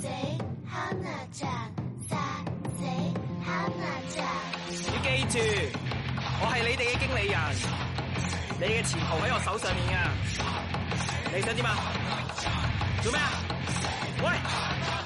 死哈那扎，扎死哈那扎。你記住，我係你哋嘅經理人，你嘅前途喺我手上面啊！你想點啊？做咩啊？喂！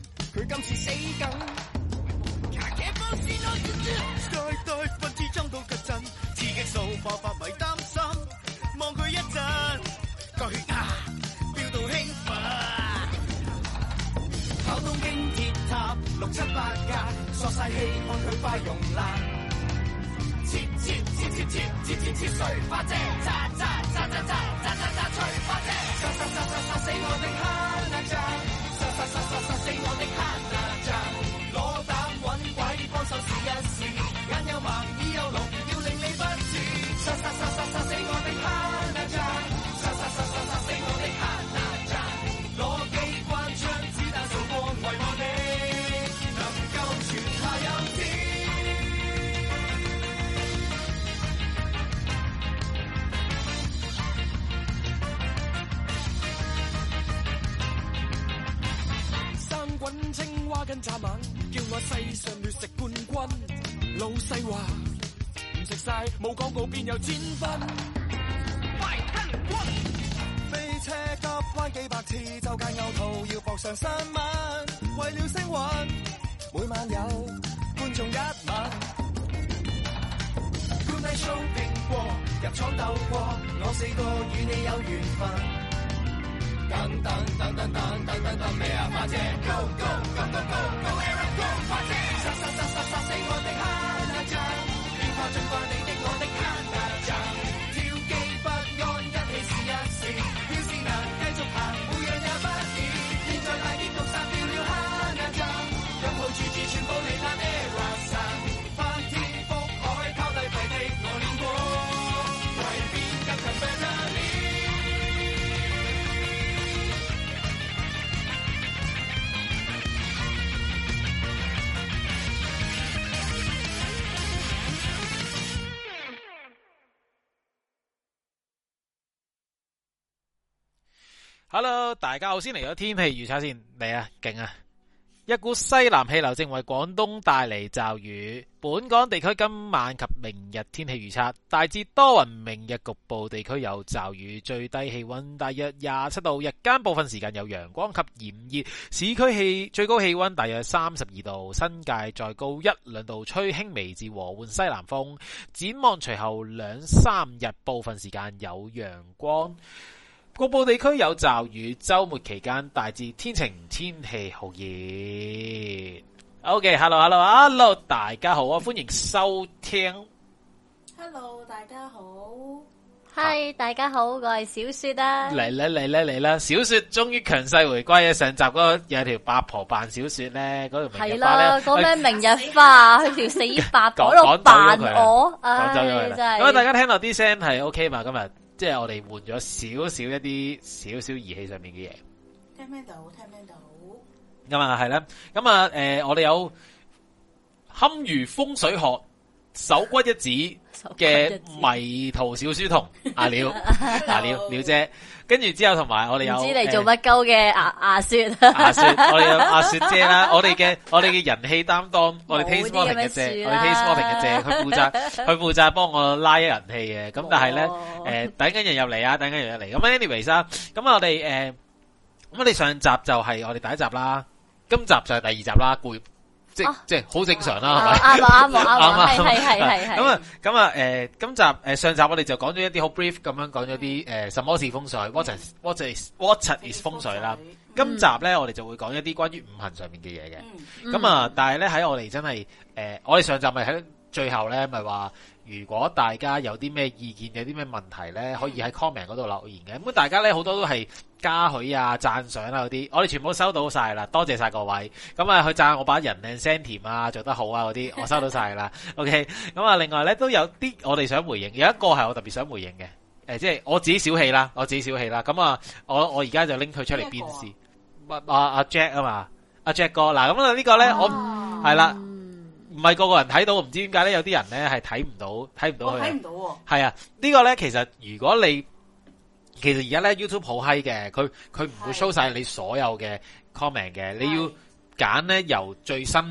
大家好，先嚟咗天氣預測先，嚟啊，勁啊！一股西南氣流正為廣東帶嚟驟雨，本港地區今晚及明日天氣預測大致多雲，明日局部地區有驟雨，最低氣溫大約廿七度，日間部分時間有陽光及炎熱，市區氣最高氣溫大約三十二度，新界再高一兩度，吹輕微至和緩西南風。展望隨後兩三日，部分時間有陽光。局部地區有驟雨，周末期間大致天晴，天氣酷熱。OK，Hello，Hello，Hello，、okay, 大家好啊，歡迎收聽。Hello，大家好，Hi，大家好，我係小雪啊。嚟啦嚟啦嚟啦！小雪終於強勢回歸啊！上集嗰有條八婆扮小雪咧，嗰條明日花咧，講咩明日花，佢條、哎啊啊、死八婆扮 我。佢，咁、哎、大家聽到啲聲係 OK 嘛？今日。即係我哋換咗少少一啲少少儀器上面嘅嘢，聽唔聽到？聽唔聽到？咁啊係啦，咁啊誒，我哋有堪輿風水學，手骨一指嘅迷途小書童阿廖，阿廖廖姐，跟住之後同埋我哋有，知你做乜鳩嘅阿阿雪，阿、啊啊、雪，我哋有阿雪姐啦， 我哋嘅我哋嘅人氣擔當，啊、我哋 Taste Morning 嘅姐，啊、我哋 Taste Morning 嘅姐，佢負責佢負責幫我拉人氣嘅，咁、哦、但係咧誒等緊人入嚟啊，等緊人入嚟，咁 anyways 啊，咁、啊、我哋誒，咁、啊、我哋上集就係我哋第一集啦，今集就係第二集啦，攰。即係好正常啦，係咪？啱啊，啱啊，啱啊，係係係係。咁啊、 嗯，咁啊，誒、呃，今集誒、呃、上集我哋就講咗一啲好 brief 咁樣講咗啲誒什麼是風水、嗯，what is what is what is 風水啦、嗯。今集咧我哋就會講一啲關於五行上面嘅嘢嘅。咁、嗯嗯、啊，但係咧喺我哋真係誒、呃，我哋上集咪喺最後咧咪話，就是、如果大家有啲咩意見，有啲咩問題咧、嗯，可以喺 comment 嗰度留言嘅。咁大家咧好多都係。嘉許啊、讚賞啦嗰啲，我哋全部收到晒啦，多謝晒各位。咁啊，佢讚我把人靚聲甜啊，做得好啊嗰啲，我收到晒啦。 OK，咁啊，另外咧都有啲我哋想回應，有一個係我特別想回應嘅，誒、欸，即、就、係、是、我自己小氣啦，我自己小氣啦。咁啊，啊，啊，啊，啊，啊，我我而家就拎佢出嚟鞭屍，阿阿 Jack 啊嘛，阿 Jack 哥，嗱，咁啊呢個咧，我係啦，唔係個個人睇到，唔知點解咧，有啲人咧係睇唔到，睇唔到佢，睇、哦、唔到喎。係啊，這個、呢個咧其實如果你其實而家咧，YouTube 好閪嘅，佢佢唔會 show 曬你所有嘅 comment 嘅，你要揀咧，由最新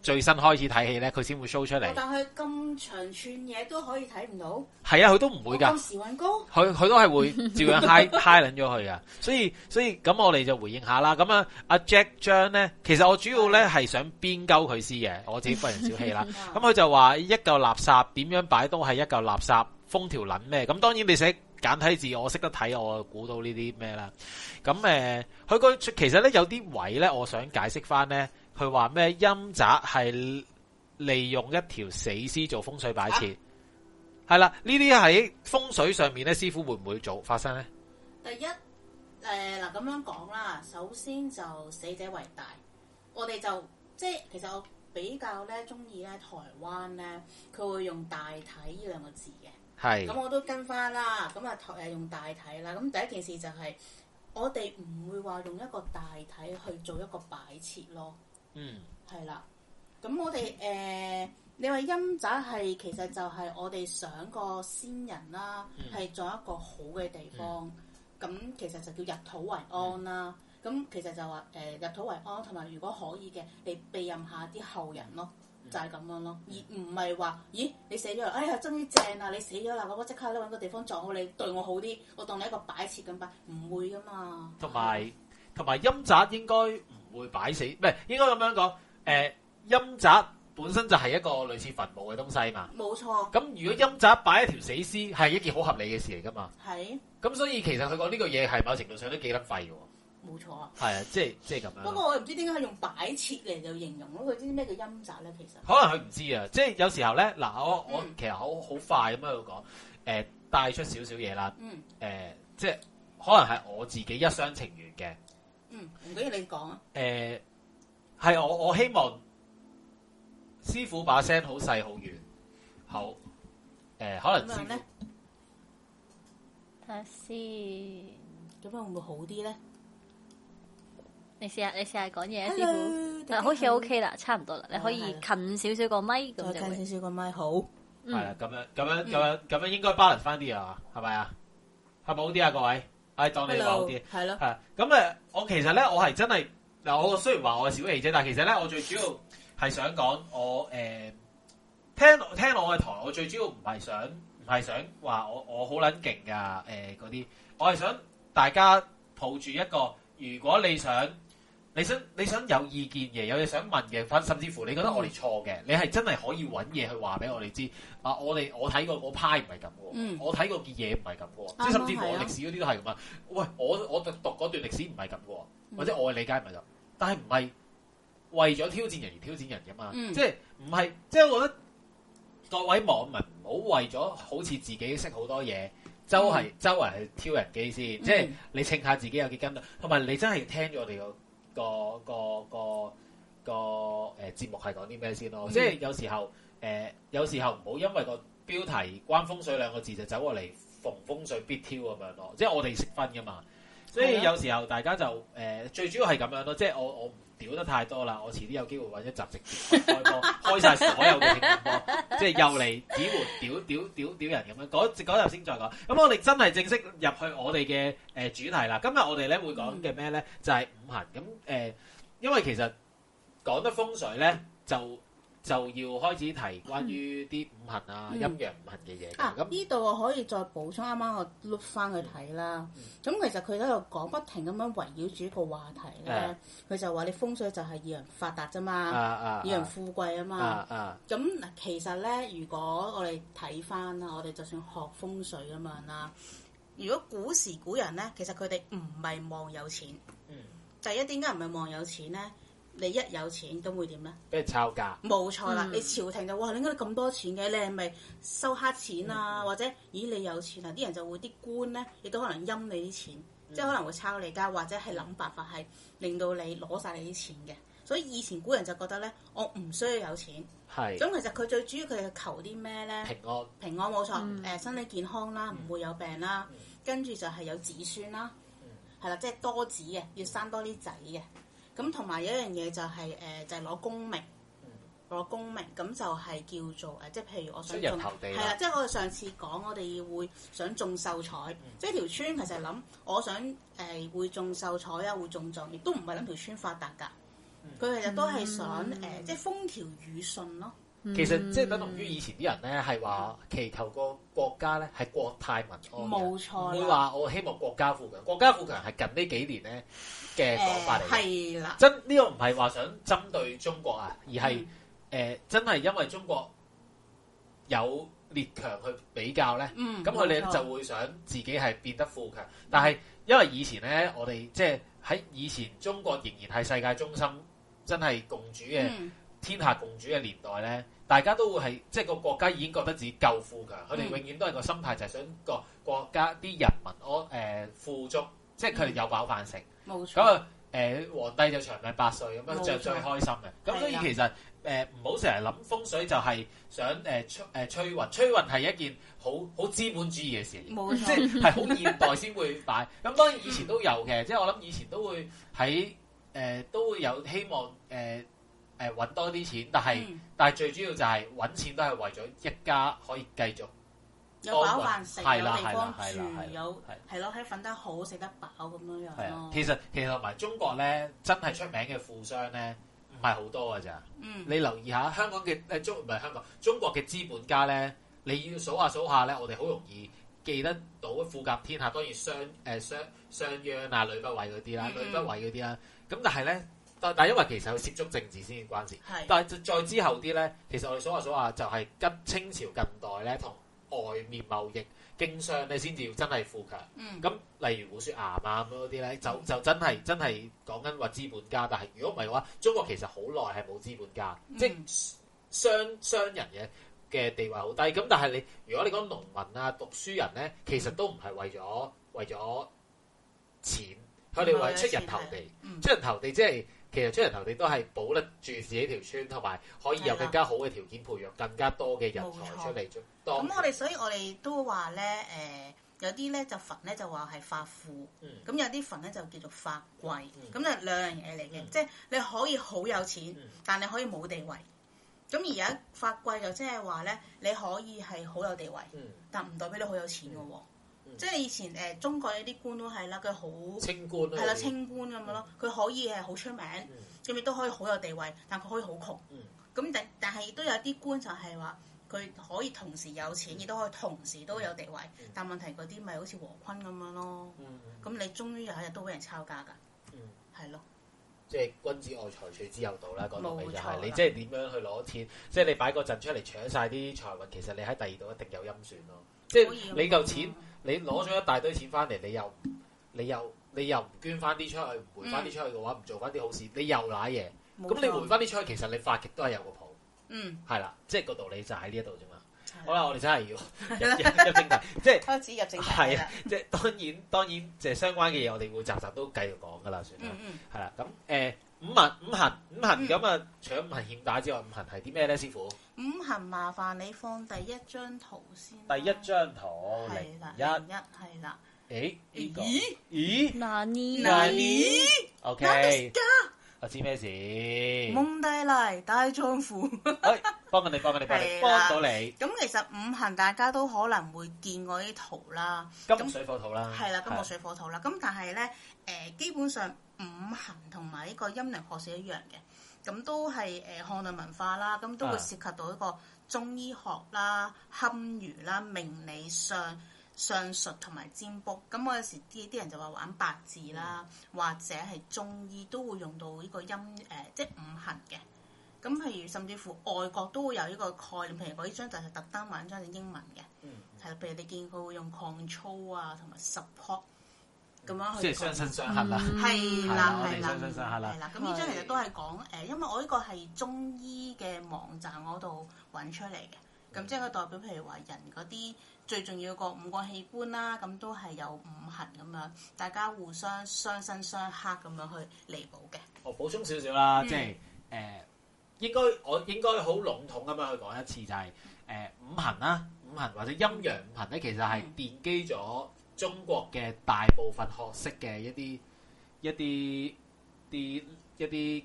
最新開始睇起咧，佢先會 show 出嚟。但係咁長串嘢都可以睇唔到。係啊，佢都唔會㗎。我時運高。佢佢都係會照樣 high high 撚咗佢㗎。所以所以咁我哋就回應下啦。咁啊阿 Jack John 咧，其實我主要咧係想邊鳩佢先嘅，我自己個人小氣啦。咁佢就話一嚿垃圾點樣擺都係一嚿垃圾，封條撚咩？咁當然未食。簡體字我識得睇，我估到呢啲咩啦？咁誒，佢、呃那個其實咧有啲位咧，我想解釋翻咧，佢話咩陰宅係利用一條死屍做風水擺設，係、啊、啦。呢啲喺風水上面咧，師傅會唔會做發生咧？第一嗱咁、呃、樣講啦，首先就死者為大，我哋就即係其實我比較咧中意咧台灣咧，佢會用大體呢兩個字。係，咁我都跟翻啦。咁啊，尋日用大體啦。咁第一件事就係、是，我哋唔會話用一個大體去做一個擺設咯。嗯，係啦。咁我哋誒、呃，你話陰宅係其實就係我哋想個先人啦，係、嗯、做一個好嘅地方。咁、嗯、其實就叫入土為安啦。咁、嗯、其實就話誒、呃、入土為安，同埋如果可以嘅，你庇蔭下啲後人咯。就係、是、咁樣咯，而唔係話，咦你死咗啦，哎呀終於正啦、啊，你死咗啦，我我即刻咧搵個地方葬好你，對我好啲，我當你一個擺設咁擺，唔會噶嘛。同埋同埋陰宅應該唔會擺死，唔係應該咁樣講，誒、呃、陰宅本身就係一個類似墳墓嘅東西嘛。冇錯。咁如果陰宅擺一條死屍，係一件好合理嘅事嚟噶嘛。係。咁所以其實佢講呢個嘢係某程度上都幾得廢喎。冇錯啊，係啊，即係即係咁樣、啊。不過我唔知點解佢用擺設嚟就形容咯，佢知唔知咩叫陰宅咧？其實可能佢唔知啊，即係有時候咧，嗱，我、嗯、我其實好好快咁喺度講，誒、呃，帶出少少嘢啦。嗯、呃。誒，即係可能係我自己一廂情願嘅。嗯，唔記得你講啊、呃。誒，係我我希望師傅把聲好細好遠。好。誒、呃，可能先。睇下先，咁樣會唔會好啲咧？你試下，你試下講嘢啊，師好似 OK 啦，差唔多啦。Oh, 你可以近少少個麥咁就。再近少少個麥好。係、嗯、啊，咁樣，咁樣，咁樣，咁樣應該包人 l 翻啲啊，係咪啊？係、嗯、咪好啲啊？各位，係當你好啲，係咯。係。咁啊，我其實咧，我係真係嗱，我雖然話我係小氣啫，但係其實咧，我最主要係想講我誒、呃，聽聽我嘅台，我最主要唔係想唔係想話我我好捻勁噶，誒嗰啲，我係、呃、想大家抱住一個，如果你想。你想你想有意見嘅，有嘢想問嘅，反甚至乎你覺得我哋錯嘅、嗯，你係真係可以揾嘢去話俾我哋知、嗯。啊，我哋我睇過個派唔係咁喎，我睇過嘅嘢唔係咁喎，即、嗯、係甚至乎我歷史嗰啲都係咁啊。喂，我我讀嗰段歷史唔係咁喎，或者我嘅理解唔係咁，但係唔係為咗挑戰人而挑戰人嘅嘛？即係唔係？即、就、係、是就是、我覺得各位網民唔好為咗好似自己識好多嘢、嗯，周圍周圍去挑人機先。即、嗯、係、就是、你稱下自己有幾斤，同埋你真係聽咗我哋個個個個誒節目係講啲咩先咯？嗯、即係有時候誒、呃，有時候唔好因為個標題關風水兩個字就走過嚟逢風水必挑咁樣咯。即係我哋識分噶嘛、啊，所以有時候大家就誒、呃、最主要係咁樣咯。即係我我。我唔屌得太多啦！我遲啲有機會揾一集直播開播，開晒所有嘅直播，即係又嚟屌活屌屌屌人咁樣。嗰嗰陣先再講。咁我哋真係正式入去我哋嘅誒主題啦。今日我哋呢會講嘅咩呢，就係、是、五行。咁誒、呃，因為其實講得風水呢就。就要開始提關於啲五行啊、嗯、陰陽五行嘅嘢、嗯、啊。咁呢度我可以再補充，啱啱我碌返翻去睇啦。咁、嗯、其實佢喺度講不停咁樣圍繞住一個話題咧，佢、嗯、就話你風水就係讓人發達啫嘛，讓、啊啊、人富貴啊嘛。咁、啊啊啊、其實咧，如果我哋睇翻啦，我哋就算學風水吖嘛。啦，如果古時古人咧，其實佢哋唔係望有錢。嗯、第一點解唔係望有錢咧？你一有錢都會點咧？俾人抄家。冇錯啦，你朝廷就話點解咁多錢嘅，你係咪收黑錢啊？嗯、或者，咦你有錢啊？啲人就會啲官咧，亦都可能陰你啲錢，嗯、即係可能會抄你家，或者係諗辦法係令到你攞晒你啲錢嘅。所以以前古人就覺得咧，我唔需要有錢。係。咁其實佢最主要佢係求啲咩咧？平安，平安冇錯。誒，身、嗯、體、呃、健康啦，唔、嗯、會有病啦、嗯。跟住就係有子孫啦，係、嗯、啦、啊，即係多子嘅，要生多啲仔嘅。咁同埋有一樣嘢就係、是、誒、呃，就係、是、攞功名，攞功名咁就係叫做即係、呃、譬如我想，係啊，即係、就是、我上次講我哋會想種秀才，即、嗯、係、就是、條村其實諗，我想誒會種秀才啊，會種狀，亦都唔係諗條村發達㗎，佢其實都係想即係、呃就是、風調雨順咯。嗯、其實即係等同於以前啲人咧，係話祈求個。國家咧係國泰民安嘅，唔會話我希望國家富強。國家富強係近呢幾年咧嘅講法嚟，係、嗯、啦。真呢、這個唔係話想針對中國啊，而係誒、嗯、呃、真係因為中國有列強去比較咧，咁佢哋就會想自己係變得富強。但係因為以前咧，我哋即係喺以前中國仍然係世界中心，真係共主嘅、嗯、天下共主嘅年代咧。大家都會係即係個國家已經覺得自己夠富強，佢哋永遠都係個心態就係想個國家啲人民我誒，富足，即係佢哋有飽飯食。冇錯，咁啊誒皇帝就長命百歲，咁樣就最開心嘅。咁所以其實誒唔好成日諗風水就係，就係想誒吹誒、呃、吹雲吹雲係一件好好資本主義嘅事，冇錯即係係好現代先會擺。咁當然以前都有嘅、嗯，即係我諗以前都會喺誒、呃、都會有希望誒。呃誒，揾多啲錢，但係、嗯、但係最主要就係、係、揾錢都係為咗一家可以繼續有飽飯食，有地方住，有係咯，可瞓得好，食得飽咁樣樣咯。其實其實同埋中國咧，真係出名嘅富商咧，唔係好多噶咋。嗯，你留意下香港嘅誒中唔係香港中國嘅資本家咧，你要數下數下咧，我哋好容易記得到富甲天下，當然商誒商商鞅啊、呂不韋嗰啲啦、呂不韋嗰啲啦，咁、嗯、但係咧。但係因為其實要涉足政治先至關事，係，但係再之後啲咧，其實我哋所話所話就係近清朝近代咧，同外面貿易經商咧，先至要真係富強。咁、嗯、例如胡雪岩啊嗰啲咧，就就真係真係講緊話資本家。但係如果唔係嘅話，中國其實好耐係冇資本家，嗯、即係商商人嘅嘅地位好低。咁但係你如果你講農民啊、讀書人咧，其實都唔係為咗為咗錢，佢哋為出人頭地，嗯、出人頭地即、就、係、是。其實出人頭地都係保得住自己條村，同埋可以有更加好嘅條件培育更加多嘅人才出嚟。咁我哋所以我哋都話咧，誒、呃，有啲咧就墳咧就話係發富，咁、嗯、有啲墳咧就叫做發貴，咁啊，兩樣嘢嚟嘅，即係你可以好有錢、嗯，但你可以冇地位。咁而家發貴就即係話咧，你可以係好有地位，嗯、但唔代表你好有錢噶喎。嗯嗯嗯、即係以前誒、呃、中國有啲官都係啦，佢好清官、啊，係啦清官咁樣咯。佢、嗯、可以係好出名，咁亦都可以好有地位，但佢可以好窮。咁、嗯、但但係亦都有啲官就係話佢可以同時有錢，亦、嗯、都可以同時都有地位，嗯、但問題嗰啲咪好似和坤咁樣咯。咁、嗯嗯、你終於有一日都俾人抄家㗎？係、嗯、咯，即係君子愛財取之有道啦。講道理就係、是、你即係點樣去攞錢？嗯、即係你擺個陣出嚟搶晒啲財運，其實你喺第二度一定有陰損咯。嗯嗯即係你夠錢，你攞咗一大堆錢翻嚟，你又唔你又你又唔捐翻啲出去，唔回翻啲出去嘅話，唔做翻啲好事，嗯、你又瀨嘢。咁你回翻啲出去，其實你發極都係有個譜。嗯，係啦，即係個道理就喺呢一度啫嘛。好啦、嗯，我哋真係要入、嗯、入正題， 精神 即係開始入正題。係啊，即係當然當然，即係相關嘅嘢，我哋會集集都繼續講噶啦，算啦。係、嗯、啦，咁、嗯、誒、呃、五,五行五行五行咁啊，除、嗯、咗五行欠打之外，五行係啲咩咧，師傅？五行麻煩你放第一張圖先，第一張圖係啦，一係啦，誒，咦咦，難呢難呢，OK，阿知咩事？蒙大賴大丈夫，哎，幫緊你幫緊你幫緊你幫到你。咁其實五行大家都可能會見過啲圖啦，金水火土啦，係啦金木水火土啦，咁但係咧，誒，基本上五行同埋呢個陰陽學是一樣嘅。咁都係誒漢代文化啦，咁都會涉及到一個中醫學啦、堪、啊、輿啦、命理上、上術同埋占卜。咁我有時啲啲人就話玩八字啦，嗯、或者係中醫都會用到呢個音、呃、即係五行嘅。咁譬如甚至乎外國都會有呢個概念，譬如我呢張就係特登玩張英文嘅，係、嗯、譬、嗯、如你見佢會用 c control 啊，同埋 support。咁樣去，即係相生相克啦。係啦，係啦，係啦。咁呢張其實都係講誒，因為我呢個係中醫嘅網站嗰度揾出嚟嘅。咁即係佢代表，譬如話人嗰啲最重要個五個器官啦，咁都係有五行咁樣，大家互相相生相克咁樣去彌補嘅。我補充少少啦，即係誒，應該我應該好籠統咁樣去講一次，就係誒五行啦，五行或者陰陽五行咧，其實係奠基咗。中國嘅大部分學識嘅一啲一啲啲一啲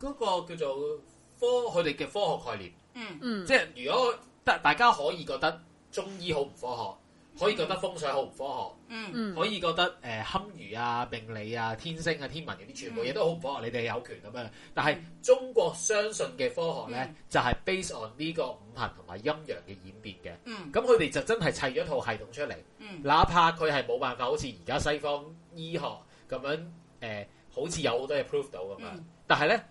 嗰個叫做科，佢哋嘅科學概念，嗯嗯，即係如果大大家可以覺得中醫好唔科學，可以覺得風水好唔科學，嗯，嗯，可以覺得誒堪輿啊、命理啊、天星啊、天文啲、啊、全部嘢都好唔科學，你哋有權咁樣的。但係中國相信嘅科學咧、嗯，就係、是、base on 呢個五行同埋陰陽嘅演變嘅，嗯，咁佢哋就真係砌咗套系統出嚟、嗯，哪怕佢係冇辦法好似而家西方醫學咁樣誒、呃，好似有好多嘢 prove 到咁樣，但係咧，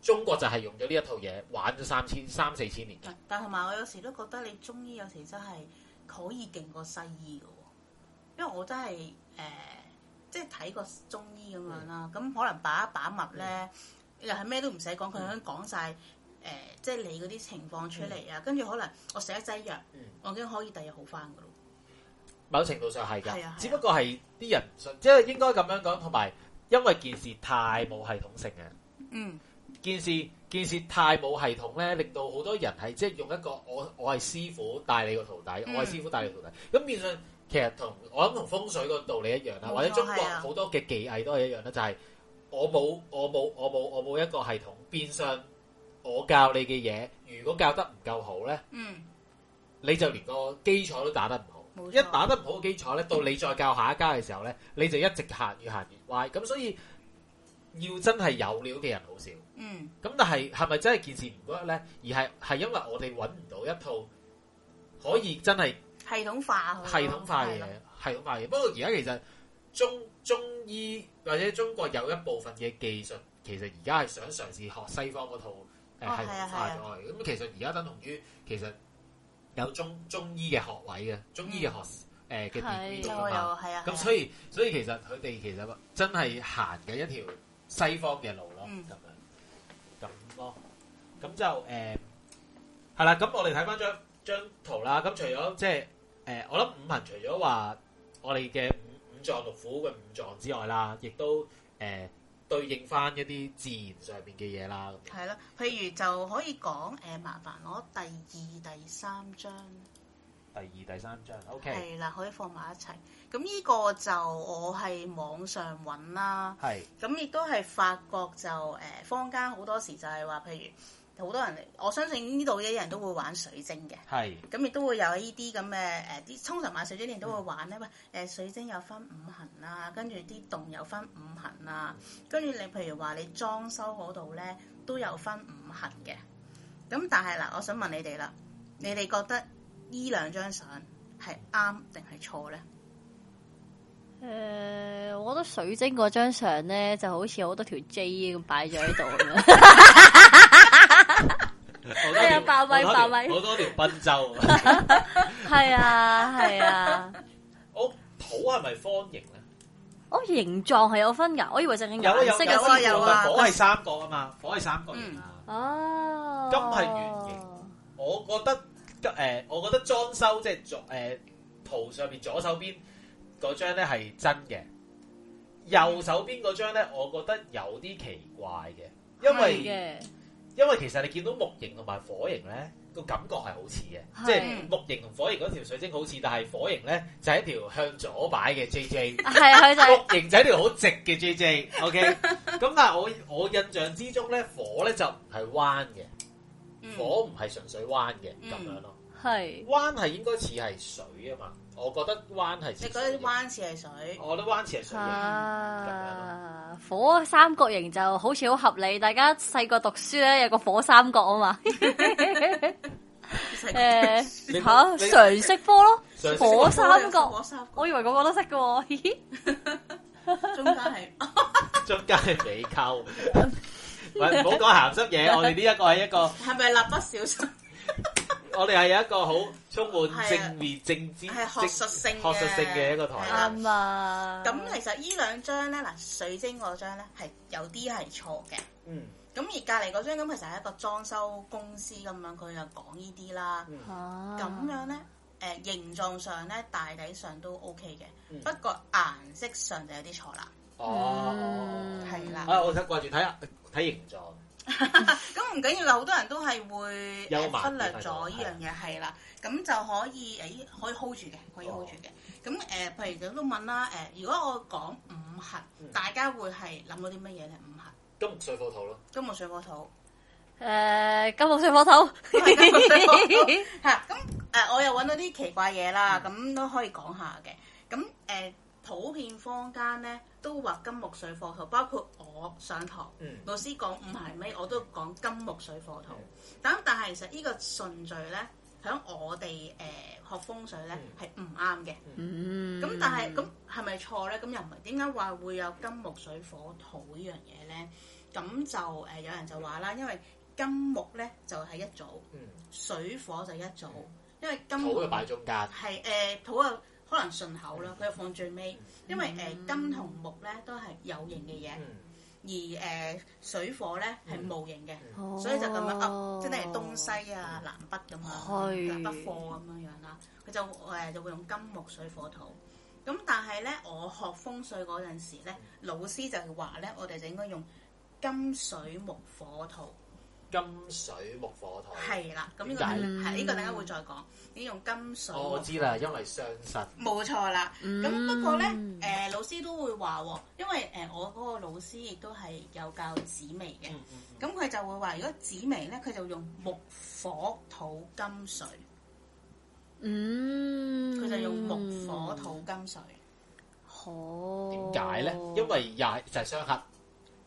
中國就係用咗呢一套嘢玩咗三千三四千年。但係同埋我有時都覺得你中醫有時真、就、係、是。可以勁過西醫嘅喎，因為我真係誒、呃，即係睇個中醫咁樣啦。咁、嗯、可能把一把脈咧、嗯，又係咩都唔使講，佢已經講曬誒、即係你嗰啲情況出嚟啊。跟、嗯、住可能我寫一劑藥、嗯，我已經可以第日好翻嘅咯。某程度上係㗎，只不過係啲人唔信、即係、就是、應該咁樣講。同埋因為這件事太冇系統性嘅，嗯。件事件事太冇系統咧，令到好多人係即係用一個我我係師傅帶你個徒弟，嗯、我係師傅帶你個徒弟。咁變相其實同我諗同風水個道理一樣啦，或者中國好多嘅技藝都係一樣啦，就係、是、我冇我冇我冇我冇一個系統。變相我教你嘅嘢，如果教得唔夠好咧，嗯，你就連個基礎都打得唔好，一打得唔好嘅基礎咧，到你再教下一家嘅時候咧，你就一直行越行越歪。咁所以要真係有料嘅人好少。嗯嗯，咁但係係咪真係建設唔到咧？而係係因為我哋搵唔到一套可以真係系統化嘅系統化嘅嘢，系統化嘅。不過而家其實中中醫或者中國有一部分嘅技術，其實而家係想嘗試，試學西方嗰套誒、啊、系統化咗咁、啊啊啊、其實而家等同於其實有中中醫嘅學位嘅，中醫嘅學，位醫的學、嗯、誒嘅點？又係啊？咁、啊、所以、啊啊、所，以所以其實佢哋其實真係行緊一條西方嘅路咯。嗯咁、哦、就誒係、呃、啦。咁我哋睇翻張張圖啦。咁除咗即係誒，我諗五行除咗話我哋嘅五五臟六腑嘅五臟之外啦，亦都誒、呃、對應翻一啲自然上面嘅嘢啦。係啦，譬如就可以講、呃、麻煩攞第二、第三張。第二、第三張，OK，係啦，可以放埋一齊。咁呢個就我係網上揾啦，係咁亦都係發覺就誒，坊間好多時就係話，譬如好多人嚟，我相信呢度啲人都會玩水晶嘅，係咁亦都會有呢啲咁嘅誒。啲、呃、通常買水晶你都會玩咧，喂、嗯、誒，水晶有分五行啦，跟住啲洞有分五行啦，跟住你譬如話你裝修嗰度咧都有分五行嘅。咁但係嗱，我想問你哋啦，你哋覺得？依兩張相係啱定係錯咧？誒、呃，我覺得水晶嗰張相咧就好似好多條 J 咁擺咗喺度。係、哎、啊，八米八米，好多條濱州。係 啊，係啊。 我土係咪方形啊？我、哦、形狀係有分噶，我以為正經有色嘅啊有啊。有啊 火係三角啊嘛，火係三角形啊。哦。金係圓形，我覺得。誒、呃，我覺得裝修即係左誒圖上面左手邊張咧係真嘅，右手邊張咧，我覺得有啲奇怪嘅，因為因為其實你見到木型同埋火型咧個感覺係好似嘅，的即係木型同火型條水晶好似，但係火型咧就係、是、一條向左擺嘅 J J，係 啊，佢就木型就係一條好直嘅 J J，OK，咁但係我我印象之中咧火咧就唔係彎嘅。火唔係純粹彎嘅咁、嗯、樣咯，彎係應該似係水啊嘛，我覺得彎係。你覺得彎似係水？我覺得彎似係。啊樣，火三角形就好似好合理，大家細個讀書咧有個火三角啊嘛。誒 嚇、 欸啊，常識科咯，火三，火，三火三角，我以為個個都識嘅喎，咦 中間係是， 中間係幾溝？ 唔好講鹹濕嘢，我哋呢一個係一個係咪 蠟筆小新？ 我哋係有一個好充滿正面正知，係、啊、學術性嘅學術性嘅一個台啦。咁其實呢兩張咧，嗱水晶嗰張咧係有啲係錯嘅。嗯。咁而隔離嗰張咁，其實係一個裝修公司咁樣，佢就講呢啲啦。咁、嗯、樣咧，誒、呃、形狀上咧大體上都 OK 嘅、嗯，不過顏色上就有啲錯啦。哦，係、嗯、啦。哎、我想掛住睇下，睇形狀。咁唔緊要嘅，好多人都係會忽略咗呢樣嘢，係啦。咁就可以可以 hold 住嘅，可以 hold 住嘅。咁誒，譬、哦呃、如咁都問啦、呃。如果我講五行，嗯、大家會係諗到啲乜嘢咧？五行，金木水火土咯。金木水火土。誒、uh,，金木水火土。咁、 嗯呃、我又搵到啲奇怪嘢啦，咁、嗯、都可以講下嘅。咁誒。呃普遍坊間咧都話金木水火土，包括我上堂、嗯，老師講唔係咩？我都講金木水火土。咁、嗯、但係其實呢個順序咧，響我哋誒、呃、學風水咧係唔啱嘅。咁、嗯嗯嗯、但係咁係咪錯咧？咁又唔係？點解話會有金木水火土這件事呢樣嘢咧？咁就誒、呃、有人就話啦，因為金木咧就係、是、一組、嗯，水火就係一組、嗯，因為金木土就擺中間，係誒、呃、土啊。可能順口啦，佢就放最尾，因為誒、呃、金同木咧都係有形嘅嘢，而誒、呃、水火咧係無形嘅、嗯，所以就咁樣噏，即、哦、係、啊就是、東西啊、南北咁樣，南北貨咁樣樣啦，佢就誒、呃、就會用金木水火土。咁但係咧，我學風水嗰陣時咧、嗯，老師就係話咧，我哋就應該用金水木火土。金水木火土，係啦，咁呢個係呢個，嗯這個、大家會再講。你用金水、哦，我知啦，因為相生，冇錯啦。咁、嗯、不過咧，誒、呃，老師都會話，因為誒、呃，我嗰個老師亦都係有教紫微嘅，咁、嗯、佢、嗯、就會話，如果紫微咧，佢就用木火土金水。嗯，佢就用木火土金水。好、嗯，點解咧？因為又係就係相克。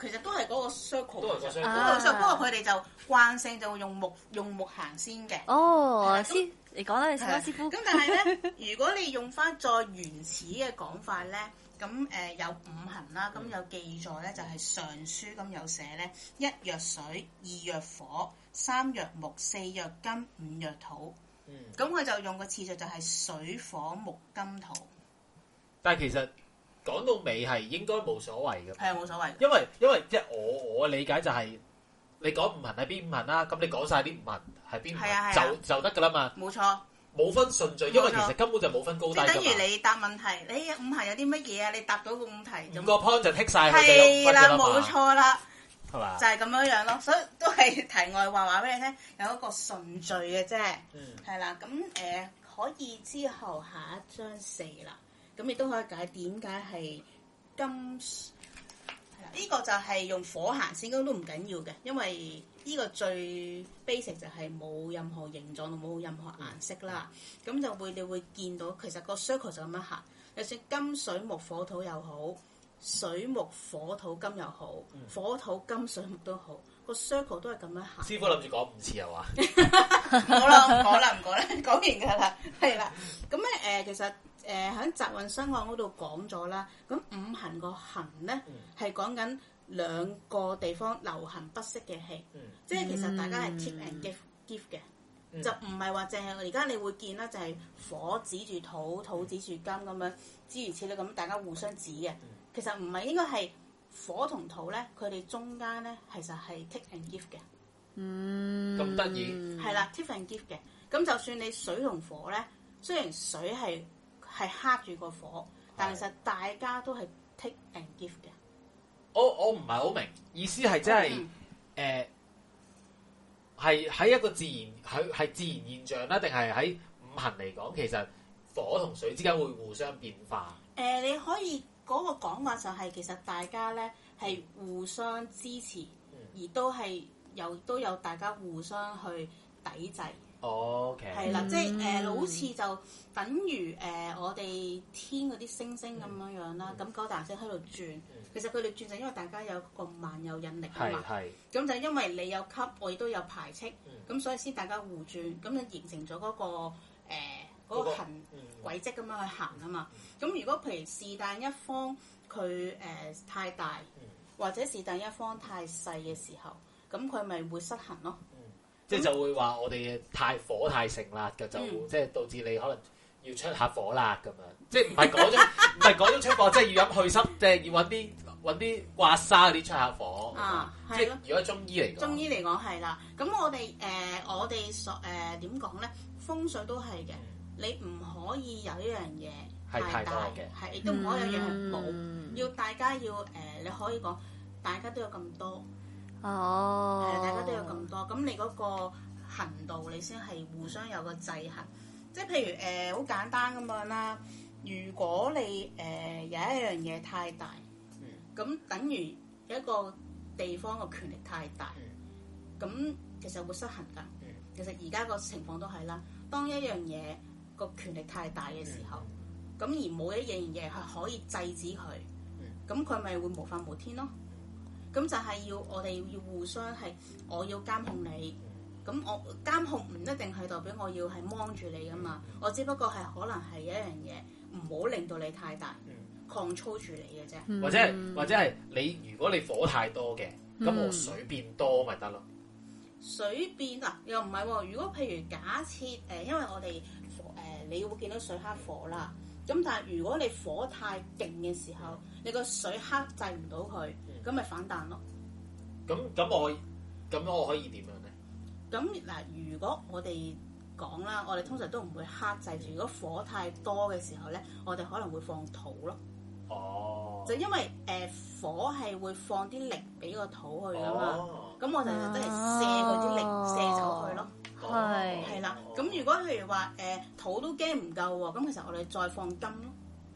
其實都係嗰個 circle，嗰個 circle 不過佢哋就慣性就會用木用木行先嘅、oh。哦，先，你講啦，師傅。咁但係咧， 如果你用翻再原始嘅講法咧，咁誒、呃、有五行啦，咁有記載咧就係、是《尚書》咁有寫咧，一曰水，二曰火，三曰木，四曰金，五曰土。咁、嗯、佢就用個次序就係水火木金土。但係其實。講到尾係應該冇所謂嘅，係冇所謂嘅。因為因為即係我我理解就係、是、你講五行係邊五行啦、啊，咁你講晒啲五行係邊五行是就就得噶啦嘛。冇錯，冇分順序，因為其實根本就冇分高低。等於你答問題，你、哎、五行有啲乜嘢啊？你答到個五題，咁個 point 就剔晒，係啦，冇錯啦，係嘛？就係、是、咁樣樣咯，所以都係題外話話俾你聽，有一個順序嘅啫。嗯，係啦，咁誒、呃、可以之後下一張四啦。咁亦都可以解點解係金？呢個就係用火行先，都唔緊要嘅，因為呢個最 basic 就係冇任何形狀，冇任何顏色啦。咁就會你會見到，其實個 circle 就咁樣行。就算金水木火土又好，水木火土金又好，火土金水木都好，個 circle 都係咁樣行。師傅諗住講五次，又話好啦，我諗講咧，講完㗎啦，係啦。咁咧誒，其實。誒、呃、喺《集運商案嗰度講咗啦。咁五行個行咧，係講緊兩個地方流行不息嘅氣，mm. 即係其實大家係 take and give give 嘅，mm. 就唔係話淨係而家你會見啦，就係火指住土，土指住金咁樣，諸如此類咁，大家互相指嘅、mm.。其實唔係應該係火同土咧，佢哋中間咧其實係 take and give 嘅，咁得意係啦，take and give 嘅。咁就算你水同火咧，雖然水係。係剋住個火，但其實大家都係 take and give 嘅。我我唔係好明意思係真係誒，係、okay. 喺、呃、一個自然係自然現象啦，定係喺五行嚟講，其實火同水之間會互相變化。呃、你可以嗰個講法就係、是、其實大家咧係互相支持，嗯、而都係有都有大家互相去抵制。哦，OK，係啦，即係呃、好似就等於、呃、我哋天嗰啲星星咁樣樣啦，咁嗰大行星喺度轉，其實佢哋轉就因為大家有個萬有引力嘛，係咁就因為你有吸，我亦都有排斥，咁、嗯、所以先大家互轉，咁、嗯、就形成咗嗰、個呃嗰個行、嗯、軌跡咁樣去行啊嘛。咁、嗯、如果譬如是但一方佢、呃、太大，嗯、或者是但一方太細嘅時候，咁佢咪會失衡咯。嗯、即就會話我哋太火太盛啦，嘅、嗯、就即導致你可能要出下火啦，咁樣即唔係嗰種唔係嗰種出、 就係、火，即係要去濕，即係要搵啲搵啲刮痧嗰啲出下火啊，即係如果中醫嚟，中醫嚟講係啦。咁我哋、呃、我哋所、呃、點講咧？風水都係嘅，你唔可以有呢樣嘢太大嘅，亦都唔可以有樣嘢冇。要大家要、呃、你可以講，大家都有咁多。哦、oh，大家都有咁多，咁你嗰個行道，你先係互相有個制衡，即係譬如誒，好、呃、簡單咁樣啦。如果你誒、呃、有一樣嘢太大，咁等於一個地方個權力太大，咁其實會失衡㗎。其實而家個情況都係啦，當一樣嘢個權力太大嘅時候，咁而冇一樣嘢係可以制止佢，咁佢咪會無法無天咯？咁就係要我哋要互相係，我要監控你。咁我監控唔一定係代表我要係掹住你㗎嘛、嗯。我只不過係可能係一樣嘢，唔好令到你太大抗粗、嗯、住你嘅啫。或者，或者係你如果你火太多嘅，咁我水變多咪得咯。水變嗱、啊、又唔係喎。如果譬如假設、呃、因為我哋、呃、你會見到水黑火啦。咁但係如果你火太勁嘅時候，你個水黑制唔到佢。咁咪反彈咯。咁咁我咁我可以點樣咧？咁嗱，如果我哋講啦，我哋通常都唔會克制住。如果火太多嘅時候咧，我哋可能會放土咯。哦、oh.。就因為誒、呃、火係會放啲力俾個土去㗎嘛。哦。咁我哋就真係卸嗰啲力卸咗佢咯。係、oh.。係啦。咁、oh. 如果譬如話誒、呃、土都驚唔夠喎，咁其實我哋再放金咯。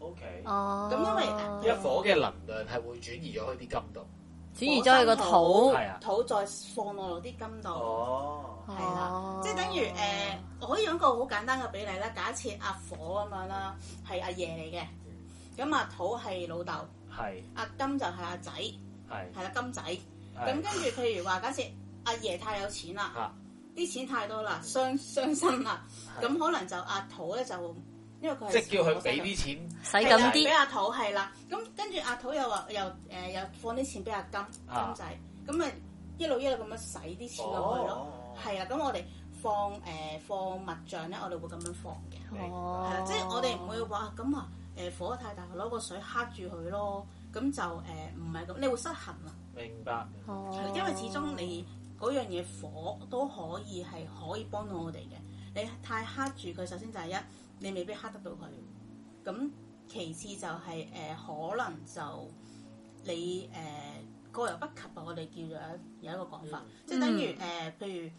OK，哦，咁因為一火嘅能量係會轉移咗去啲金度，轉移咗去個土，土、啊，土再放落落啲金度，哦，係啦、啊啊，即係等於誒、呃，我可以用一個好簡單嘅比例啦，假設阿火咁樣啦，係阿爺嚟嘅，咁、嗯、阿、嗯啊、土係老豆，係，阿、啊、金就係阿仔，係，係啦，金仔，咁跟住譬如話假設阿爺太有錢啦，啲、啊、錢太多啦，傷傷心啦，咁可能就阿、啊、土咧就。因為是即是叫佢俾啲錢，使咁啲俾阿土係啦。咁、啊、跟住阿土又話又、呃、又放啲錢俾阿金、啊、金仔。咁咪一路一路咁樣使啲錢落去咯。係、哦、啊，咁我哋放誒、呃、放物象咧，我哋會咁樣放嘅。係、啊、即係我哋唔會話咁啊誒火太大攞個水剋住佢咯。咁就唔係咁，你會失衡啊。明白，因為始終你嗰樣嘢火都可以係可以幫到我哋嘅。你太剋住佢，首先就係一。你未必蝦得到佢，咁其次就係、是、誒、呃、可能就你誒過猶不及啊！我哋叫做一有一個講法、嗯，即係等於誒譬如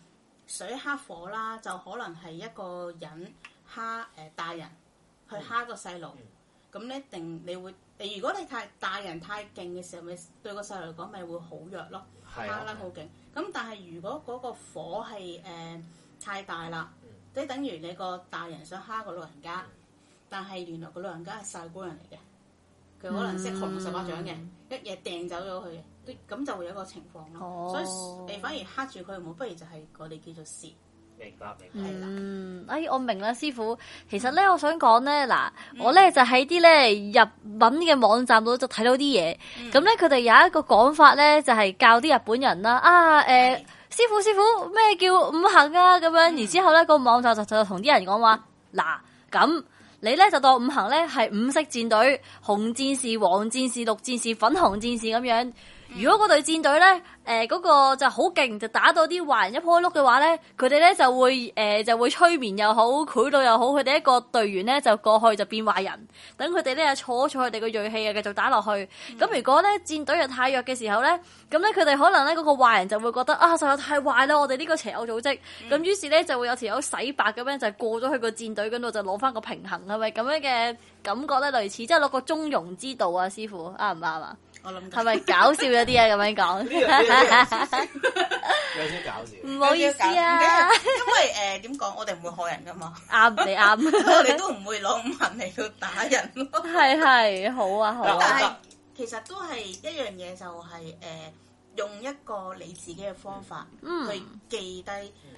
水蝦火啦，就可能係一個人蝦誒、呃、大人去蝦個細路，咁、嗯、咧、嗯、一定你會誒如果你太大人太勁嘅時候，咪對個細路嚟講咪會好弱咯，蝦得好勁。咁、嗯、但係如果嗰個火係誒、呃、太大啦。即係等於你個大人想蝦個老人家，但係原來個老人家係受過人嚟嘅，佢可能識紅十把掌嘅，mm -hmm. 一嘢掟走咗佢，咁就會有一個情況咯。Oh. 所以誒，反而蝦住佢，我不如就係我哋叫做蝕。明白，明白。嗯，哎，我明啦，師傅。其實咧，我想講咧，嗱、嗯，我咧就喺啲咧日文嘅網站度就睇到啲嘢，咁咧佢哋有一個講法咧，就係、是、教啲日本人啦，啊誒。呃師傅，師傅，咩叫五行啊？咁樣，然之後咧，個網站就就同啲人講話，嗱，咁你咧就當五行咧係五色戰隊，紅戰士、黃戰士、綠戰士、粉紅戰士咁樣。如果嗰隊戰隊咧。誒、呃，嗰、那個就好勁，就打到啲壞人一波碌嘅話咧，佢哋咧就會誒、呃、就會催眠又好，賄賂又好，佢哋一個隊員咧就過去就變壞人。等佢哋咧坐坐佢哋個銳氣啊，繼續打落去。咁、嗯、如果咧戰隊又太弱嘅時候咧，咁咧佢哋可能咧嗰個壞人就會覺得啊，實在太壞啦，我哋呢個邪惡組織。咁、嗯、於是咧就會有條友洗白咁樣就過咗去個戰隊嗰度就攞翻個平衡啊，係咪咁樣嘅感覺咧類似，即係攞個中庸之道啊，師傅啱唔啱啊？我諗係咪搞笑一啲啊？咁 這樣講說笑。 有啲搞笑，唔好意思啊， 因為誒點講，我哋唔會害人噶嘛，啱你啱， 我哋都唔會攞五行嚟到打人咯，係係，好啊好啊，但係其實都係一樣嘢，就是，就係誒用一個你自己嘅方法去記低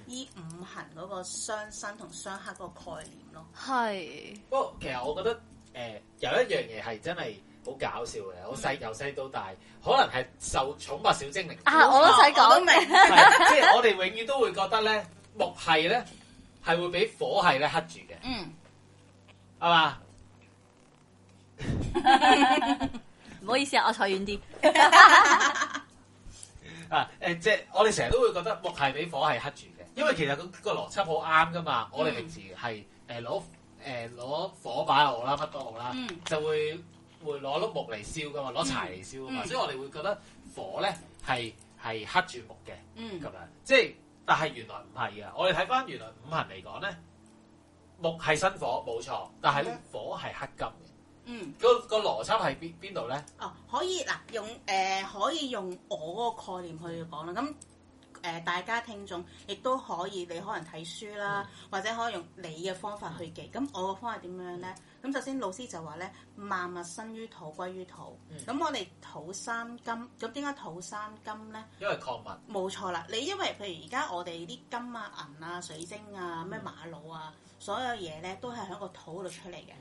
依五行嗰個相生同相剋嗰個概念咯，係。不過其實我覺得誒、呃、有一樣嘢係真係。好搞笑嘅，我細由細到大，可能係受寵《寵物小精靈》啊，我都使講明，即係、就是、我哋永遠都會覺得咧木係咧係會俾火係咧剋住嘅，嗯是，係嘛？唔好意思啊，我坐遠啲 啊！誒、呃，即、就、係、是、我哋成日都會覺得木係俾火係剋住嘅，因為其實那個個邏輯好啱噶嘛。我哋平時係誒攞誒攞火把好啦，乜都好啦，嗯、就會。會攞到木嚟燒噶嘛，攞柴嚟燒㗎嘛，所以我哋會覺得火咧係係克住木嘅，咁、嗯、樣，即係但係原來唔係㗎。我哋睇翻原來五行嚟講咧，木係生火冇錯，但係咧火係克金嘅，嗯，那個個邏輯係邊邊度咧？哦，可以嗱，用誒、呃、可以用我個個概念去講啦，咁。呃、大家聽眾亦都可以，你可能睇書啦、嗯，或者可以用你嘅方法去記。咁、嗯、我個方法點樣咧？咁、嗯、首先老師就話咧，萬物生於土，歸於土。咁、嗯、我哋土生金，咁點解土生金咧？因為礦物。冇錯啦，你因為譬如而家我哋啲金啊、銀啊、水晶啊、咩瑪瑙啊、嗯，所有嘢咧都係喺個土度出嚟嘅。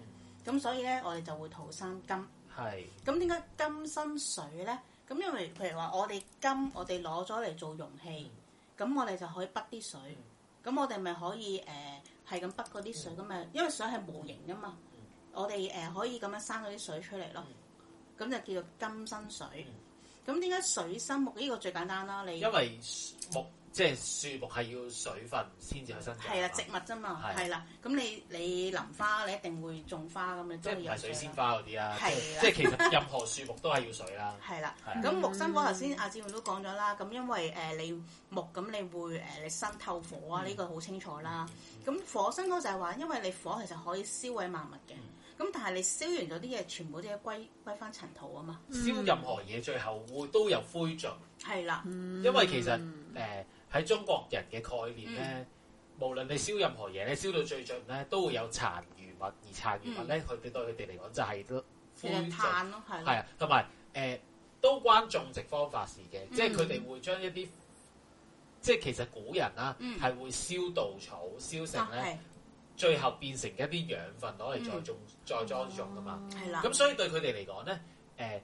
咁、嗯、所以咧，我哋就會土生金。係、嗯。咁點解金生水咧？咁因為譬如話，我哋金我哋攞咗嚟做容器，咁、嗯、我哋就可以筆啲水，咁、嗯、我哋咪可以誒係咁筆嗰啲水，咁、嗯、咪因為水係無形噶嘛，嗯、我哋、呃、可以咁樣生嗰啲水出嚟咯，咁、嗯、就叫做金生水。咁點解水生木？呢、這個最簡單啦，你因為木。即係樹木係要水分先至有生長。係啊，植物啫嘛，係啦。咁你你淋花，你一定會種花咁樣，即係唔係水仙花嗰啲啦？係。即係 其實任何樹木都係要水啦。係啦。咁 木生火頭先，嗯、阿志浩都講咗啦。咁因為誒、呃、你木咁，你會誒、呃、你生透火啊？呢、嗯這個好清楚啦。咁、嗯、火生火就係話，因為你火其實可以燒毀萬物嘅。咁、嗯、但係你燒完咗啲嘢，全部都係歸歸返塵土啊嘛、嗯。燒任何嘢，最後會都有灰燼。係啦、嗯。因為其實誒。嗯呃喺中國人嘅概念咧、嗯，無論你燒任何嘢咧，燒到最盡咧，都會有殘餘物，而殘餘物咧，佢、嗯、哋對佢哋嚟講就係灰燼咯，係啊，同埋誒都關種植方法事嘅、嗯，即係佢哋會將一啲即係其實古人啊，係會燒稻草，嗯、燒成咧、啊，最後變成一啲養分攞嚟再種、嗯、再栽種噶嘛，係、嗯、啦，咁所以對佢哋嚟講咧，誒、呃。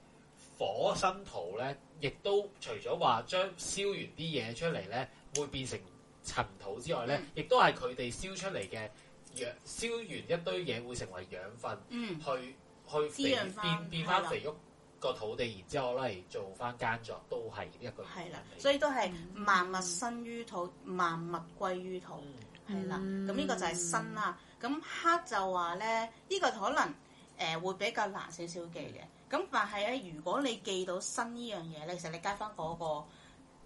火生土咧，亦都除咗話將燒完啲嘢出嚟咧，會變成塵土之外咧，亦都係佢哋燒出嚟嘅養，燒完一堆嘢會成為養分，嗯、去去肥變變翻肥沃個土地，然之後呢，嚟做翻耕作，都係一個。係啦，所以都係萬物生於土，萬物歸於土，係啦、嗯。咁呢、嗯嗯、個就係生啦。咁剋就話咧，呢、這個可能、呃、會比較難少少記嘅。嗯咁，但係咧，如果你記到新呢樣嘢，其實你加翻嗰、那個、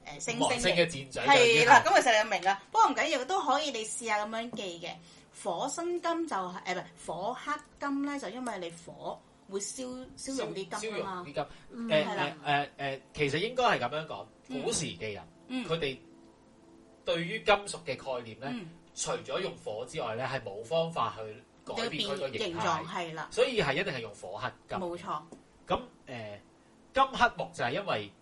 呃、星星星嘅，箭仔，係啦，咁其實你明啦。不過唔緊要，都可以你試下咁樣記嘅。火生金就係、是、誒，唔、欸、係火黑金火剋金咧，就因為你火會燒燒溶啲金嘛。燒溶啲金、嗯啊啊啊，其實應該係咁樣講。古時嘅人，佢、嗯、哋對於金屬嘅概念咧、嗯，除咗用火之外咧，係冇方法去改變佢嘅形狀，係啦。所以係一定係用火剋金，冇錯。咁誒金剋木就係因為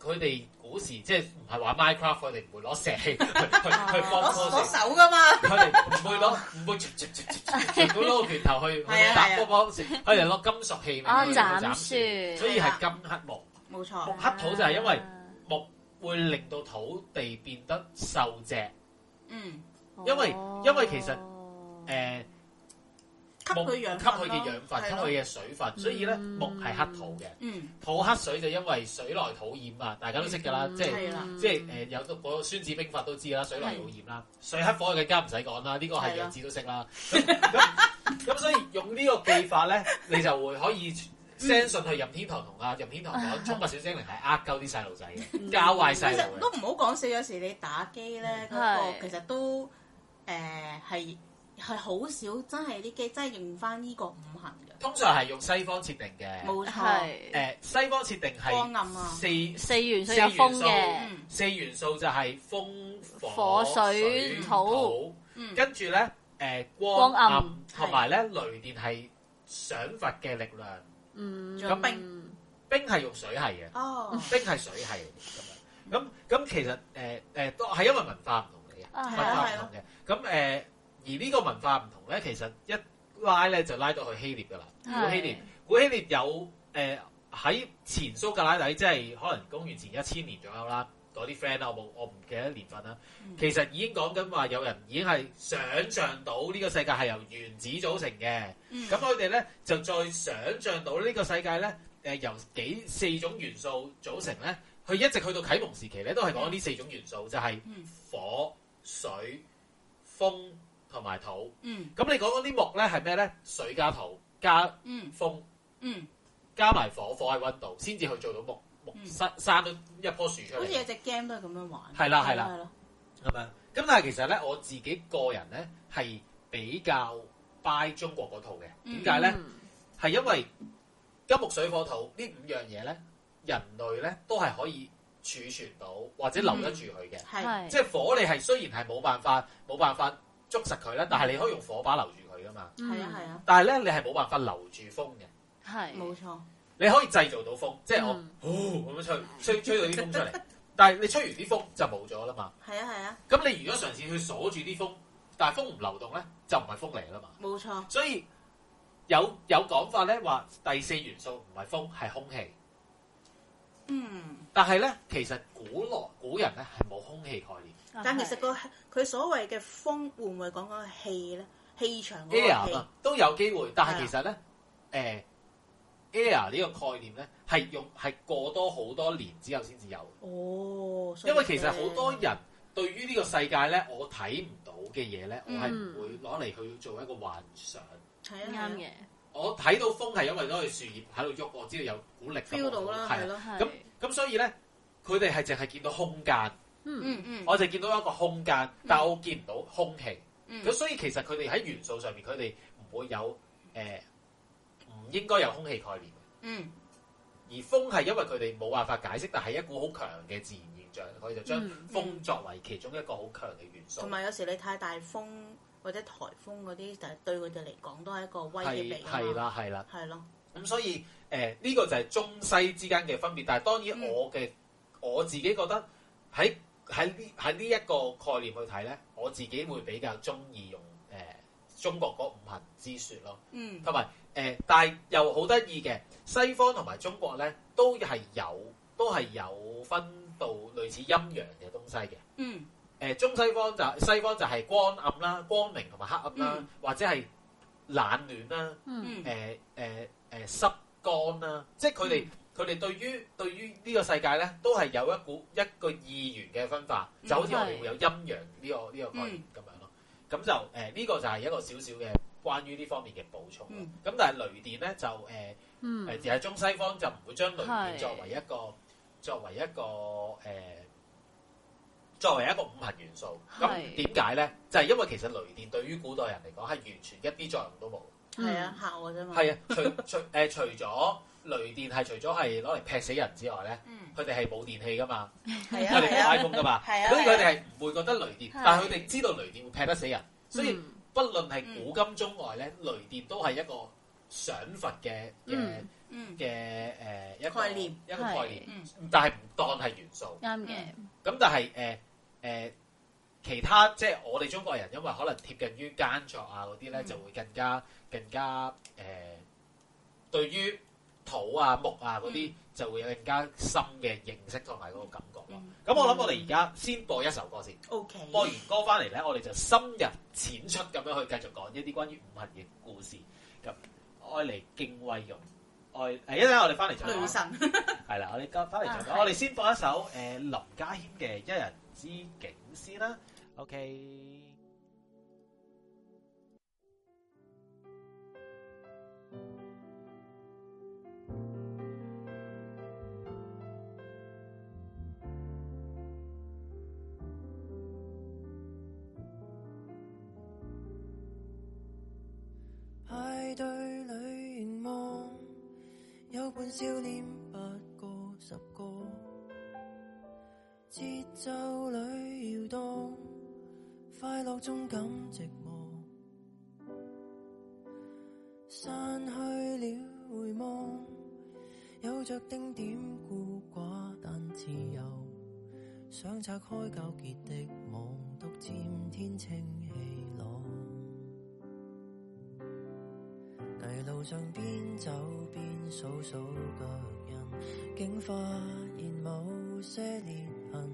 佢哋古時即係唔係話 Minecraft，佢哋唔會攞石器去去去幫幫手噶嘛，佢哋唔會攞唔會拳拳拳拳拳攞個拳頭去打幫幫石，佢哋攞金屬器去打木，所以係金剋木。冇錯，木剋土就係因為木會令到土地變得瘦瘠。嗯，因為因為其實誒。吸佢氧，吸佢嘅養分，吸佢嘅、哦、水分。是所以咧、嗯、木係黑土嘅、嗯，土黑水就因為水來土染啊，大家都識噶啦，即係、嗯、即係誒、呃、有個孫子兵法都知啦，水來土染啦，水黑火更加唔使講啦，呢、這個係楊子都識啦。咁咁、嗯嗯、 所以用呢個技法咧，你就會可以相信去任天堂同啊、嗯、任天堂講，寵物小精靈係呃鳩啲細路仔嘅，教、嗯、壞細路。其實都唔好講，時有時你打機咧嗰個其實都誒係。係好少真係啲機真係用翻呢個五行嘅，通常係用西方設定嘅，冇錯。誒、呃，西方設定係光暗啊，四四元素有風嘅、嗯，四元素就係風火、火、水、水土。跟住咧，誒、呃，光暗同埋咧雷電係想法嘅力量。嗯，冰冰係用水係嘅，哦，冰係水係嘅。咁咁，其實誒誒，係、呃、因為文化唔同嚟嘅、啊啊，文化唔同嘅。咁誒、啊。而呢個文化唔同咧，其實一拉咧就拉到去希臘噶啦。古希臘，古希臘有誒喺、呃、前蘇格拉底，即係可能公元前一千年左右啦。嗰啲 friend 啊，我冇我唔記得年份啦。嗯、其實已經講緊話，有人已經係想像到呢個世界係由原子組成嘅。咁佢哋咧就再想像到呢個世界咧誒、呃、由幾四種元素組成咧。佢、嗯、一直去到啟蒙時期咧，都係講呢四種元素，就係、是、火、嗯、水、風，同埋土，咁、嗯、你講嗰啲木咧係咩咧？水加土加風，嗯嗯、加埋火，火喺温度先至去做到木、嗯、木生生到一棵樹出嚟。好似有隻 game 都係咁樣玩。係啦係啦，係咪？咁但係其實咧，我自己個人咧係比較 buy 中國嗰套嘅。點解咧？係因為金木水火土呢五樣嘢咧，人類咧都係可以儲存到或者留得住佢嘅。係即係火，你係雖然係冇辦法冇辦法。冇辦法捉實佢啦，但係你可以用火把留住佢噶嘛？係啊係啊。嗯、但係咧，你係冇辦法留住風嘅。係，冇錯。你可以製造到風，即係我咁樣、嗯、吹，吹吹到啲風出嚟。 但係你吹完啲風就冇咗啦嘛。係啊係啊。咁、啊、你如果嘗試去鎖住啲風，但係風唔流動咧，就唔係風嚟啦嘛。冇錯。所以有有講法咧，話第四元素唔係風，係空氣。嗯。但係咧，其實古來古人咧係冇空氣概念。但其實、嗰個佢所謂嘅風會唔會講緊氣咧？氣場嗰個氣 air, 都有機會，但係其實咧，誒、呃、air 呢個概念咧係用係過多好多年之後先至有的。哦，因為其實好多人對於呢個世界咧，我睇唔到嘅嘢咧，我係唔會攞嚟去做一個幻想。係啊，啱嘅。我睇到風係因為嗰個樹葉喺度喐，我知道有股力。feel 到啦，係咯，係。咁咁，所以咧，佢哋係淨係見到空間。嗯嗯嗯，我就見到一個空間、嗯，但我見唔到空氣。咁、嗯、所以其實佢哋喺元素上面，佢哋唔會有誒唔、呃、應該有空氣概念。嗯。而風係因為佢哋冇辦法解釋，但係一股好強嘅自然現象，佢就將風作為其中一個好強嘅元素。同、嗯、埋、嗯、有時你太大風或者颱風嗰啲，就係對佢哋嚟講都係一個威脅嚟。係啦，係啦。係咯。咁、嗯、所以誒，呢、呃呢個就係中西之間嘅分別。但係當然我嘅、嗯、我自己覺得喺喺呢喺呢一個概念去睇咧，我自己會比較中意用誒、呃、中國嗰五行之説咯，嗯，同埋誒，但係又好得意嘅，西方同埋中國咧都係有都係有分到類似陰陽嘅東西嘅，嗯、呃，誒中西方就西方就係光暗啦、光明同埋黑暗啦，嗯、或者係冷暖啦，嗯、嗯、呃，誒誒誒濕乾啦，即係佢哋。佢哋對於對於呢個世界咧，都係有一股一個二元嘅分化，嗯、就好似我哋會有陰陽呢個呢、嗯這個概念咁樣咯。咁就誒呢、呃這個就係一個少少嘅關於呢方面嘅補充。咁、嗯、但係雷電咧就誒誒，而、呃、係、嗯呃、中西方就唔會將雷電作為一個作為一個誒、呃、作為一個五行元素。咁點解咧？就係、是、因為其實雷電對於古代人嚟講係完全一啲作用都冇。係、嗯、啊，嚇我啫嘛。係啊，除除誒、呃、除咗。雷電係除咗係攞嚟劈死人之外咧，佢哋係冇電器噶嘛，佢哋冇 iPhone 㗎嘛 係、啊，所以佢哋係唔會覺得雷電，啊、但係佢哋知道雷電會劈得死人，嗯，所以不論係古今中外咧，嗯，雷電都係一個想法嘅嘅嘅誒一概念一個概念，係嗯、但係唔當係元素。啱、嗯、嘅。咁、嗯、但係誒誒，其他即係我哋中國人，因為可能貼近於間作啊嗰啲咧，就會更加更加誒、呃、對於土啊木啊嗰啲就會有更加深嘅認識同埋嗰個感覺咯。咁我諗我哋而家先播一首歌先。OK。播完歌翻嚟咧，我哋就深入淺出咁樣去繼續講一啲關於五行嘅故事。咁愛嚟敬威咁，愛誒一陣我哋翻嚟再講。女神。係啦，我哋今翻嚟再講。我哋先播一首誒林家謙嘅《一人之境》先啦。OK。派對裏凝望，有本少年不過十個。節奏裏搖動，快樂中感寂寞。散去了回望，有着丁點孤寡，但自由。想拆開糾結的網，獨佔天晴。路上邊走邊數數腳印，竟發現某些裂痕。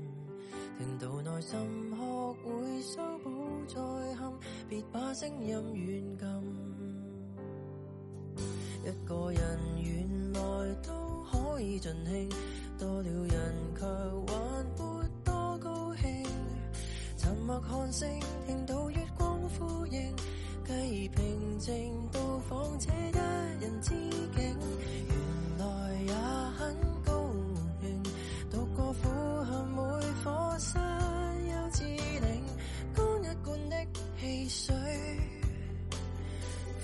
聽到內心學會修補再憾，別把聲音軟禁。一個人原來都可以盡興，多了人卻還沒多高興。沉默看星，聽到月光呼應。平靜到訪這一人之境，原來也很高遠。渡過苦寒每座山丘之嶺，乾一罐的汽水，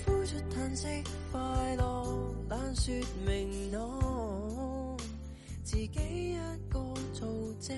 呼出嘆息，快樂懶說明朗，自己一個做證。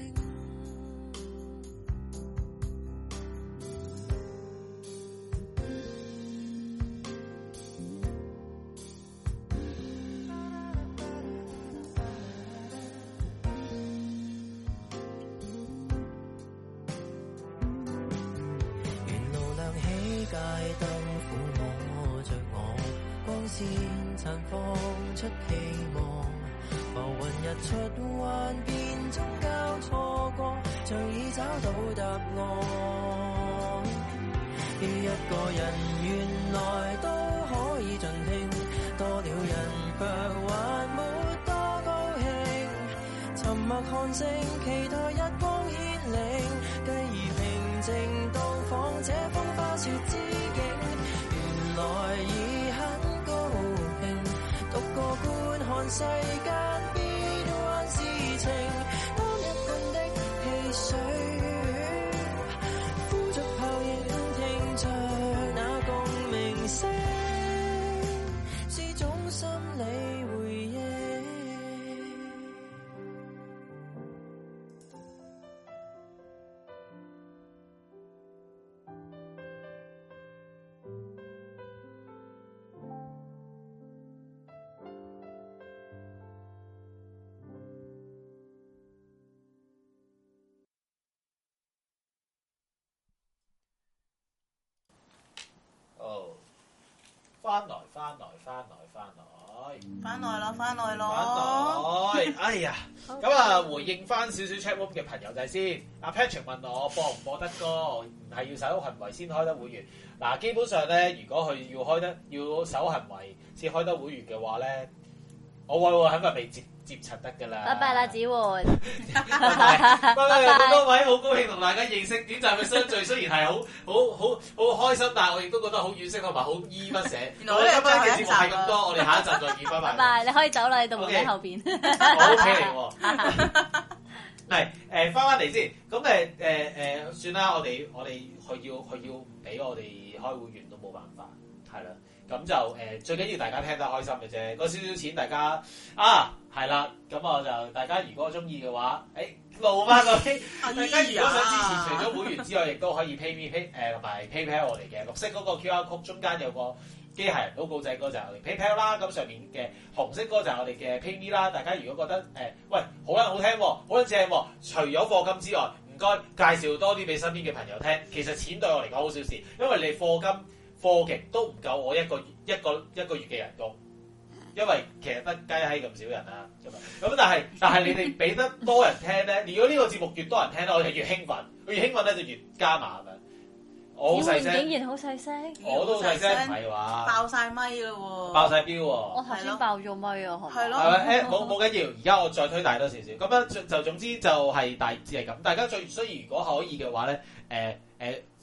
翻來翻來翻來翻來，翻來咯翻來咯。來來來來 哎呀，咁啊回應翻少少 chat room 嘅朋友仔先。阿 Patrick 問我播唔播得歌，唔係要守行為先開得會員。嗱，基本上咧，如果佢要開得要守行為先開得會員嘅話咧，我會喎，係咪未接？接觸得噶啦，拜拜啦子桓， 拜拜，多位好高興同大家認識，短暫嘅相聚雖然係好好好好開心，但係我亦都覺得好惋惜，同埋好依依不捨。我哋今晚嘅節目係咁多，我哋下一站再見，拜拜。拜，拜你可以走啦，okay，你到門口後我屋企嚟喎，係 誒， 翻返嚟先，咁誒誒誒，算啦，我哋我哋佢要佢要唔俾我哋開會員都冇辦法，係啦。咁就、呃、最緊要大家聽得開心嘅啫，嗰少少錢大家啊，係啦，咁我就大家如果中意嘅話，誒、欸，露翻個 k 大家如果想支持， 除咗會員之外，亦都可以 PayMe pay 同埋 PayPal、呃、pay 我哋嘅綠色嗰個 QR code 中間有個機械人都稿仔，嗰就 PayPal 啦。咁上面嘅紅色嗰就係我哋嘅 PayMe 啦。大家如果覺得誒、呃，喂，好聽好聽、哦，好人正、哦，除咗課金之外，唔該介紹多啲俾身邊嘅朋友聽。其實錢對我嚟講好小事，因為你課金。課極都唔夠我一個月一個一個月嘅人工，因為其實得雞閪咁少人啦、啊，咁 但係但係你哋俾得多人聽咧， 如果呢個節目越多人聽咧，我哋就越興奮，越興奮咧就越加碼㗎。我好細聲，然竟然好細聲，我都細聲唔係話爆曬咪咯喎，爆曬標喎，我頭先爆咗咪啊，係咯，冇冇緊要，而家我再推大多少少，咁樣就，就總之就係大致係咁，大家最雖如果可以嘅話咧，呃呃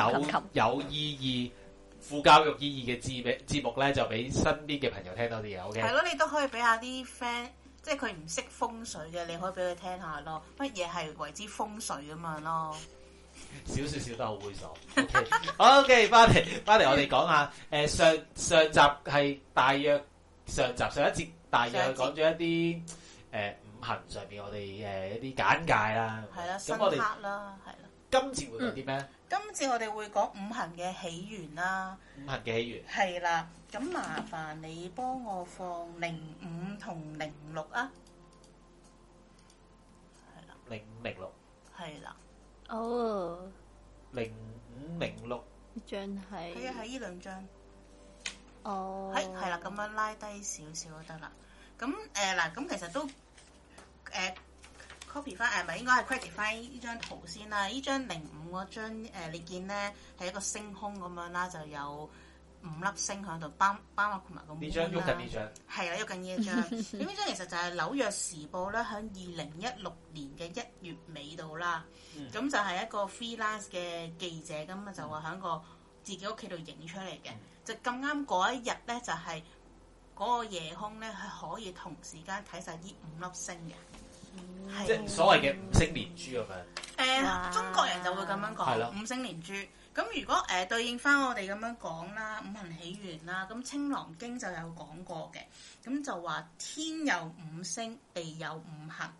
有有意義、副教育意義嘅節目呢，節目咧就俾身邊嘅朋友聽多啲嘢。OK 係咯，你都可以俾下啲 friend，即係佢唔識風水嘅，你可以俾佢聽一下咯。乜嘢係為之風水咁樣咯？少少少都好猥瑣。OK，OK，翻嚟翻嚟，我哋講下，誒、呃、上上集係大，大約上集上一節大約講咗一啲誒、呃、五行上邊，我哋誒一啲簡介啦。係啦、啊，深刻啦。今次會有講啲咩？今次我哋會講五行嘅起源啦。五行嘅起源。係啦，咁麻煩你幫我放零五同零六啊。係啦，零五零六。係啦。哦。零五零六。呢張係。係啊，係呢兩張。哦。係係啦，咁樣拉低少少都得啦。咁誒嗱，咁其實都誒。copy 翻誒咪應該係 credit 翻呢張圖先啦，呢張零五嗰張你見咧係一個星空咁樣啦，就有五粒星喺度，包斑埋個 moon 啦，呢張喐緊呢張，係啊，喐緊呢張。咁呢張其實就係紐約時報咧，喺二零一六年嘅一月尾度啦。咁就係一個 freelance 嘅記者咁啊，就話喺個自己屋企度影出嚟嘅。就咁啱嗰一日咧，就係、是、嗰個夜空咧係可以同時間睇晒呢五粒星嘅。即、嗯就是、所謂嘅五星連珠咁樣。誒、嗯嗯嗯嗯嗯嗯，中國人就會咁樣講。係啦，五星連珠。咁如果誒、呃、對應翻我哋咁樣講啦，五行起源啦，咁《青囊經》就有講過嘅。咁就話天有五星，地有五行。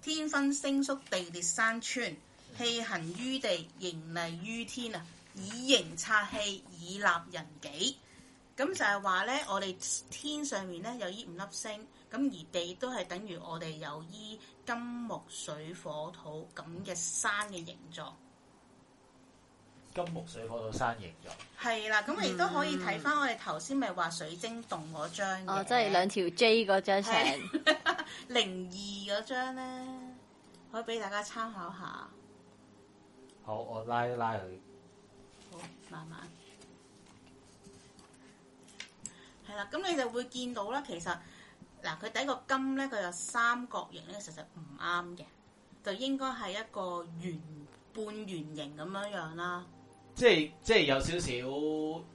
天分星宿，地裂山川，氣行於地，形立於天啊！以形察氣，以立人紀。咁就係話咧，我哋天上面咧有呢五粒星。咁而地都係等於我哋有依金木水火土咁嘅山嘅形狀。金木水火土山形狀。係啦，咁我亦都可以睇翻我哋頭先咪話水晶洞嗰張。哦，即係兩條 J 嗰張。係。零二嗰張咧，可以俾大家參考下。好，我拉一拉佢。好，慢慢。係啦，咁你就會見到啦，其實。嗱，佢第一個金咧，佢有三角形咧，其實唔啱嘅，就應該係一個圓、半圓形咁樣樣啦。即係即係有少少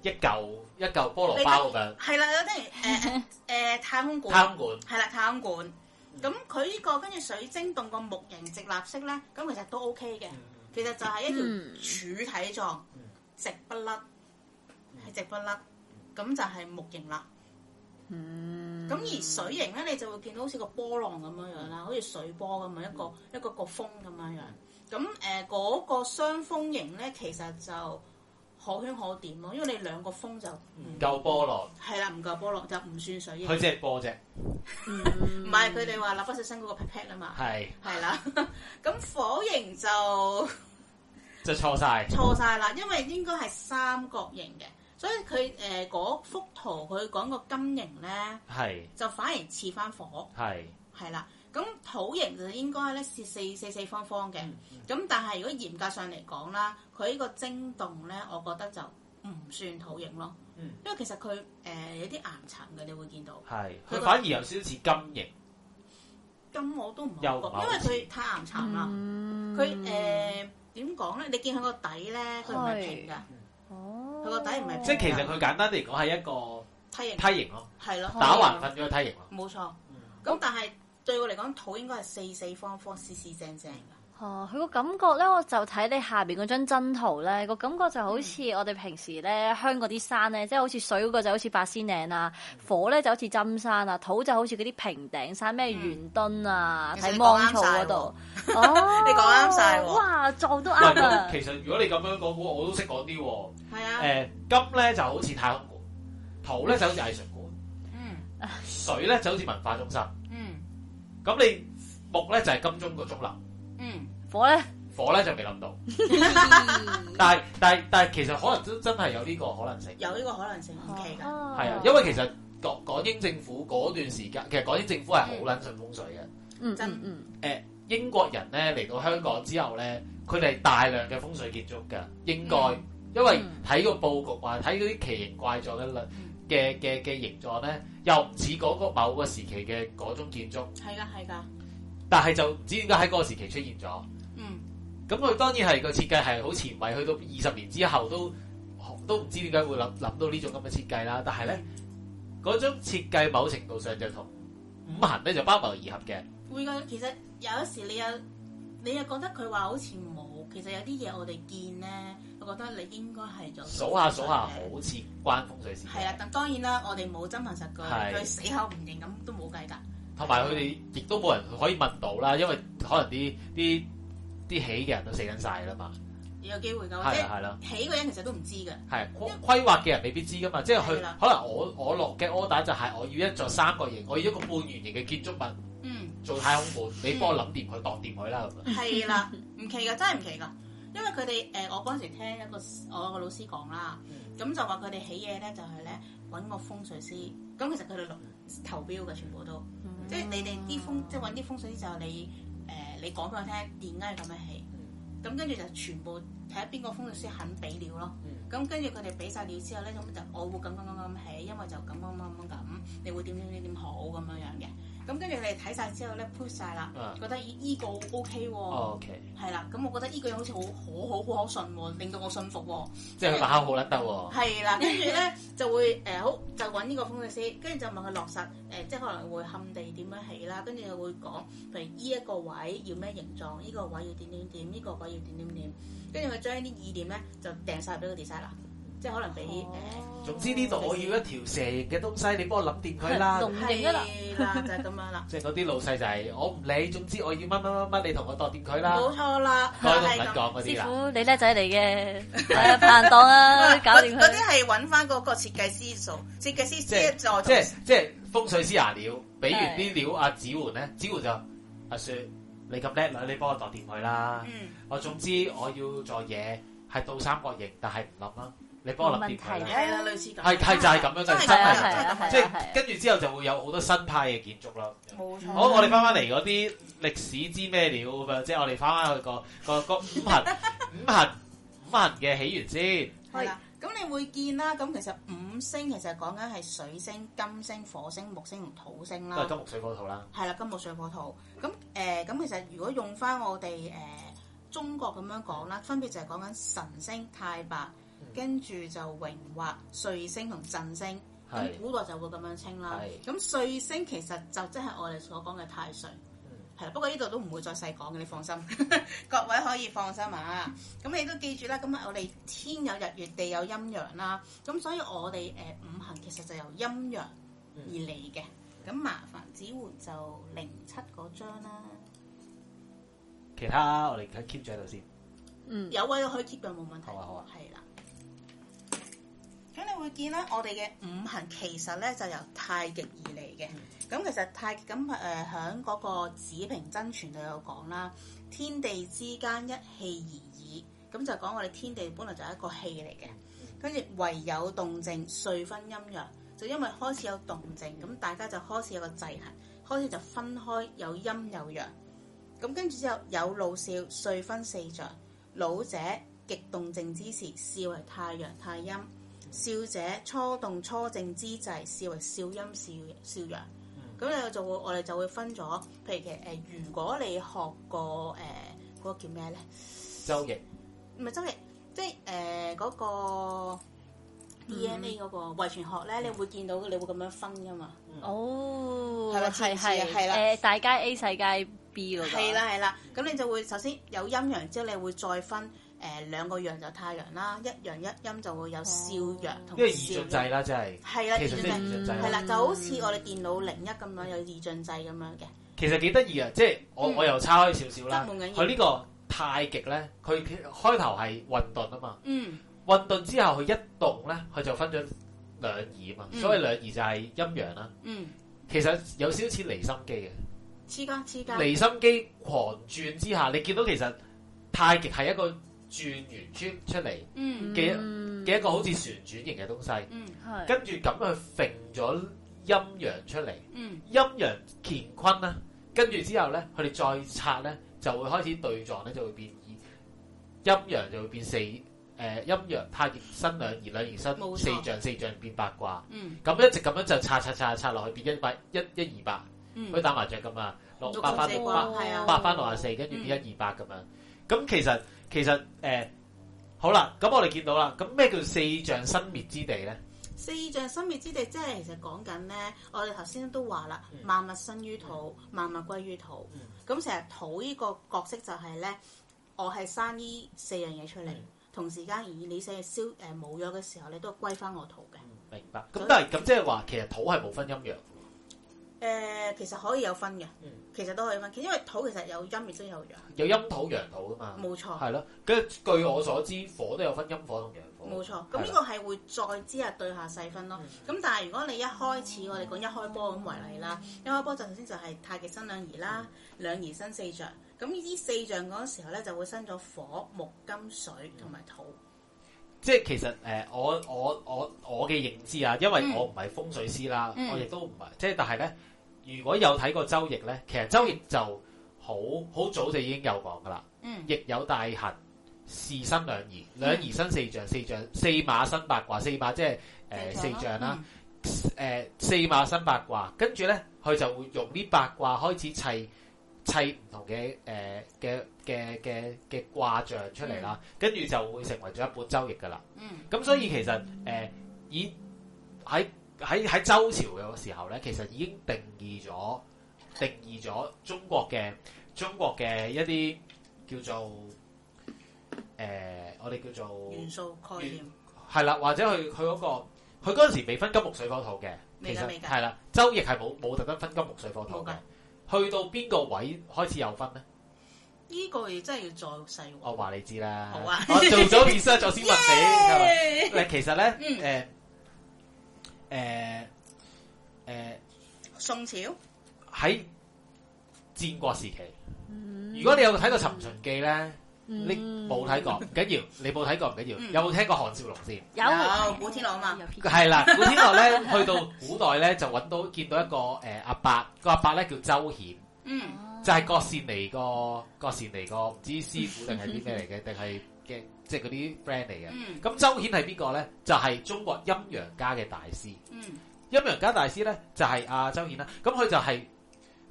一嚿一嚿菠蘿包咁樣。係啦，即係誒誒太空館。太空館係啦，太空館。咁佢呢個跟住水晶洞個木形直立式咧，咁其實都 OK 嘅。其實就係一條柱體狀、嗯，直不甩，係直不甩，咁就係木形啦。嗯。咁、嗯、而水型呢，你就會見到好似個波浪咁樣樣啦，好、嗯、似水波咁樣一個、嗯、一個，一個風咁樣樣。咁嗰、呃嗰個雙風型呢，其實就可圈可點囉，因為你兩個風就唔夠波浪，係啦，唔夠波浪就唔算水型。佢即係波啫，唔係佢哋話立不世新嗰個 pat pat 啊嘛，係係啦。咁火型就就錯晒，錯晒啦，因為應該係三角形嘅。所以佢誒、呃、嗰幅圖說的，佢講個金形咧，就反而似返火，係係啦。咁土形就應該咧是四四四方方嘅。咁、嗯、但係如果嚴格上嚟講啦，佢呢個晶洞咧，我覺得就唔算土形咯、嗯。因為其實佢誒、呃、有啲岩層嘅，你會見到係佢反而有少少似金形金，嗯、我都唔因為佢太岩層啦。佢誒點講咧？你見佢個底咧，佢唔係平噶哦。個底唔係，即係其實佢簡單地嚟講係一個梯形，梯形咯，係咯，打橫瞓咗個梯形咯，冇錯。咁、嗯嗯、但係對我嚟講，土應該係四四方方、四四正正的。哦，佢個感覺咧，我就睇你下邊嗰張真圖咧，個感覺就好似我哋平時咧、嗯，香港啲山咧，即係好似水嗰個就好似八仙嶺啊；嗯、火咧就好似針山啊，土就好似嗰啲平頂山咩圓墩啊，喺、嗯、芒草嗰度，哦。你講啱晒，哇，做都啱。其實如果你咁樣講，我都識講啲。係啊。誒、 欸，金咧就好似太空館，土咧就好似藝術館，嗯，水咧就好似文化中心，嗯。咁你木咧就係、是、金鐘個鐘樓。嗯，火咧，火咧就未諗到，但係但係但係其實可能真真係有呢個可能性，有呢個可能性 OK 㗎，係啊，因為其實港港英政府嗰段時間，其實港英政府係好捻信風水嘅，嗯真嗯，誒英國人咧嚟到香港之後咧，佢哋大量嘅風水建築噶，應該因為睇個布局話，睇嗰啲奇形怪狀嘅律嘅嘅嘅形狀咧，又似嗰個某個時期嘅嗰種建築，係噶係噶。但係就唔知點解喺嗰個時期出現咗，嗯，咁佢當然係個設計係好前衞，去到二十年之後都都唔知點解會諗諗到呢種咁嘅設計啦。但係咧嗰種設計某程度上就同五行咧就不謀而合嘅。會噶，其實有時你又你又覺得佢話好似冇，其實有啲嘢我哋見咧，我覺得你應該係就數下數下，好似關風水事。係啊，但當然啦，我哋冇真憑實據，佢死口唔認，咁都冇計㗎。同埋佢哋亦都冇人可以問到啦，因為可能啲啲啲起嘅人都死緊晒啦嘛。有機會㗎，即係起嘅人其實都唔知嘅。係，規劃嘅人未必知噶嘛，即係佢可能我我落嘅 order 就係我要一座三角形，我要一個半圓形嘅建築物，嗯，做太空館，你幫我諗掂佢，度掂佢啦。係啦，唔 奇㗎，真係唔奇㗎，因為佢哋誒我嗰陣時聽一個我個老師講啦，咁、嗯、就話佢哋起嘢咧就係咧揾個風水師，咁其實佢哋落投標嘅全部都。 即係你哋啲風，即係揾啲風水師之後你、呃，你誒你講俾我聽點解要咁樣起，咁跟住就全部睇下邊個風水師肯俾料咯。咁跟住佢哋俾晒料之後咧，咁就我會咁樣咁樣咁樣起，因為就咁樣咁樣咁，你會點點點點好咁樣樣嘅。咁跟住，你睇晒之後咧，push 晒啦，覺得依依好 O K 喎，係、哦、啦。咁、okay、我覺得依個人好似好好、好好可信喎，令到我信服喎、啊，即係把口好甩得喎、啊。係啦，跟住咧就會、呃、好就搵呢個風水師，跟住就問佢落實、呃、即係可能會陷地點樣起啦。跟住佢會講譬如依一個位要咩形狀，依、這個位要點點點，呢、這個位要點點點。跟住佢將啲意念咧就掟晒俾個 designer 啦。即係可能俾誒，總之呢度我要一條蛇形嘅東西，你幫我諗掂佢啦。龍形啦，就係咁樣啦。即係嗰啲老細就係我唔理，總之我要乜乜乜乜，你同我度掂佢啦。冇錯啦，師傅你叻仔嚟嘅，得閒當啦，搞掂佢。嗰啲係搵翻嗰個設計師做，設計師先做。即係即係風水師啊，料，俾完啲料阿子煥咧，子煥就阿雪，你咁叻女，你幫我度掂佢啦。我總之我要做嘢係倒三角形，但係唔諗啦。你幫我諗掂佢，係係就係咁樣，就係真係，即係跟住之後就會有好多新派嘅建築啦。冇錯，好，我哋翻翻嚟嗰啲歷史知咩料咁樣，即係我哋翻翻去個個個五行五行五行嘅起源先。係啦，咁你會見啦。咁其實五星其實講緊係水星、金星、火星、木星同土星啦。係金木水火土啦。係啦，金木水火土。咁誒，咁其實如果用翻我哋誒中國咁樣講啦，分別就係講緊神星太白。跟住就熒惑歲星同鎮星，咁古代就會咁樣稱啦。咁歲星其實就即係我哋所講嘅太歲，係啦。不過呢度都唔會再細講嘅，你放心呵呵，各位可以放心啊。咁 你都記住啦，咁我哋天有日月，地有陰陽啦。咁所以我哋誒、呃、五行其實就由陰陽而嚟嘅。咁、嗯、麻煩只煥就零七嗰張啦，其他我哋佢 keep 住喺度先。嗯，有位可以 keep 就冇問題。啊，咁你會見咧，我哋嘅五行其實咧就由太極而嚟嘅。咁其實太極咁誒，響、呃、嗰個子平真傳就有講啦。天地之間一氣而已，咁就講我哋天地本來就係一個氣嚟嘅。跟住唯有動靜，遂分陰陽。就因為開始有動靜，咁大家就開始有個制衡，開始就分開有陰有陽。咁跟住之後有老少遂分四象，老者極動靜之時，是為太陽太陰。少者初動初靜之際，視為少陰少陽。咁你就會我哋就會分咗，譬如其實，如果你學過誒嗰、呃那個叫咩咧？周易。唔係周易，即係嗰、呃那個 DNA 嗰個遺傳學咧、嗯，你會見到你會咁樣分噶嘛、嗯？哦，係係係啦，誒，世界 A 世界 B 嗰個。係啦係啦，咁你就會首先有陰陽之後，你會再分，誒、呃、兩個陽就太陽啦，一陽一陰就會有少陽同少陰，因為、嗯這個、二進制啦，即係係啦，其實二進制係啦、嗯，就好似我哋電腦零一咁樣、嗯、有二進制咁樣嘅、嗯。其實幾得意啊！即、就、係、是、我、嗯、我又拆開少少啦。佢呢個太極咧，佢開頭係混沌啊嘛。嗯。混沌之後佢一動咧，佢就分咗兩儀啊嘛、嗯。所以兩儀就係陰陽啦。嗯。其實有少少似離心機嘅。似㗎似㗎。離心機狂轉之下，你見到其實太極係一個。轉完圈出嚟，幾一個好似旋轉型嘅東西，嗯、跟住咁樣揈咗陰陽出嚟，陰、嗯、陽乾坤啦，跟住之後咧，佢哋再拆咧，就會開始對撞咧，就會變二陰陽，就會變四，誒陰陽太極生兩儀，兩儀生四象，四象變八卦，咁、嗯、一直咁樣就拆拆拆拆落去變 100, 1, 1, 200,、嗯，變一百一一二八，好似打麻雀咁啊，落八八八八，八八六十四，跟住變一二八咁啊，咁、嗯嗯、其實。其實誒、呃，好啦，咁我哋見到啦，咁咩叫四象生滅之地咧？四象生滅之地，即係其實講緊咧，我哋頭先都話啦，萬物生於土，萬物歸於土。咁成日土呢個角色就係、是、咧，我係生呢四樣嘢出嚟、嗯，同時間而你死消誒，冇咗嘅時候你都歸翻我土嘅。明白，咁但係，咁即係話，其實土係冇分陰陽。誒、呃，其實可以有分嘅、嗯，其實都可以分，因為土其實有陰亦都有陽，有陰土陽土噶嘛，冇錯，係咯。跟據我所知，嗯、火都有分陰火同陽火，冇錯。咁呢個係會再之後對下細分咯。咁、嗯、但係如果你一開始、嗯、我哋講一開波咁為例啦、嗯嗯，一開波就首先就係太極生兩儀啦，兩、嗯、儀生四象。咁呢四象嗰個時候咧，就會生咗火、木、金、水同埋土。即係其實、呃、我我我我嘅認知啊，因為我唔係風水師啦，嗯、我亦都唔係，即係但係咧，如果有睇過《周易》咧，其實《周易》就好好早就已經有講㗎喇，易、嗯、有大行，是生兩儀，兩儀生四象，四象，四，象四馬生八卦，四馬即、就、係、是呃啊、四象啦、啊嗯呃，四馬生八卦，跟住咧佢就會用呢八卦開始砌。砌唔同嘅誒嘅嘅嘅嘅卦象出嚟啦，跟、嗯、住就會成為咗一本周易噶啦。嗯，咁所以其實，誒、呃，以喺喺喺周朝嘅時候咧，其實已經定義咗定義咗中國嘅中國嘅一啲叫做、呃、我哋叫做元素概念係啦，或者佢佢嗰個，佢嗰陣時未分金木水火土嘅，其實，係啦，周易係冇冇特登分金木水火土嘅。去到邊個位開始有分呢？呢、這個亦真係要再細，細。我話你知啦，好啊、 我做咗 research 先問你。Yeah! 其實咧、嗯，誒，誒，誒，宋朝喺戰國時期、嗯，如果你有睇過《尋秦記》咧。你冇睇過唔緊要，你冇睇過唔緊要，有冇聽過項少龍先？有古天樂啊嘛，係啦，古天樂咧去到古代咧就揾到見到一個誒阿伯，個阿伯咧叫鄒衍，嗯，就係郭羨妮個郭羨妮個唔知師傅定係啲咩嚟嘅，定係嘅即係嗰啲 friend 嚟嘅。咁鄒衍係邊個咧？就係中國陰陽家嘅大師，嗯，陰陽家大師咧就係阿鄒衍啦。咁佢就係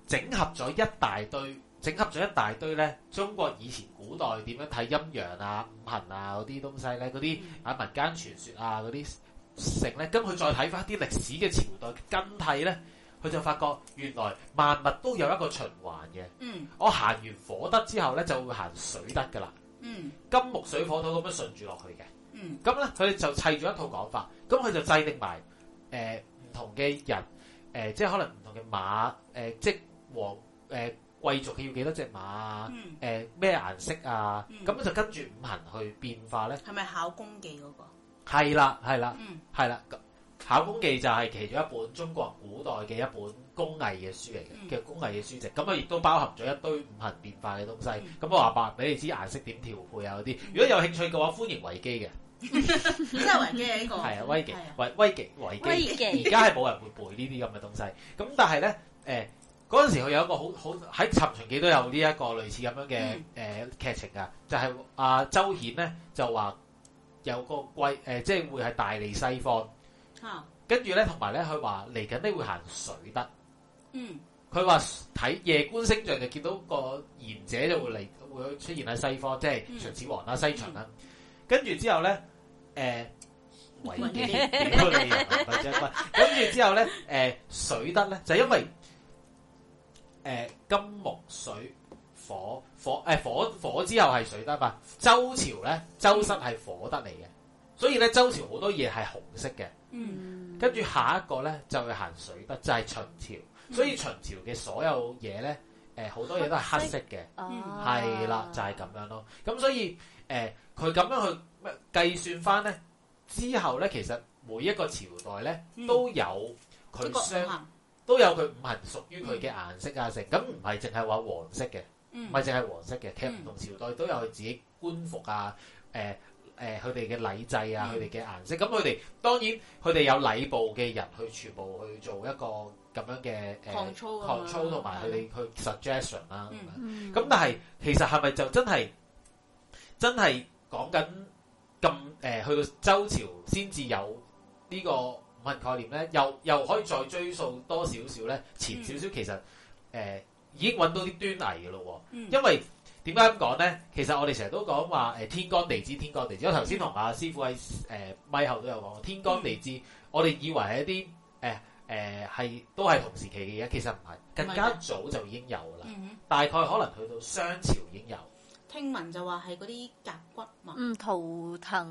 整合咗一大堆。整合咗一大堆咧，中國以前古代點樣睇陰陽啊、五行啊嗰啲東西咧，嗰啲喺民間傳說啊嗰啲剩咧，咁佢再睇翻一啲歷史嘅朝代嘅更替咧，佢就發覺原來萬物都有一個循環嘅。嗯，我行完火德之後咧，就會行水德噶啦。嗯，金木水火土咁樣順住落去嘅。嗯，咁咧佢哋就砌咗一套講法，咁佢就制定埋誒唔同嘅人，誒、呃、即係可能唔同嘅馬，誒、呃、即黃誒。呃貴族佢要幾多隻馬誒、啊，咩、嗯、顏、呃、色啊？咁、嗯、就跟住五行去變化咧。係咪考工記嗰個？係啦，係啦、係、嗯、啦。考工記就係其中一本中國古代嘅一本工藝嘅書嚟嘅，嗯、其實工藝嘅書籍。咁啊，亦都包含咗一堆五行變化嘅東西。咁、嗯、我話白俾你知顏色點調配啊啲。如果有興趣嘅話，歡迎維基嘅。即係維基嘅呢個。係 啊，維基，維基。維基維基。而家係冇人會背呢啲咁嘅東西。咁 但係咧，誒、呃。嗰陣時佢有一個好好喺《尋秦記》都有呢一個類似咁樣嘅誒劇情㗎，就係、是、阿、啊、周顯咧就話有個貴誒，即、呃、係、就是、會係大理西方吓，哦、跟住咧同埋咧佢話嚟緊呢，呢會行水德，嗯他說看，佢話睇夜觀星象就見到個賢者就會嚟、嗯、會出現喺西方，即係秦始皇啦、西秦啦、嗯呃， 跟住之後咧誒，鬼跟住之後咧誒水德咧就是、因為、嗯。誒、呃，金木水火火誒，火火、呃、火，火之後係水德嘛？周朝咧，周室係火得嚟嘅，所以咧周朝好多嘢係紅色嘅。嗯，跟住下一個咧就去行水德，就係、是、秦朝。所以秦朝嘅所有嘢咧，誒、呃，好多嘢都係黑色嘅。係係啦，就係、是、咁樣咯。咁所以誒，佢、呃、咁樣去計算翻咧之後咧，其實每一個朝代咧都有佢、嗯、相。這個都有佢唔係屬於佢嘅顏色啊，成咁唔係淨係話黃色嘅，唔係淨係黃色嘅、嗯，聽唔同朝代、嗯、都有佢自己官服啊，誒誒佢哋嘅禮制啊，佢哋嘅顏色，咁佢哋當然佢哋有禮部嘅人去全部去做一個咁樣嘅 control control 同埋佢哋去 suggestion 啦，咁但係其實係咪就真係真係講緊咁誒去到周朝先至有呢、這個？文概念咧，又又可以再追溯多少少咧，前少少，其實誒已經揾到啲端倪嘅咯。因為點解咁講咧？其實我哋成日都講話誒天干地支，天干地支。我頭先同阿師傅喺誒咪後都有講，天干地支，我哋以為係一啲誒誒係都係同時期嘅嘢，其實唔係，更加早就已經有啦。大概可能去到商朝已經有。聽聞就話係嗰啲甲骨文。嗯，圖騰，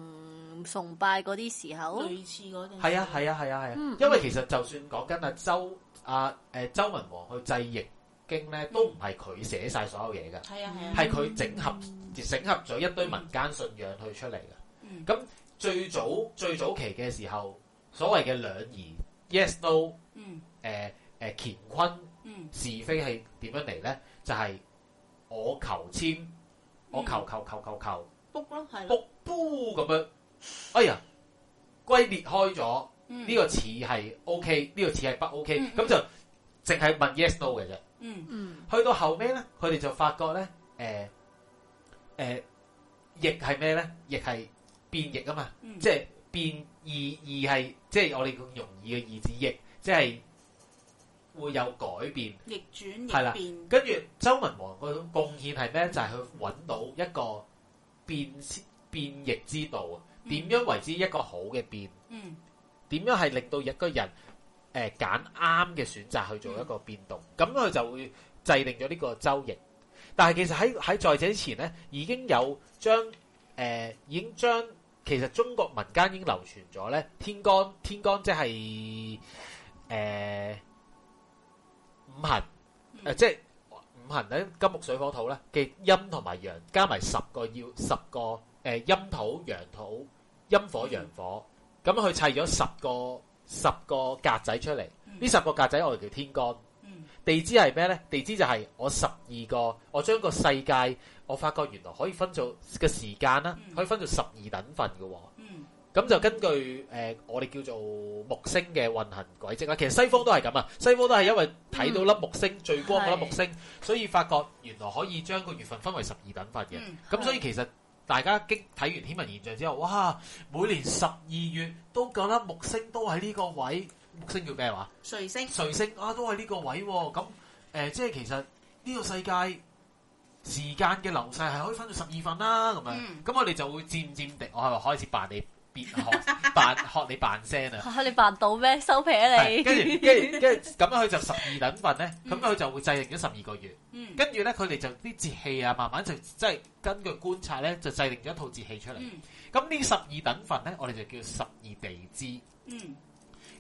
崇拜嗰啲時候，類似啲，係啊係啊係啊係啊、啊、嗯，因為其實就算講緊阿周誒、啊、周文王去製易經咧、嗯，都唔係佢寫晒所有嘢噶，係啊係啊，係佢整合、嗯、整合咗一堆民間信仰去出嚟噶。咁、嗯、最早、嗯、最早期嘅時候，所謂嘅兩儀 yes no，誒、嗯、誒、呃、乾坤、嗯、是非係點樣嚟咧？就係、是、我求籤，我求求求求求卜咯，係卜卜咁樣。哎呀，龜裂開咗呢、嗯這個詞係 O K，呢個詞係不 O K，咁就淨係問 yes no 嘅啫。嗯嗯，去到後尾咧，佢哋就發覺咧，誒、呃、誒，易係咩咧？易係變易啊嘛，即、嗯、係、就是、變易易係，即係、就是、我哋咁容易嘅易字易，即係、就是、會有改變，逆轉係啦。跟住周文王嗰種貢獻係咩、嗯？就係去搵到一個變變易之道啊！點樣為之一個好嘅變？點樣係令到一個人誒揀啱嘅選擇去做一個變動？咁佢就會制定咗呢個周易。但係其實喺喺在這之前咧，已經有將誒已經將其實中國民間已經流傳咗咧，天干天干即係誒五行誒即係五行咧，金木水火土咧，嘅陰同埋陽加埋十個要十個誒陰土陽土。陰火陽火，咁佢砌咗十個十個格仔出嚟，呢、mm. 十個格仔我哋叫天干，mm. 地支係咩呢？地支就係我十二個，我將個世界，我發覺原來可以分做個時間啦，mm. 可以分做十二等份嘅。咁、mm. 就根據誒、呃、我哋叫做木星嘅運行軌跡啦。其實西方都係咁啊，西方都係因為睇到粒木星最光嗰粒木星，mm. 木星 mm. 所以發覺原來可以將個月份分為十二等份嘅。咁、mm. 所以其實。Mm. 大家激睇完天文現象之後，哇！每年十二月都覺得木星都喺呢個位，木星叫咩話？歲星。歲星啊，都喺呢個位、哦。咁誒、呃，即係其實呢個世界時間嘅流逝係可以分到十二份啦。咁、嗯、咁我哋就會漸漸地，我係開始辦啲。別 學扮學你扮聲啊，啊！你扮到咩收皮啊你？跟住跟住跟咁樣，佢就十二等份咧，咁、嗯、佢就會制定咗十二個月。跟住咧，佢哋就啲節氣啊，慢慢就即係、就是、根據觀察咧，就制定咗一套節氣出嚟。咁呢十二等份咧，我哋就叫十二地支。嗯，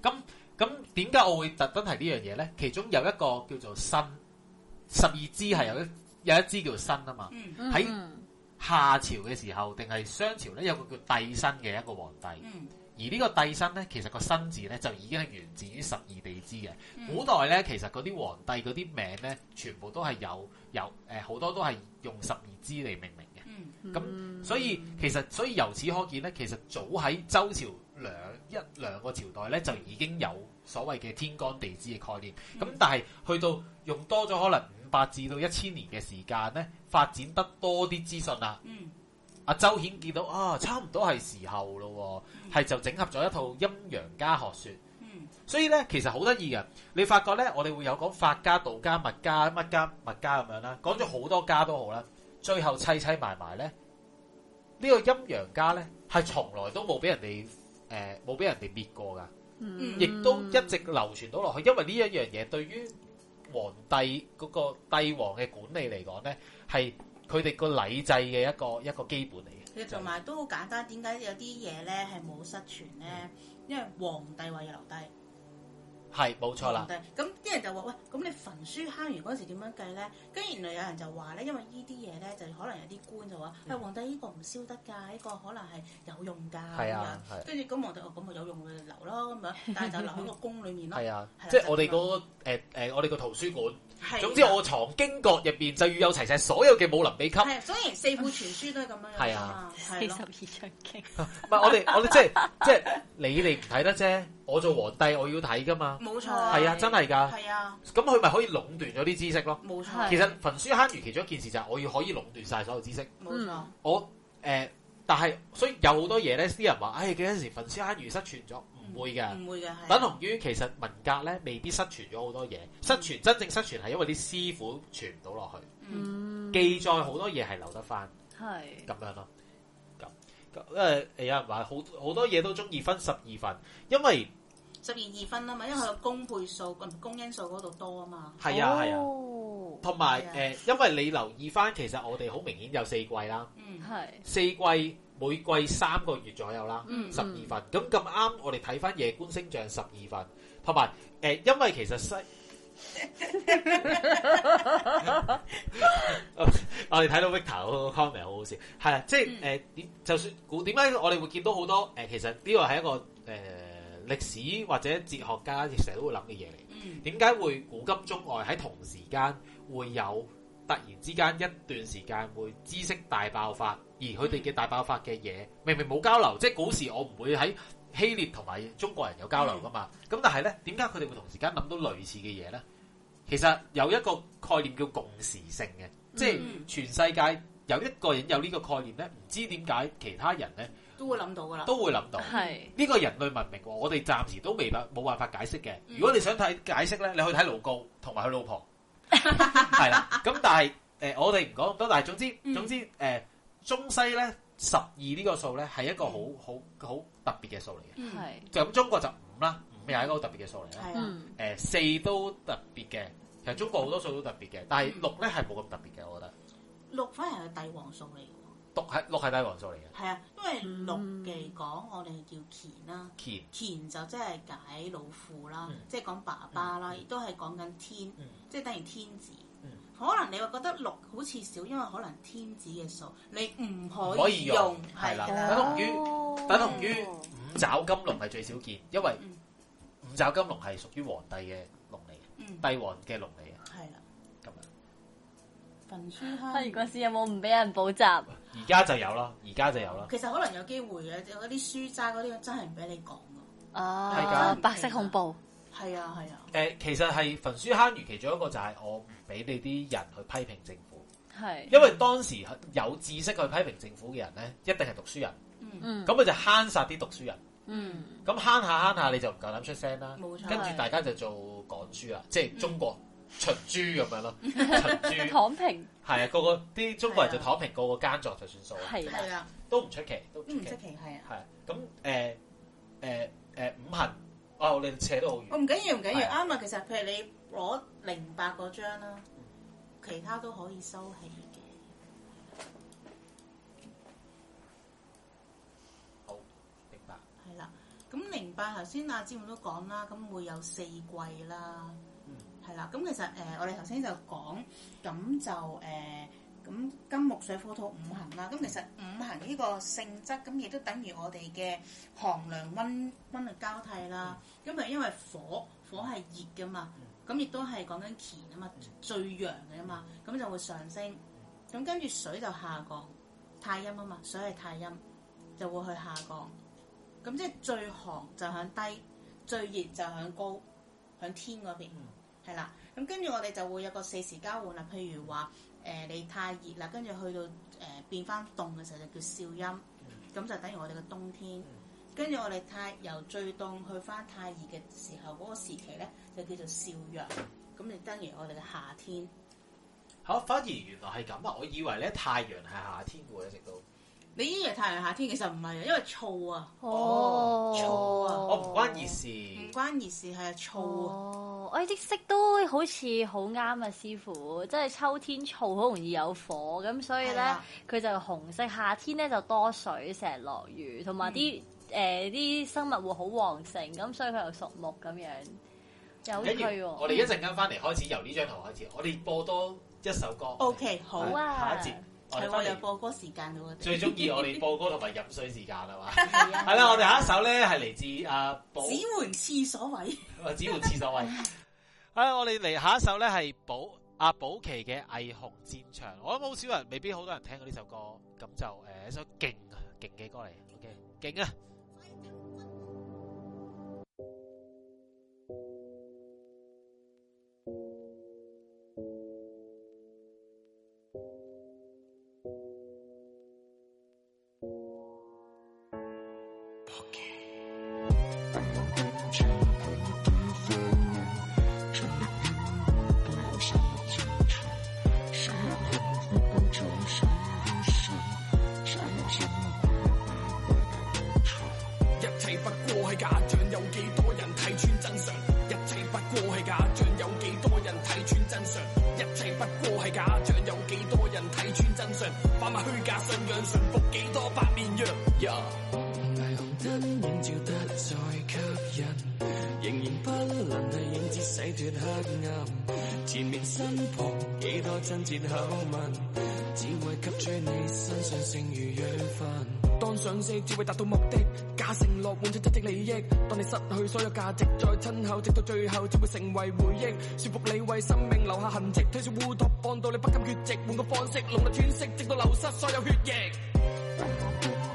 咁咁點解我會特登提這呢樣嘢咧？其中有一個叫做申，十二支係有一有一支叫做申啊嘛。喺、嗯夏朝嘅時候，定係商朝咧有一個叫帝辛嘅一個皇帝，嗯、而呢個帝辛咧，其實個「辛」字咧就已經係源自於十二地支嘅、嗯。古代咧，其實嗰啲皇帝嗰啲名咧，全部都係有有呃、好多都係用十二支嚟命名嘅。咁、嗯、所以其實，所以由此可見咧，其實早喺周朝。兩一兩個朝代咧，就已經有所謂嘅天干地支嘅概念。咁但係去到用多咗可能五百至到一千年嘅時間咧，發展得多啲資訊啦。嗯。阿周顯見到啊，差唔多係時候咯、哦，係就整合咗一套陰陽家學說。嗯。所以咧，其實好得意嘅，你發覺咧，我哋會有講法家、道家、物家、乜家、物家咁樣啦，講咗好多家都好啦，最後砌砌埋埋咧，呢、呢個陰陽家咧係從來都冇俾人哋。誒、呃，冇俾人哋滅過噶，亦、嗯、都一直流傳到落去。因為呢一樣嘢對於皇帝嗰、那個帝王嘅管理嚟講咧，係佢哋個禮制嘅一個一個基本嚟嘅。其實同埋都好簡單，點解有啲嘢咧係冇失傳咧、嗯？因為皇帝話要留低。係冇錯啦，咁啲人就話：喂，咁你焚書坑完嗰時點樣計咧？跟住原來有人就話咧，因為呢啲嘢咧，就可能有啲官就話，喂、啊、皇帝呢個唔燒得㗎，呢、呢個可能係有用㗎咁樣。跟住咁皇帝話：咁咪有用嘅，留咯咁樣，但係就留喺個宮裏面咯。係啊，即係、就是、我哋、嗰個誒、呃呃、我哋個圖書館。的總之我藏經閣入邊就預有齊晒所有嘅武林秘笈，係啊，啊，所以四庫全書都係咁樣，係啊，四十二章經 不是，唔係我哋我哋即係即係你哋唔睇得啫，我做皇帝我要睇噶嘛，冇錯、啊，係啊，真係噶，係啊，咁佢咪可以壟斷咗啲知識咯，冇錯，其實焚書坑儒其中一件事就係我要可以壟斷晒所有知識，冇錯，我、呃、誒，但係所以有好多嘢咧，啲人話，哎，幾多時焚書坑儒失傳咗？會嘅，唔會嘅係等同於其實文革咧，未必失傳咗好多嘢。失、嗯、傳真正失傳係因為啲師傅傳唔到落去。嗯，記載好多嘢係留得翻，係咁樣咯、啊。咁咁誒，有人話好好多嘢都中意分十二份，因為十二二分啊嘛，因為佢個公倍數、公因數嗰度多啊嘛。係啊，係、哦、啊，同埋誒，因為你留意翻，其實我哋好明顯有四季啦。嗯，係四季。每季三個月左右啦，十二份咁咁啱，嗯嗯、我哋睇返夜觀星象十二份，同埋、呃、因為其實西， 我哋睇到 Victor comment 好好笑，係啊，即係、呃、就算估，點解我哋會見到好多、呃、其實呢個係一個誒、呃、歷史或者哲學家成日都會諗嘅嘢嚟，點、嗯、解會古今中外喺同時間會有？突然之間一段時間會知識大爆發，而佢哋嘅大爆發嘅嘢明明冇交流，即係古時我唔會喺希臘同埋中國人有交流噶嘛。咁但係呢，點解佢哋會同時間諗到類似嘅嘢呢？其實有一個概念叫共時性嘅，即係全世界有一個人有呢個概念呢，唔知點解其他人呢都會諗到噶啦，都會諗到。係呢個人類文明，我哋暫時都未辦冇辦法解釋嘅。如果你想睇解釋呢，你去睇盧高同埋佢老婆。係 啦， 咁但係誒、呃，我哋唔講咁多，但係總之、嗯、總之誒、呃，中西咧十二呢這個數咧係一個好好好特別嘅數嚟嘅，係、嗯、咁中國就五啦，五又係一個好特別嘅數嚟啦，誒、嗯、四、呃、都特別嘅，其實中國好多數都特別嘅，但係六咧係冇咁特別嘅，我覺得六反而係帝王數嚟。六係六係帝王數嚟嘅，係啊，因為六嘅講我哋叫乾啦、嗯，乾就即係解老父啦，嗯、即係講爸爸啦，亦、嗯、都係講緊天，嗯、即係等於天子、嗯。可能你會覺得六好似少，因為可能天子嘅數你唔可以用，係啦、哦，等同於等同於五爪金龍係最少見，因為五爪金龍係屬於皇帝嘅龍嚟，帝王嘅龍嚟。係啊。焚書坑、啊、儒嗰時有冇唔俾人補習？而家就有啦，而家就有啦。其實可能有機會嘅，啲書齋嗰啲真係唔俾你講係噶，白色恐怖，係啊係啊。誒、呃，其實係焚書坑儒，其中一個就係我唔俾你啲人去批評政府。係，因為當時有知識去批評政府嘅人咧，一定係讀書人。嗯，咁佢就慳殺啲讀書人。嗯，咁慳、嗯、下慳下，你就唔夠膽出聲啦。冇錯，跟住大家就做港書啊，即係中國。嗯出豬咁樣咯，出豬躺平係啊，個個啲中國人就躺平，個個奸狀就算數，係係啊，啊，都唔出奇，都唔出奇係啊，係咁誒誒誒五行哦，你扯得好遠，我唔緊要唔緊要，啱啊，其實譬如你攞零八嗰張啦，其他都可以收起嘅，好明白，係啦，咁零八頭先阿志都講啦，咁會有四季啦。係啦，咁其實、呃、我哋頭先就講咁就誒咁、呃、金木水火土五行啦。咁其實五行呢個性質，咁亦都等於我哋嘅寒涼温温嘅交替啦。咁、嗯、就因為火火係熱㗎嘛，咁、嗯、亦都係講緊乾啊嘛、嗯，最陽嘅嘛，咁就會上升。咁跟住水就下降，太陰啊嘛，水係太陰就會去下降。咁即係最寒就向低，最熱就向高，向天嗰邊。嗯。係啦，咁跟住我哋就會有個四時交換啦。譬如話，誒、呃、你太熱啦，跟住去到誒、呃、變翻凍嘅時候，就叫少陰。咁、嗯、就等於我哋嘅冬天。跟、嗯、住我哋太由最凍去翻太熱嘅時候，嗰個時期咧就叫做少陽。咁你等於我哋嘅夏天。好，反而原來係咁啊！我以為咧太陽係夏天會，一直都。你依樣太陽夏天其實唔係啊，因為燥啊，哦、oh, 啊，燥啊，我唔關熱事，唔、嗯、關熱事係燥啊。哎，我啲色都好似好啱啊，師傅，即係秋天燥，好容易有火，咁所以咧佢、啊、就紅色。夏天咧就多水，成日落雨，同埋啲誒啲生物會好旺盛，咁所以佢又屬木咁樣有趣、啊。我哋一陣間翻嚟開始、嗯、由呢張頭開始，我哋播多一首歌。OK，好，好啊，下一節。我有播歌時間喎，最中意我哋播歌同埋飲水時間啦嘛，係啦，我哋下一首咧係嚟自阿寶，只換廁所位，我只換廁所位，係啦，我哋嚟下一首咧係寶阿寶奇嘅《霓虹戰場》，我諗好少人，未必好多人聽過呢首歌，咁就誒一首勁、OK? 啊勁嘅歌嚟，OK，勁啊！只為吸取你身上剩餘養分，當想色只會達到目的，假承諾換真實的利益。當你失去所有價值，再親厚，直到最後只會成為回憶。說服你為生命留下痕迹，推出烏托邦到你不敢缺席，換個方式，弄力喘息，直到流失所有血液。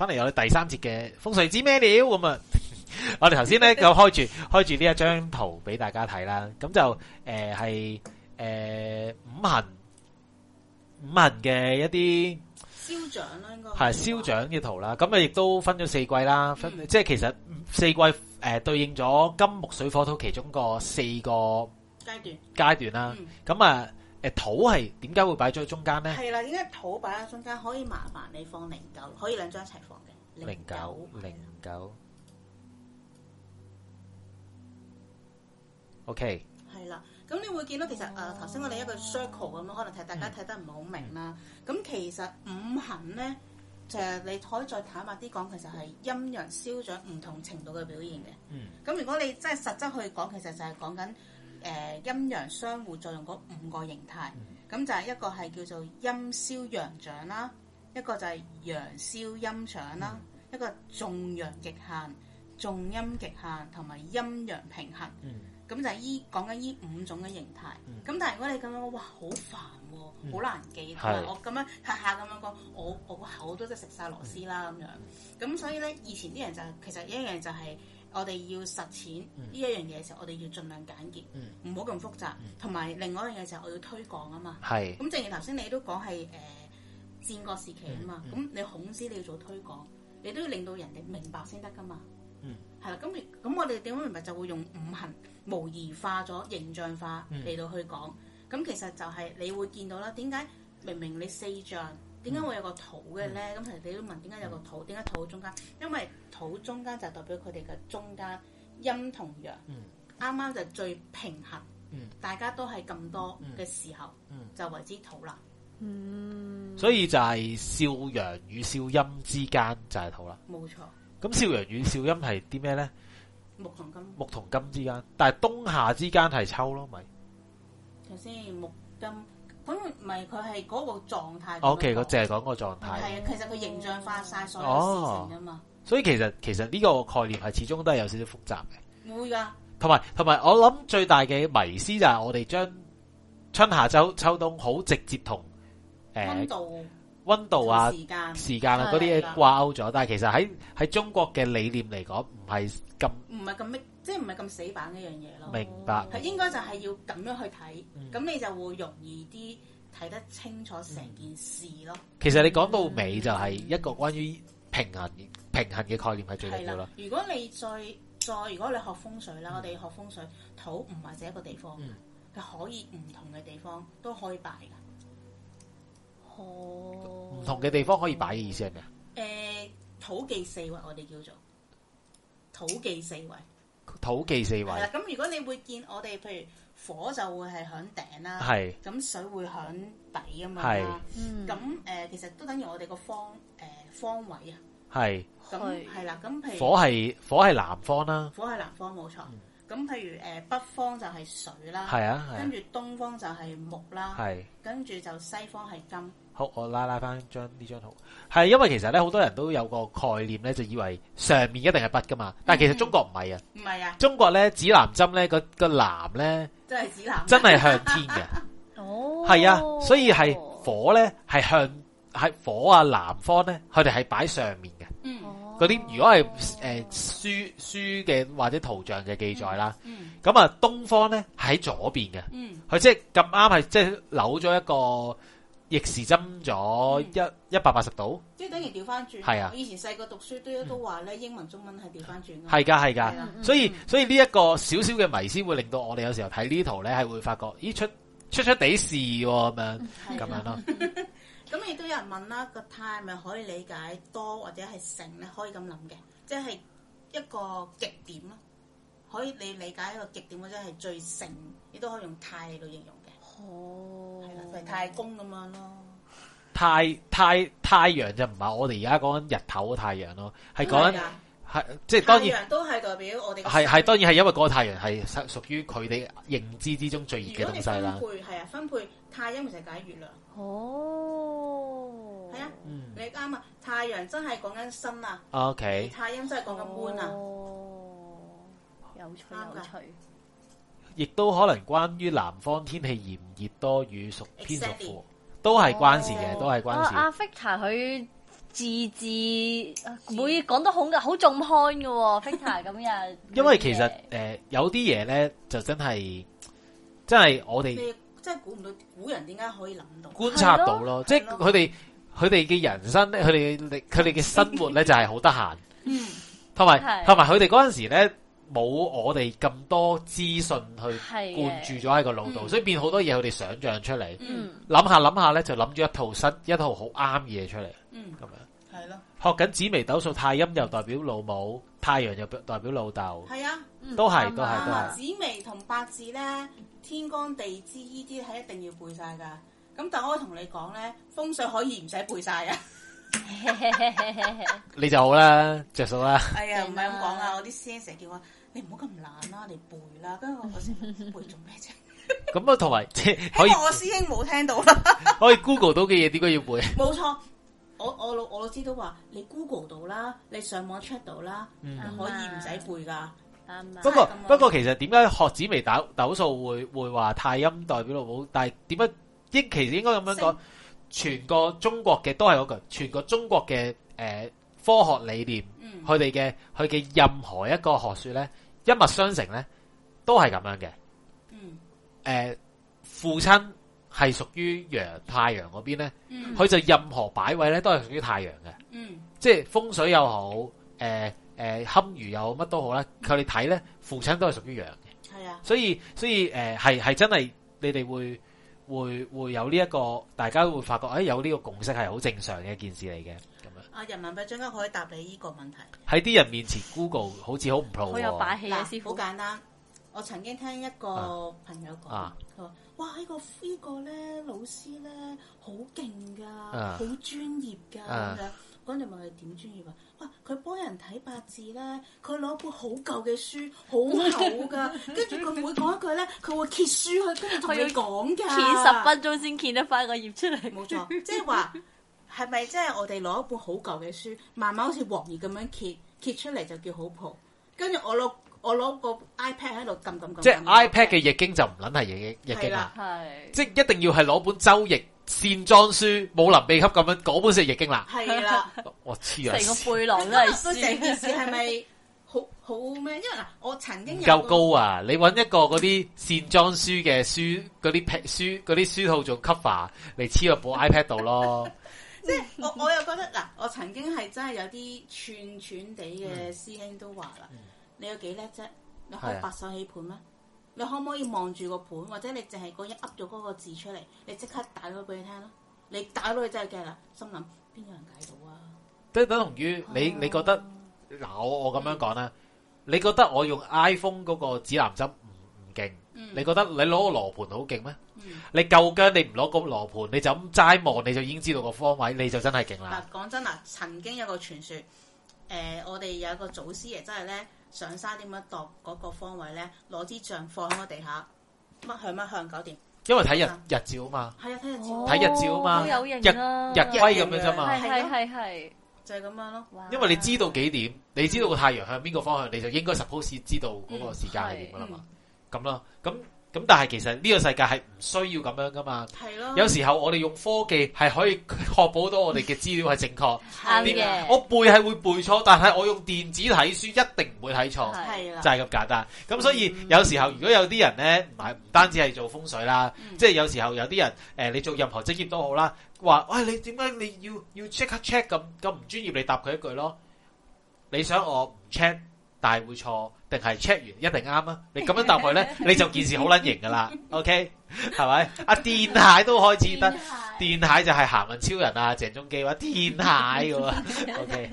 翻嚟有啲第三節嘅風水知咩料咁啊，我哋頭先咧就開住開住呢一張圖俾大家睇啦。咁就誒係誒五行五行嘅一啲消長啦，應該係消長嘅圖啦。咁啊，亦都分咗四季啦，分即係其實四季誒對應咗金木水火土其中個四個階段階段啦。咁啊～誒，土係點解會擺咗喺中間咧？係啦，因解點解土擺喺中間可以麻煩你放零九，可以兩張一齊放嘅零九零九。O K。係、okay. 啦，咁你會見到其實誒，頭、呃、先我哋一個 circle 咁樣，可能大家睇得唔係好明啦。咁、嗯、其實五行咧，就係、是、你可以再坦白啲講，其實係陰陽消長唔同程度嘅表現嘅。嗯。咁如果你真係實質去講，其實就係講緊。誒，陰陽相互作用嗰五個形態，咁、嗯、就係一個係叫做陰消陽長啦，一個就係陽消陰長啦，一個重陽極限、重陰極限同埋陰陽平衡。咁、嗯、就係依講緊呢五種嘅形態。咁、嗯、但係如果你咁樣，哇好煩喎，好、啊、難記。嗯、我咁樣下下咁樣講，我我口都真係食晒螺絲啦咁樣。咁所以咧，以前啲人就其實一樣就係、是。我哋要實踐呢一樣嘢嘅時候，我哋要盡量簡潔，唔好咁複雜。同、嗯、埋另外一樣嘢就係我要推廣啊嘛。係。咁正如頭先你都講係誒戰國時期啊嘛，咁、嗯嗯、你孔子你要做推廣，你都要令到人哋明白先得㗎嘛。嗯。係啦，咁咁我哋點樣明白就會用五行模擬化咗形象化嚟到去講。咁、嗯、其實就係你會見到啦，點解明明你四象？點解會有個土嘅咧？咁、嗯、其實你都問點解有個土？點、嗯、解土中間？因為土中間就代表佢哋嘅中間陰同陽，啱、嗯、啱就最平衡。嗯、大家都係咁多嘅時候、嗯，就為之土啦、嗯。所以就係少陽與少陰之間就係土啦。冇錯。咁少陽與少陰係啲咩咧？木同金。木同金之間，但係冬夏之間係秋咯，咪？頭先木金。咁唔係佢係嗰個狀態。OK，我淨係講個狀態。係啊，其實佢形象化曬所有事情噶嘛。所以其實其實呢個概念係始終都係有少少複雜嘅。會㗎。同埋同埋，我諗最大嘅迷思就係我哋將春夏秋秋冬好直接同誒溫度、溫度啊、時間、時間啊嗰啲嘢掛鈎咗。但係其實喺喺中國嘅理念嚟講，唔係咁唔係咁乜。即係唔係咁死板一樣嘢咯，明白。係、哦、應該就係要咁樣去睇，咁、嗯、你就會容易啲睇得清楚成件事咯、嗯。其實你講到尾就係一個關於平衡、嗯、平衡嘅概念係最重要嘅。係啦，如果你再再如果你學風水啦、嗯，我哋學風水土唔或者一個地方，佢、嗯、可以唔同嘅地方都可以擺噶。好，唔同嘅地方可以擺嘅意思係咩、嗯？誒，土寄四維，我哋叫做土寄四維。土記四位啦，咁如果你會見我哋，譬如火就會係響頂啦，係，咁水會響底吖嘛，啦。係，咁、呃、誒其實都等於我哋個方誒、呃、方位方啊。係，咁係啦，咁、嗯、譬如火係火係南方啦。火係南方冇錯。咁譬如誒北方就係水啦。係啊，係啊。跟住東方就係木啦。係。跟住就西方係金。好，我拉拉翻張呢張圖，係因為其實咧，好多人都有個概念咧，就以為上面一定係北噶嘛，嗯、但係其實中國唔係啊，唔係啊，中國咧指南針咧個南咧，真係指南，真係向天嘅， 哦，係啊，所以係火咧係向係火啊南方咧，佢哋係擺上面嘅，嗰、嗯、啲、哦、如果係誒、呃、書書嘅或者圖像嘅記載啦，咁啊東方咧喺左邊嘅，嗯，佢、嗯嗯、即係咁啱係即係扭咗一個。逆時針咗一一百八十度，嗯嗯、即係等於掉翻轉。係啊，我以前細個讀書都都話咧，英文中文係掉翻轉嘅。係㗎，係㗎、嗯。所以所以呢一個少少嘅迷思會令到我哋有時候睇呢圖咧，係會發覺咦，出出出地事喎、啊、咁樣咁樣咯、嗯。咁亦都有人問啦，個太咪可以理解多或者係成咧，可以咁諗嘅，即係一個極點咯。可以你理解一個極點或者係最成，亦都可以用太嚟到形容。哦，係啦，就係太公咁樣咯。太太太陽就唔係我哋而家講緊日頭嘅太陽咯，係講緊係即係當然都係代表我哋係係當然係因為個太陽係屬於佢哋認知之中最熱嘅東西啦。分配係啊，分配太陰其實解月亮。哦，係、嗯、啊，okay、你啱啊，太陽真係講緊新啊，ok，太陰真係講緊滿啊。哦，有趣，有趣。亦都可能關於南方天氣炎熱多雨，屬偏屬副，都係關事嘅，都係關事。阿 Victor 佢字字每講得好嘅，好中開嘅，Victor 咁樣。因為其實誒，有啲嘢咧，就真係真係我哋真係估唔到，古人點解可以諗到、觀察到咯？即係佢哋佢哋嘅人生咧，佢哋佢哋嘅生活咧，就係好得閒。嗯，同埋同埋佢哋嗰陣時咧。冇我哋咁多資訊去灌注咗喺個腦度，所以變好多嘢，佢、嗯、哋想象出嚟。諗下諗下咧，就諗咗一套新一套好啱嘢出嚟。嗯，咁樣係咯。學緊紫微斗數，太陰又代表老母，太陽又代表老豆。係啊、嗯，都係、嗯、都係都係紫微同八字咧，天干地支依啲係一定要背晒㗎。咁但係我可以同你講咧，風水可以唔使背晒啊。 你就好啦，着數啦。係、哎、呀，唔係咁講啦我啲師兄成日叫我。你唔好咁懶啦，你背啦。跟住我先背做咩啫？咁啊，同埋即係，可以。希望我師兄冇聽到啦。 可以 Google 到嘅嘢，點解要背？冇錯，我我老我老師都話，你 Google 到啦，你上網 check 到啦，嗯、可以唔使背噶、嗯。不過不過，不過其實點解學紫微斗數會會話太陰代表得好？但係點解應其實應該咁樣講？全個中國嘅都係句，全個中國嘅誒、呃、科學理念。佢哋嘅佢嘅任何一個學說咧，一脈相承咧，都係咁樣嘅。嗯、呃，誒，父親係屬於陽太陽嗰邊咧，佢、嗯、就任何擺位咧都係屬於太陽嘅。嗯，即係風水又好，誒、呃、誒，堪、呃、輿又好乜都好啦，佢哋睇咧，父親都係屬於陽嘅。係啊，所以所以誒係係真係你哋會會會有呢、這、一個大家會發覺誒、哎、有呢個共識係好正常嘅一件事嚟嘅。人民幣專家可以答你依個問題。喺啲人面前，Google 好似好唔 pro。好有擺氣啊！師傅，好簡單。我曾經聽一個朋友講，佢、啊、話：哇，呢、呢個呢個呢個咧，老師咧好勁噶，好、啊、專業噶。咁、啊、樣嗰陣問佢點專業啊？哇！佢幫人睇八字咧，佢攞本好舊嘅書，好厚噶。跟住佢每講一句咧，佢會揭書去，他跟住同你講噶，揭十分鐘先揭得翻個頁出嚟。冇錯，即係話。 係咪即係我哋攞一本好舊嘅書，慢慢好似黃頁咁樣揭揭出嚟就叫好蒲？跟住我攞我攞個 iPad 喺度撳撳撳，即係 iPad 嘅易經就唔撚係易易經啦，即係一定要係攞本周易線裝書，武林秘笈咁樣嗰本先係易經啦。係啦，我黐人成個背囊啦，書成件事係咪 好好咩？因為嗱，我曾經有夠高啊！你搵一個嗰啲線裝書嘅書，嗰啲皮書嗰啲書套做 cover 嚟黐落部 iPad 度咯。 即係我我又覺得嗱，我曾經係真係有啲串串地嘅師兄都話啦、嗯嗯，你有幾叻啫？你可以白手起盤咩？你可唔可以望住個盤，或者你淨係嗰一噏咗嗰個字出嚟，你即刻打咗俾佢聽咯？你打到佢真係驚啦，心諗邊有人解到啊？即係等同於你你覺得嗱， 我我咁樣講啦，你覺得我用 iPhone 嗰個指南針？勁、嗯，你覺得你攞個羅盤好勁咩？你夠薑，你唔攞個羅盤，你就咁齋望，你就已經知道個方位，你就真係勁啦。嗱，講真啦，曾經有個傳說，誒、呃，我哋有一個祖師爺真係咧上山點樣度嗰個方位咧，攞支杖放喺個地下，乜向乜向搞掂？因為睇日、嗯、日照啊嘛，係啊，睇日照，睇、哦、日照啊嘛，有啊日日歸咁樣啫嘛，係係係，就係、是、咁樣咯。因為你知道幾點，你知道個太陽向邊個方向，你就應該 suppose 知道嗰個時間係點噶啦嘛。嗯咁咯，咁咁但係其實呢個世界係唔需要咁樣噶嘛。係咯。有時候我哋用科技係可以確保到我哋嘅資料係正確。啱嘅。我背係會背錯，但係我用電子睇書一定唔會睇錯。係啦。就係咁簡單。咁所以有時候如果有啲人咧唔係唔單止係做風水啦，即係有時候有啲人誒你做任何職業都好啦，話喂，你點解你要要 check 一 check 咁咁唔專業？你答佢一句咯。你想我唔 check？但係會錯定係 check 完一定啱啊！你咁樣答佢呢， 你就件事好撚型㗎喇 OK 係咪？啊，電蟹都開始得，電蟹就係行運超人啊！鄭中基話：天鞋嘅喎、okay?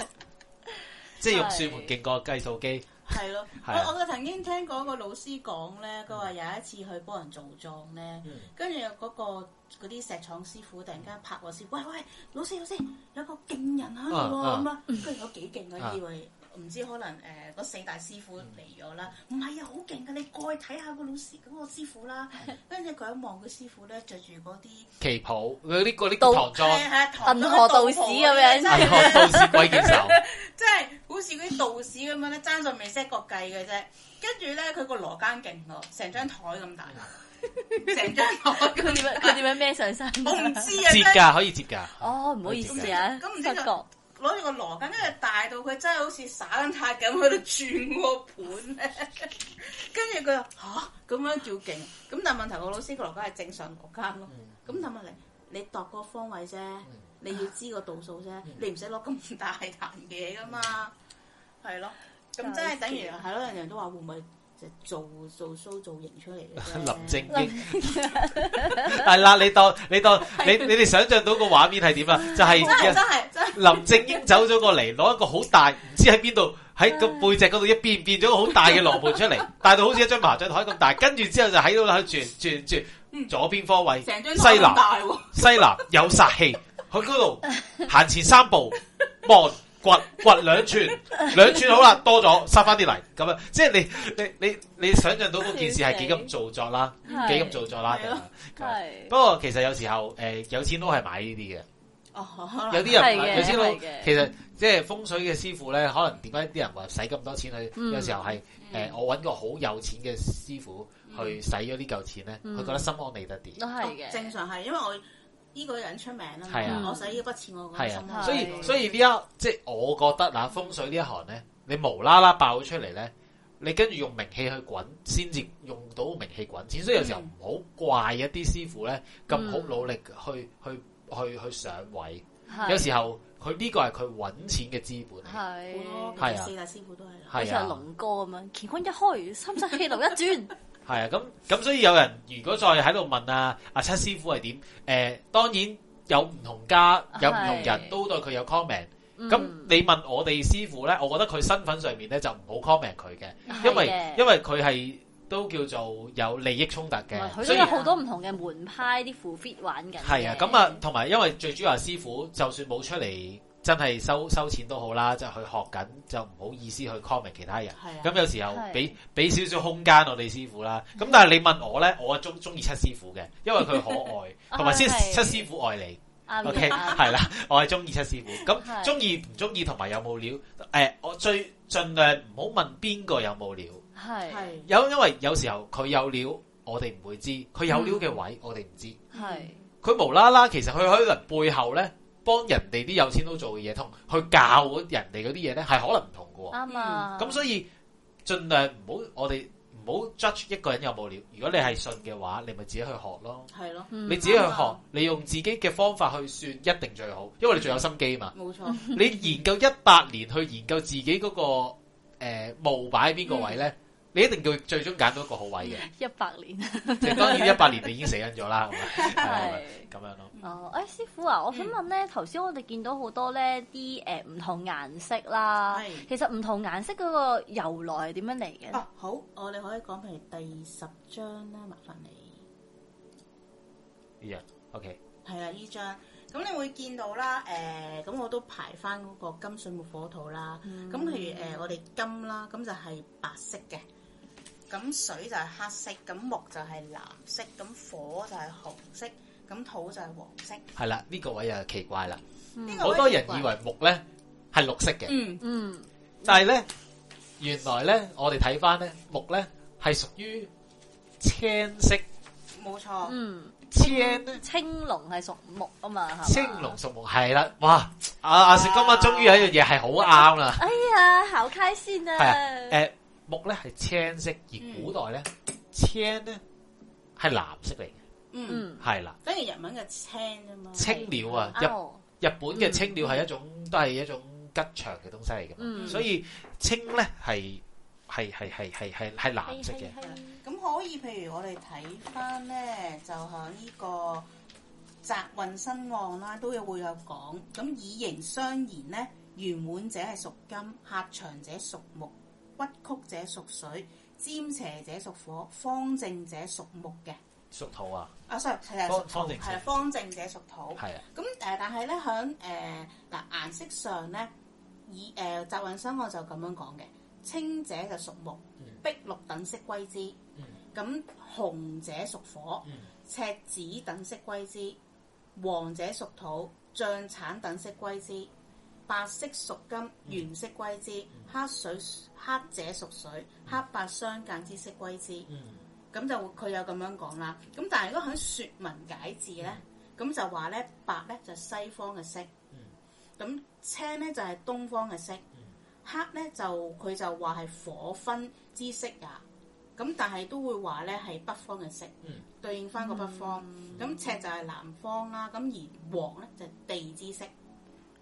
即係用算盤勁過計數機，係咯， 我就曾經聽過一個老師講呢，佢話有一次去幫人做狀呢，跟住嗰個嗰啲石廠師傅突然間拍我師傅：喂喂，老師老師，有個勁人喺度啊！咁啊，居、嗯、然後有幾勁嗰啲喎。啊唔知可能誒嗰、呃、四大師傅嚟咗啦，唔係啊，好勁噶！你過去睇下個老師，咁個師傅啦。跟住佢一望個師傅咧，傅呢穿着住嗰啲旗袍，嗰啲嗰啲唐裝，銀河道士咁樣，銀河、啊、道士鬼嘅見候，即係好似嗰啲道士咁樣咧，爭在未 set 個計嘅啫。跟住咧，佢個羅間勁到成張台咁大，成張台佢點樣佢點樣孭上身我唔知、啊？接㗎可以接㗎。哦，唔好意思啊，咁唔知就。攞住個羅庚，跟住大到佢真係好似耍緊塔咁，喺度轉個盤咧。跟住佢話吓，咁、啊、樣叫勁，咁但係問題，個老師個羅庚係正常羅庚咯。咁、嗯、但問題，你度個方位啫、嗯，你要知個度數啫、啊，你唔使攞咁大壇嘢噶嘛。係、嗯、咯，咁真係等於係咯，人、嗯、人都話會唔會？就做做 show 造型出嚟，林正英係啦， 你當你當 你你哋想象到個畫面係點啊？ 就係是一 林正英走咗過嚟，攞 一個好大唔知喺邊度喺個背脊嗰度一變變咗個好大嘅羅盤出嚟， 大到好似一張麻雀台咁大。 跟住之後就喺度喺轉轉轉左邊方位，西南， 西南有殺氣，去嗰度行前三步，望。掘掘兩寸， 兩寸好啦，多咗，塞翻啲泥，咁樣。即係你你你你想象到嗰件事係幾咁做作啦，幾咁做作啦，係。不過其實有時候誒、呃，有錢都係買呢啲嘅，有啲人有錢都其實即係風水嘅師傅咧，可能點解啲人話使咁多錢去、嗯？有時候係誒、呃嗯，我搵個好有錢嘅師傅去使咗啲舊錢咧，佢、嗯、覺得心安理得點都係嘅、哦，正常係，因為我。呢、這個人出名啊，我使呢筆錢，我個心、啊、所以所以呢一即係我覺得嗱，風水呢一行咧，你無啦啦爆出嚟咧，你跟住用名氣去滾，先至用到名氣滾錢。所以有時候唔好怪一啲師傅咧，咁好努力去去去去，去上位。啊、有時候佢呢、這個係佢揾錢嘅資本。係、啊，係啊，四大師傅都係、啊，好似阿龍哥咁樣乾坤一開，三七氣流一轉。係啊，咁咁所以有人如果再喺度問啊阿七師傅係點？誒、呃、當然有唔同家有唔同人都對佢有 comment。咁、嗯、你問我哋師傅咧，我覺得佢身份上面咧就唔好 comment 佢嘅，因為因為佢係都叫做有利益衝突嘅。所以佢都有好多唔同嘅門派啲 full fit 玩緊。係啊，咁啊，同埋因為最主要係師傅，就算冇出嚟。真係收收錢都好啦，即係去學緊就唔好意思去 comment 其他人。咁有時候俾俾少少空間我哋師傅啦。咁但係你問我呢，我中中意七師傅嘅，因為佢可愛，同埋先七師傅愛你。OK 係啦，我係中意七師傅。咁中意唔中意同埋有冇料？誒、哎，我最盡量唔好問邊個有冇料。係有，因為有時候佢有料，我哋唔會知。佢有料嘅位，嗯、我哋唔知。係佢、嗯、無啦啦，其實佢可能背後呢。幫人哋啲有錢佬做嘅嘢，同去教人哋嗰啲嘢呢係可能唔同嘅喎。啱、嗯、啊！咁、嗯、所以，儘量唔好我哋唔好 judge 一個人有冇料。如果你係信嘅話，你咪自己去學咯。係咯，你自己去學，嗯、你用自己嘅方法去算，一定最好，因為你最有心機嘛。冇、嗯、錯，錯你研究一百年去研究自己嗰、那個誒木擺喺邊個位呢？嗯嗯你一定要最終揀到一個好位嘅，一百年。即係當然，一百年你已經死緊咗啦，咁樣咯。哦，誒、哎，師傅啊，我想問咧，頭、嗯、先我哋見到好多咧啲誒唔同顏色啦，其實唔同顏色嗰個由來係點樣嚟嘅？好，我哋可以講係第十張啦，麻煩你。依張，OK。係啊，依張，咁你會見到啦，誒、呃，咁我都排翻嗰個金水木火土啦，咁、嗯、譬如誒、呃、我哋金啦，咁就係白色嘅。咁水就係黑色，咁木就係藍色，咁火就係紅色，咁土就係黃色。係啦，呢、這個位又奇怪啦。呢個好多人以為木咧係綠色嘅。嗯嗯，但係咧、嗯，原來咧我哋睇翻咧木咧係屬於青色。冇錯，嗯，青青龍係屬木啊嘛，青龍屬木係啦。哇，阿阿成今日終於有一樣嘢係好啱啦。哎呀，好開心啊！啊，誒、呃。木咧係青色，而古代咧青咧係藍色嚟嘅。嗯，係啦，等於日文嘅青吖嘛，青鳥啊，日、日本嘅青鳥係一種都係一種吉祥嘅東西嚟嘅，所以青咧係、係、係、係、係、係藍色嘅。咁可以，譬如我哋睇翻咧，就喺呢個宅運興旺啦，都有會有講。咁以形相言咧，圓滿者係屬金，狹長者屬木。屈曲者屬水，尖斜者屬火，方正者屬木嘅，屬土啊？啊 sorry 係啊，屬土係啊，方正者屬土。係啊，咁誒、呃，但係咧響誒嗱顏色上咧，以誒習慣上我就咁樣講嘅，青者就屬木，碧綠等色歸之。咁、嗯、紅者屬火，嗯、赤紫等色歸之，黃者屬土，醬橙等色歸之。白色屬金，原色歸之；黑水黑者屬水，黑白相間之色歸之。咁、嗯、就佢有咁樣講啦。咁但係如果喺説文解字咧，咁就話咧白咧就是、西方嘅色，咁青咧就係、是、東方嘅色，嗯、黑咧就佢就話係火分之色也。咁但係都會話咧係北方嘅色、嗯，對應翻個北方。咁、嗯、赤就係南方啦。咁而黃咧就是、地之色。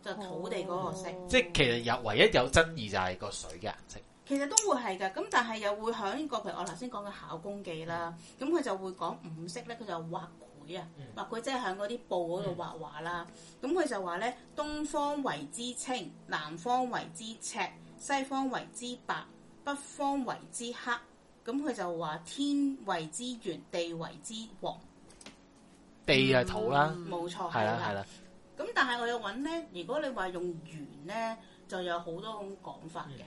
就是、土地嗰個色、哦，即係其實有唯一有爭議就係個水嘅顏色。其實都會係噶，咁但係又會響個譬如我頭先講嘅《考公記考工記》啦，咁佢就會講五色咧，佢就畫繪啊，畫繪即係喺嗰啲布嗰度畫畫啦。咁、嗯、佢就話咧，東方為之青，南方為之赤，西方為之白，北方為之黑。咁佢就話天為之玄，地為之黃。地係土啦，冇、嗯、錯，係啦，係啦。咁但係我要揾咧，如果你話用圓咧，就有好多種講法嘅。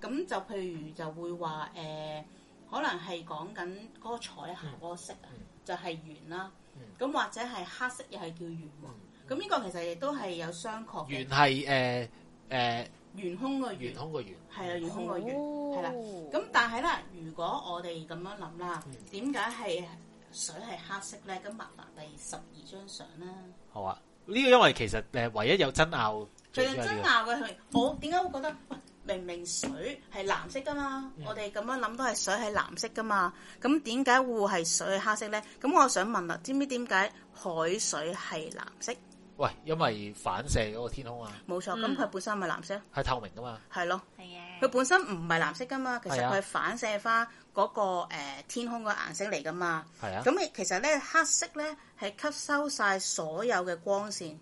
咁、嗯、就譬如就會話、呃、可能係講緊嗰個彩霞嗰個色啊、嗯，就係圓啦。咁、嗯、或者係黑色又係叫圓喎。咁、嗯、呢、嗯、個其實亦都係有雙確嘅。圓係誒圓圓、呃呃、空個圓，圓空個圓，係啦，圓空個圓，係、哦、啦。咁但係咧，如果我哋咁樣諗啦，點解係水係黑色咧？咁麻煩第十二張相啦。好啊。呢個因為其實誒唯一有爭拗、最近爭拗嘅係，我點解會覺得喂，明明水係藍色噶嘛，我哋咁樣諗都係水係藍色噶嘛，咁點解會係水係黑色咧？咁我想問啦、啊，知唔知點解海水係藍色？喂，因為反射嗰個天空啊，冇錯，咁、嗯、佢本身咪藍色，係透明噶嘛，係咯，係啊，佢本身唔係藍色噶嘛，其實佢反射翻、那、嗰個、呃、天空個顏色嚟噶嘛，係啊，咁其實咧黑色咧係吸收晒所有嘅光線，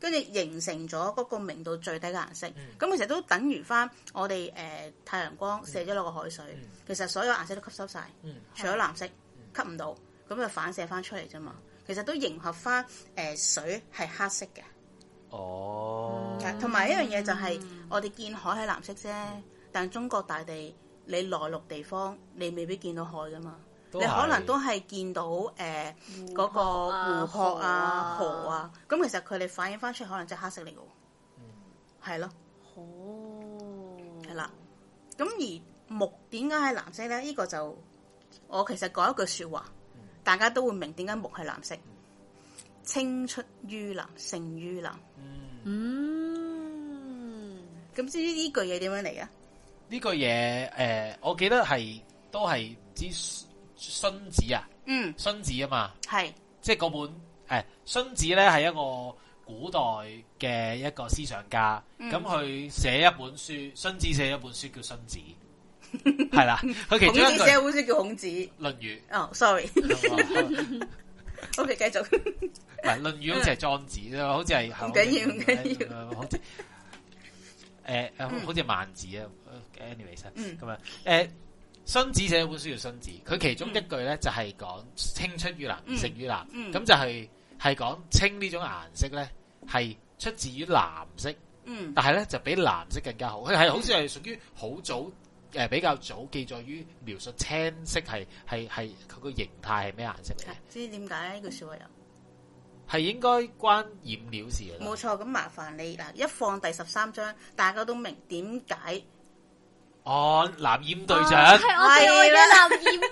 跟、嗯、住形成咗嗰個明度最低嘅顏色，咁、嗯、其實都等於翻我哋、呃、太陽光射咗落個海水、嗯，其實所有顏色都吸收晒、嗯，除咗藍色、嗯、吸唔到，咁就反射翻出嚟啫嘛。其實都迎合翻、呃、水係黑色嘅，哦、oh. 嗯，同埋一樣嘢就係我哋見海係藍色啫、嗯，但中國大地你內陸地方你未必見到海噶嘛，你可能都係見到誒嗰、呃啊嗰個湖泊啊、河啊，咁、啊啊、其實佢哋反映翻出去可能即係黑色嚟喎，係、嗯、咯，好！係、oh. 啦，咁而木點解係藍色咧？呢、呢個就我其實講一句說話。大家都會明點解木係藍色，青出於藍，勝於藍。嗯、咁、嗯、至於呢句嘢點樣嚟嘅？呢句嘢，誒、呃，我記得係都係唔知荀子啊，嗯，荀子啊嘛，係是，即係嗰本誒荀、哎、子咧係一個古代嘅一個思想家，咁佢、嗯、寫一本書，荀子寫一本書叫荀子。係 啦，佢其中孔子寫本書叫《孔子論語》oh, sorry. okay, 繼續論語子。哦，sorry，OK，繼續。唔係《論語》好似係《莊、哎、 子》anyway, 嗯，好似係唔緊要，唔緊要，好似誒，好似係《孟子》啊。anyway，咁啊，誒，孫子寫本書叫《孫子》，佢其中一句咧就係、是、講青出於藍勝於藍。咁、嗯嗯、就係係講青這種顏呢種顏色咧，係出自於藍色。嗯、但係咧就比藍色更加好。佢係好似係屬於好早。誒，比較早記載於描述青色係係係佢個形態係咩顏色嚟嘅？知點解呢個小朋友？係應該關染料事嘅。冇錯，咁麻煩你嗱，一放第十三張，大家都明點解。哦，藍染隊長係我哋我嘅藍染。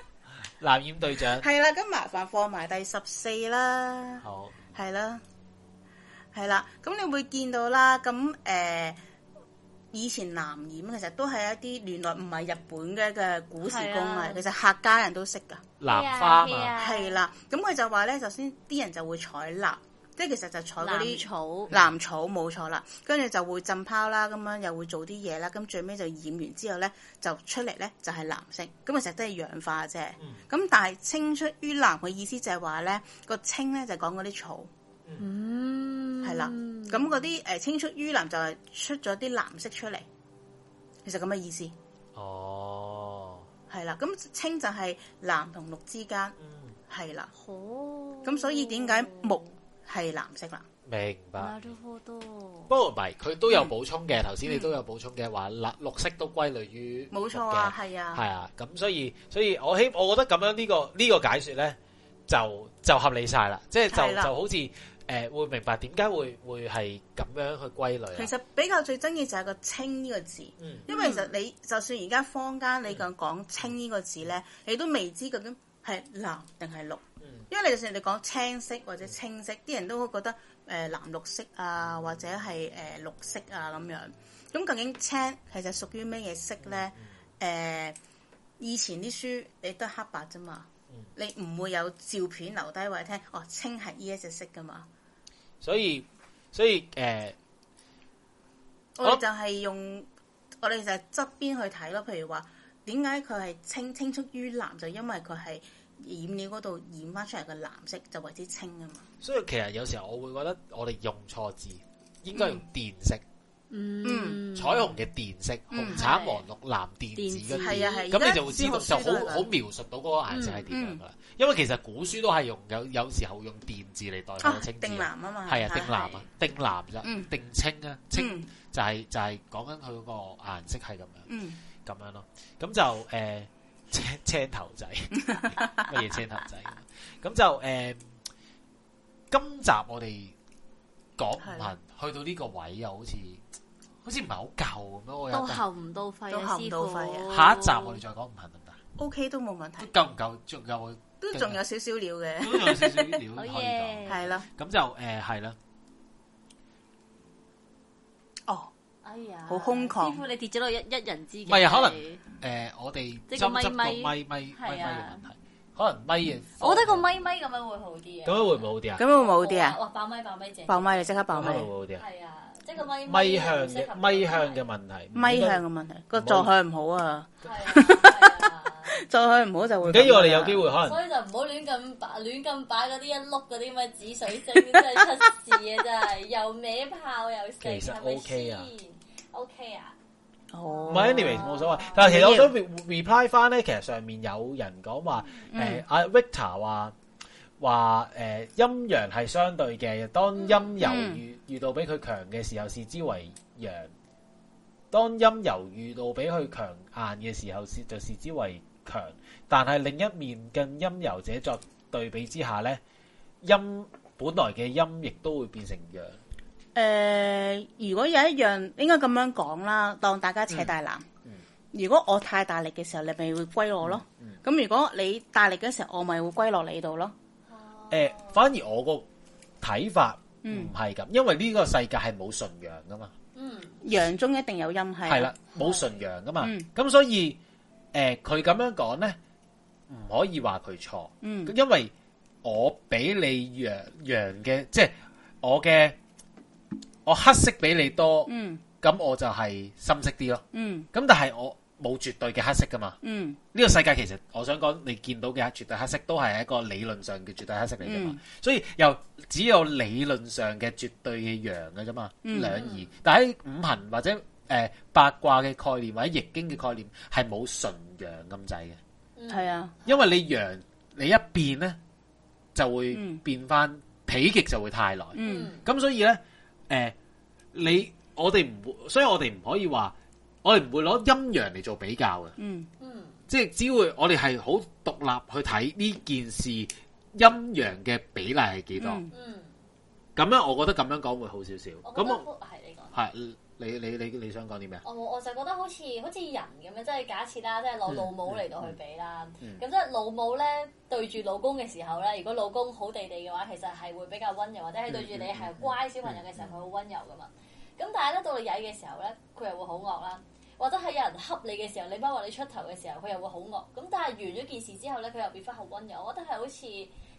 藍染隊長係啦，咁麻煩放埋第十四啦。好係啦，係啦，咁你會見到啦，咁誒。以前藍染其實都係一啲原來唔係日本嘅嘅古時工藝，其實客家人都識㗎藍花嘛、啊，係啦、啊啊，咁佢就話咧，首先啲人就會採藍，即係其實就採嗰啲草藍草冇錯啦，跟住就會浸泡啦，咁樣又會做啲嘢啦，咁最尾就染完之後咧，就出嚟咧就係藍色，咁其實都係氧化啫。咁、嗯、但係青出於藍嘅意思就係話咧個青咧就講嗰啲草。嗯，係啦，咁嗰啲誒青出於藍就係出咗啲藍色出嚟，其實咁嘅意思。哦，係啦，咁青就係藍同綠之間，係、嗯、啦。好咁、哦、所以點解木係藍色啦？明白。都、嗯、好、嗯、不過唔係，佢都有補充嘅。頭先你都有補充嘅話，綠、嗯嗯、綠色都歸類於冇錯啊，係啊，係啊。咁所以，所以我希，我覺得咁樣呢、呢個呢、呢個解說咧，就就合理晒啦。即係就是、就，就好似。誒、呃、會明白點解會會係咁樣去歸類、啊、其實比較最爭議嘅就係個青呢個字，嗯、因為其實、嗯、你就算而家坊間你咁講青呢個字咧、嗯，你都未知究竟係藍定係綠、嗯，因為你就算你講青色或者青色，啲、嗯、人都會覺得誒、呃、藍綠色啊，或者係誒、呃、綠色啊咁樣。咁、嗯嗯、究竟青其實屬於咩嘢色咧？誒、嗯嗯呃、以前啲書你都黑白啫嘛、嗯，你唔會有照片留低話你聽哦，青係呢一隻色噶嘛。所以，所以，誒、呃、我哋就係用，我哋就係側邊去睇咯。譬如話，點解佢係青，青出於藍就因為佢係染料嗰度染翻出嚟嘅藍色就為之青啊嘛。所以其實有時候我會覺得我哋用錯字，應該用電色。嗯嗯，彩虹嘅靛色，紅橙黃綠藍，靛紫嗰啲，咁、嗯、你就會知道書書就好好描述到嗰個顏色係點樣噶啦、嗯嗯。因為其實古書都係用有有時候用靛字嚟代表青字、啊，定藍啊嘛，係啊，定藍啊，定藍啫、啊嗯，定青啊，青就係、是、就係講緊佢個顏色係咁樣，咁、嗯、樣咯、啊。咁就誒、呃、青青頭仔乜嘢青頭仔，咁、啊、 就誒、呃，今集我哋。講唔行，去到呢個位又好似，好似唔係好夠咁咯。都行唔到肺，都行唔到肺啊！下一集我哋再講唔行得唔得？OK 都冇問題。夠唔夠？仲有都仲有少少料嘅，都仲有少少料可以講。係咯，咁就誒係啦。哦，哎呀，好空曠。似乎你跌咗落一一人之境。唔係啊，可能誒，我哋即係個咪咪咪咪係啊。可能咪，我覺得個咪咪咁樣會好啲嘅。咁樣會唔會好啲啊？咁樣會唔會好啲啊？哇，哇爆咪爆咪正，爆咪即刻爆咪。係啊，即個咪。咪向咪向嘅問題。咪向嘅問題，個坐向唔好啊。坐、啊啊、 向唔好就會、啊。跟住我哋有機會可能。 所以就唔好亂咁擺，亂咁擺嗰啲一碌嗰啲乜紫水晶真係出事啊！真係 又歪炮又。其實 OK 啊，OK 啊。Okay 啊。哦，唔係 anyway 冇所謂，但係其實我想 reply 翻咧，其實上面有人講話，誒阿 Victor 話話誒陰陽係相對嘅，當陰柔遇遇到比佢強嘅時候，視之為陽，當陰柔遇到比佢強硬嘅時候，視就視之為強，但係另一面，更陰柔者作對比之下咧，陰本來嘅陰亦都會變成陽。誒，如果有一樣，應該咁樣講啦，當大家扯大纜，如果我太大力嘅時候，你咪會歸我咯。咁如果你大力嘅時候，我咪會歸落你度咯。誒，反而我個睇法唔係咁，因為呢個世界係冇純陽噶嘛。嗯，陽中一定有陰係氣。係啦，冇純陽噶嘛。咁所以誒，佢咁樣講咧，唔可以話佢錯。嗯，因為我俾你陽陽嘅，即係我嘅。我黑色比你多，咁、嗯、我就係深色啲咯。咁、嗯、但係我冇絕對嘅黑色噶嘛。呢、嗯這個世界其實我想講，你見到嘅絕對黑色都係一個理論上嘅絕對黑色嚟啫嘛、嗯。所以又只有理論上嘅絕對嘅陽嘅啫嘛，兩、嗯、儀、嗯。但係五行或者誒、呃、八卦嘅概念或者易經嘅概念係冇純陽咁滯嘅。係、嗯、啊，因為你陽你一變咧就會變翻脾極就會太耐。咁、嗯、所以咧誒。呃你我哋唔會，所以我哋唔可以話，我哋唔會攞陰陽嚟做比較嘅。嗯嗯，即係只會我哋係好獨立去睇呢件事陰陽嘅比例係幾多。嗯，咁、嗯、樣我覺得咁樣講會好少少。咁我係、啊、你講，係你你你你，你想講啲咩？我我就覺得好似好似人咁樣，即係假設啦，即係攞老母嚟到去比啦。咁、嗯嗯、即係老母咧對住老公嘅時候咧，如果老公好地地嘅話，其實係會比較溫柔，或者係對住你係乖小朋友嘅時候，佢、嗯、好、嗯嗯嗯、溫柔噶嘛。咁但係咧到你曳嘅時候咧，佢又會好惡啦。或者係有人恰你嘅時候，你包括你出頭嘅時候，佢又會好惡。咁但係完咗件事之後咧，佢又變翻好溫柔。我覺得係好似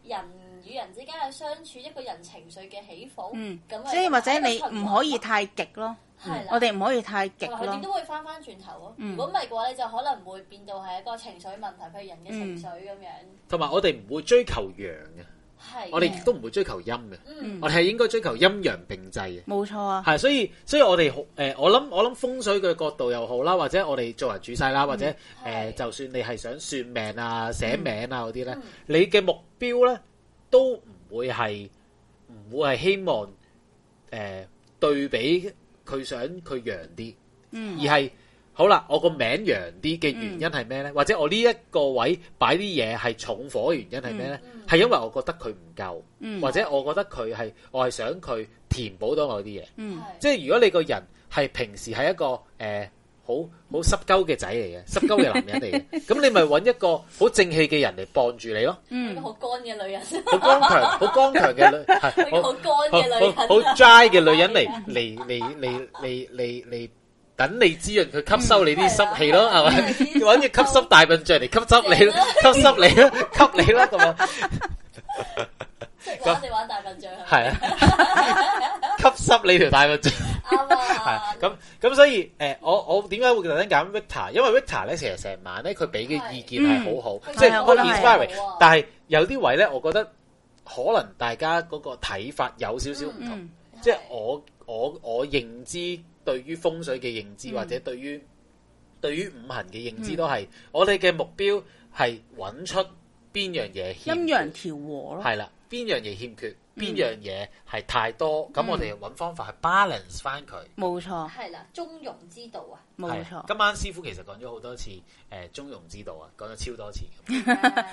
人與人之間嘅相處，一個人情緒嘅起伏。咁即係或者你唔可以太極咯。係、嗯、啦，我哋唔可以太極佢點都會翻翻轉頭咯、嗯。如果唔係嘅話，你就可能會變到係一個情緒問題，譬如人嘅情緒咁樣。同、嗯、埋我哋唔會追求陽嘅。係我哋亦都唔會追求陰嘅、嗯，我哋係應該追求陰陽並濟嘅，冇錯啊。係所以，所以我哋好誒，我諗我諗風水嘅角度又好啦，或者我哋作為主曬啦，或者誒、呃，就算你係想算命啊、寫名啊嗰啲咧，你嘅目標咧都唔會係唔會係希望誒、呃、對比佢想佢陽啲，而係。好啦，我個名揚啲嘅原因係咩咧？或者我呢一個位擺啲嘢係重火嘅原因係咩咧？係因為我覺得佢唔夠，或者我覺得佢係我係想佢填補多我啲嘢。嗯，即係如果你個人係平時係一個誒好好濕鳩嘅仔嚟嘅，濕鳩嘅男人嚟嘅，咁你咪揾一個好正氣嘅人嚟傍住你咯。嗯，好乾嘅女人，好剛強，好剛強嘅女，好乾嘅女人，好 dry 嘅女人嚟嚟嚟嚟嚟嚟嚟。引你資源去吸收你啲濕氣咯，係咪？揾隻吸濕大笨象嚟吸濕你咯，吸濕你咯，吸你咯咁啊！玩你玩大笨象，係啊！吸濕你條大笨象，啱啊！咁咁，所以誒，我我點解會特登揀 Vita？因為 Vita 咧，成日成晚咧，佢俾嘅意見係好好，即係好 inspiring。但係有啲位咧，我覺得可能大家嗰個睇法有少少唔同，即係我我我認知。對於風水嘅認知或者對於、嗯、對於五行嘅認知都係、嗯，我哋嘅目標係揾出邊樣嘢欠缺，陰陽調和咯，係啦，邊樣嘢欠缺，邊樣嘢係太多，咁、嗯、我哋要揾方法去 balance 翻佢。冇、嗯、錯，係啦，中庸之道啊，冇錯。今晚師傅其實講咗好多次，誒、呃，中庸之道啊，講咗超多次，嗯、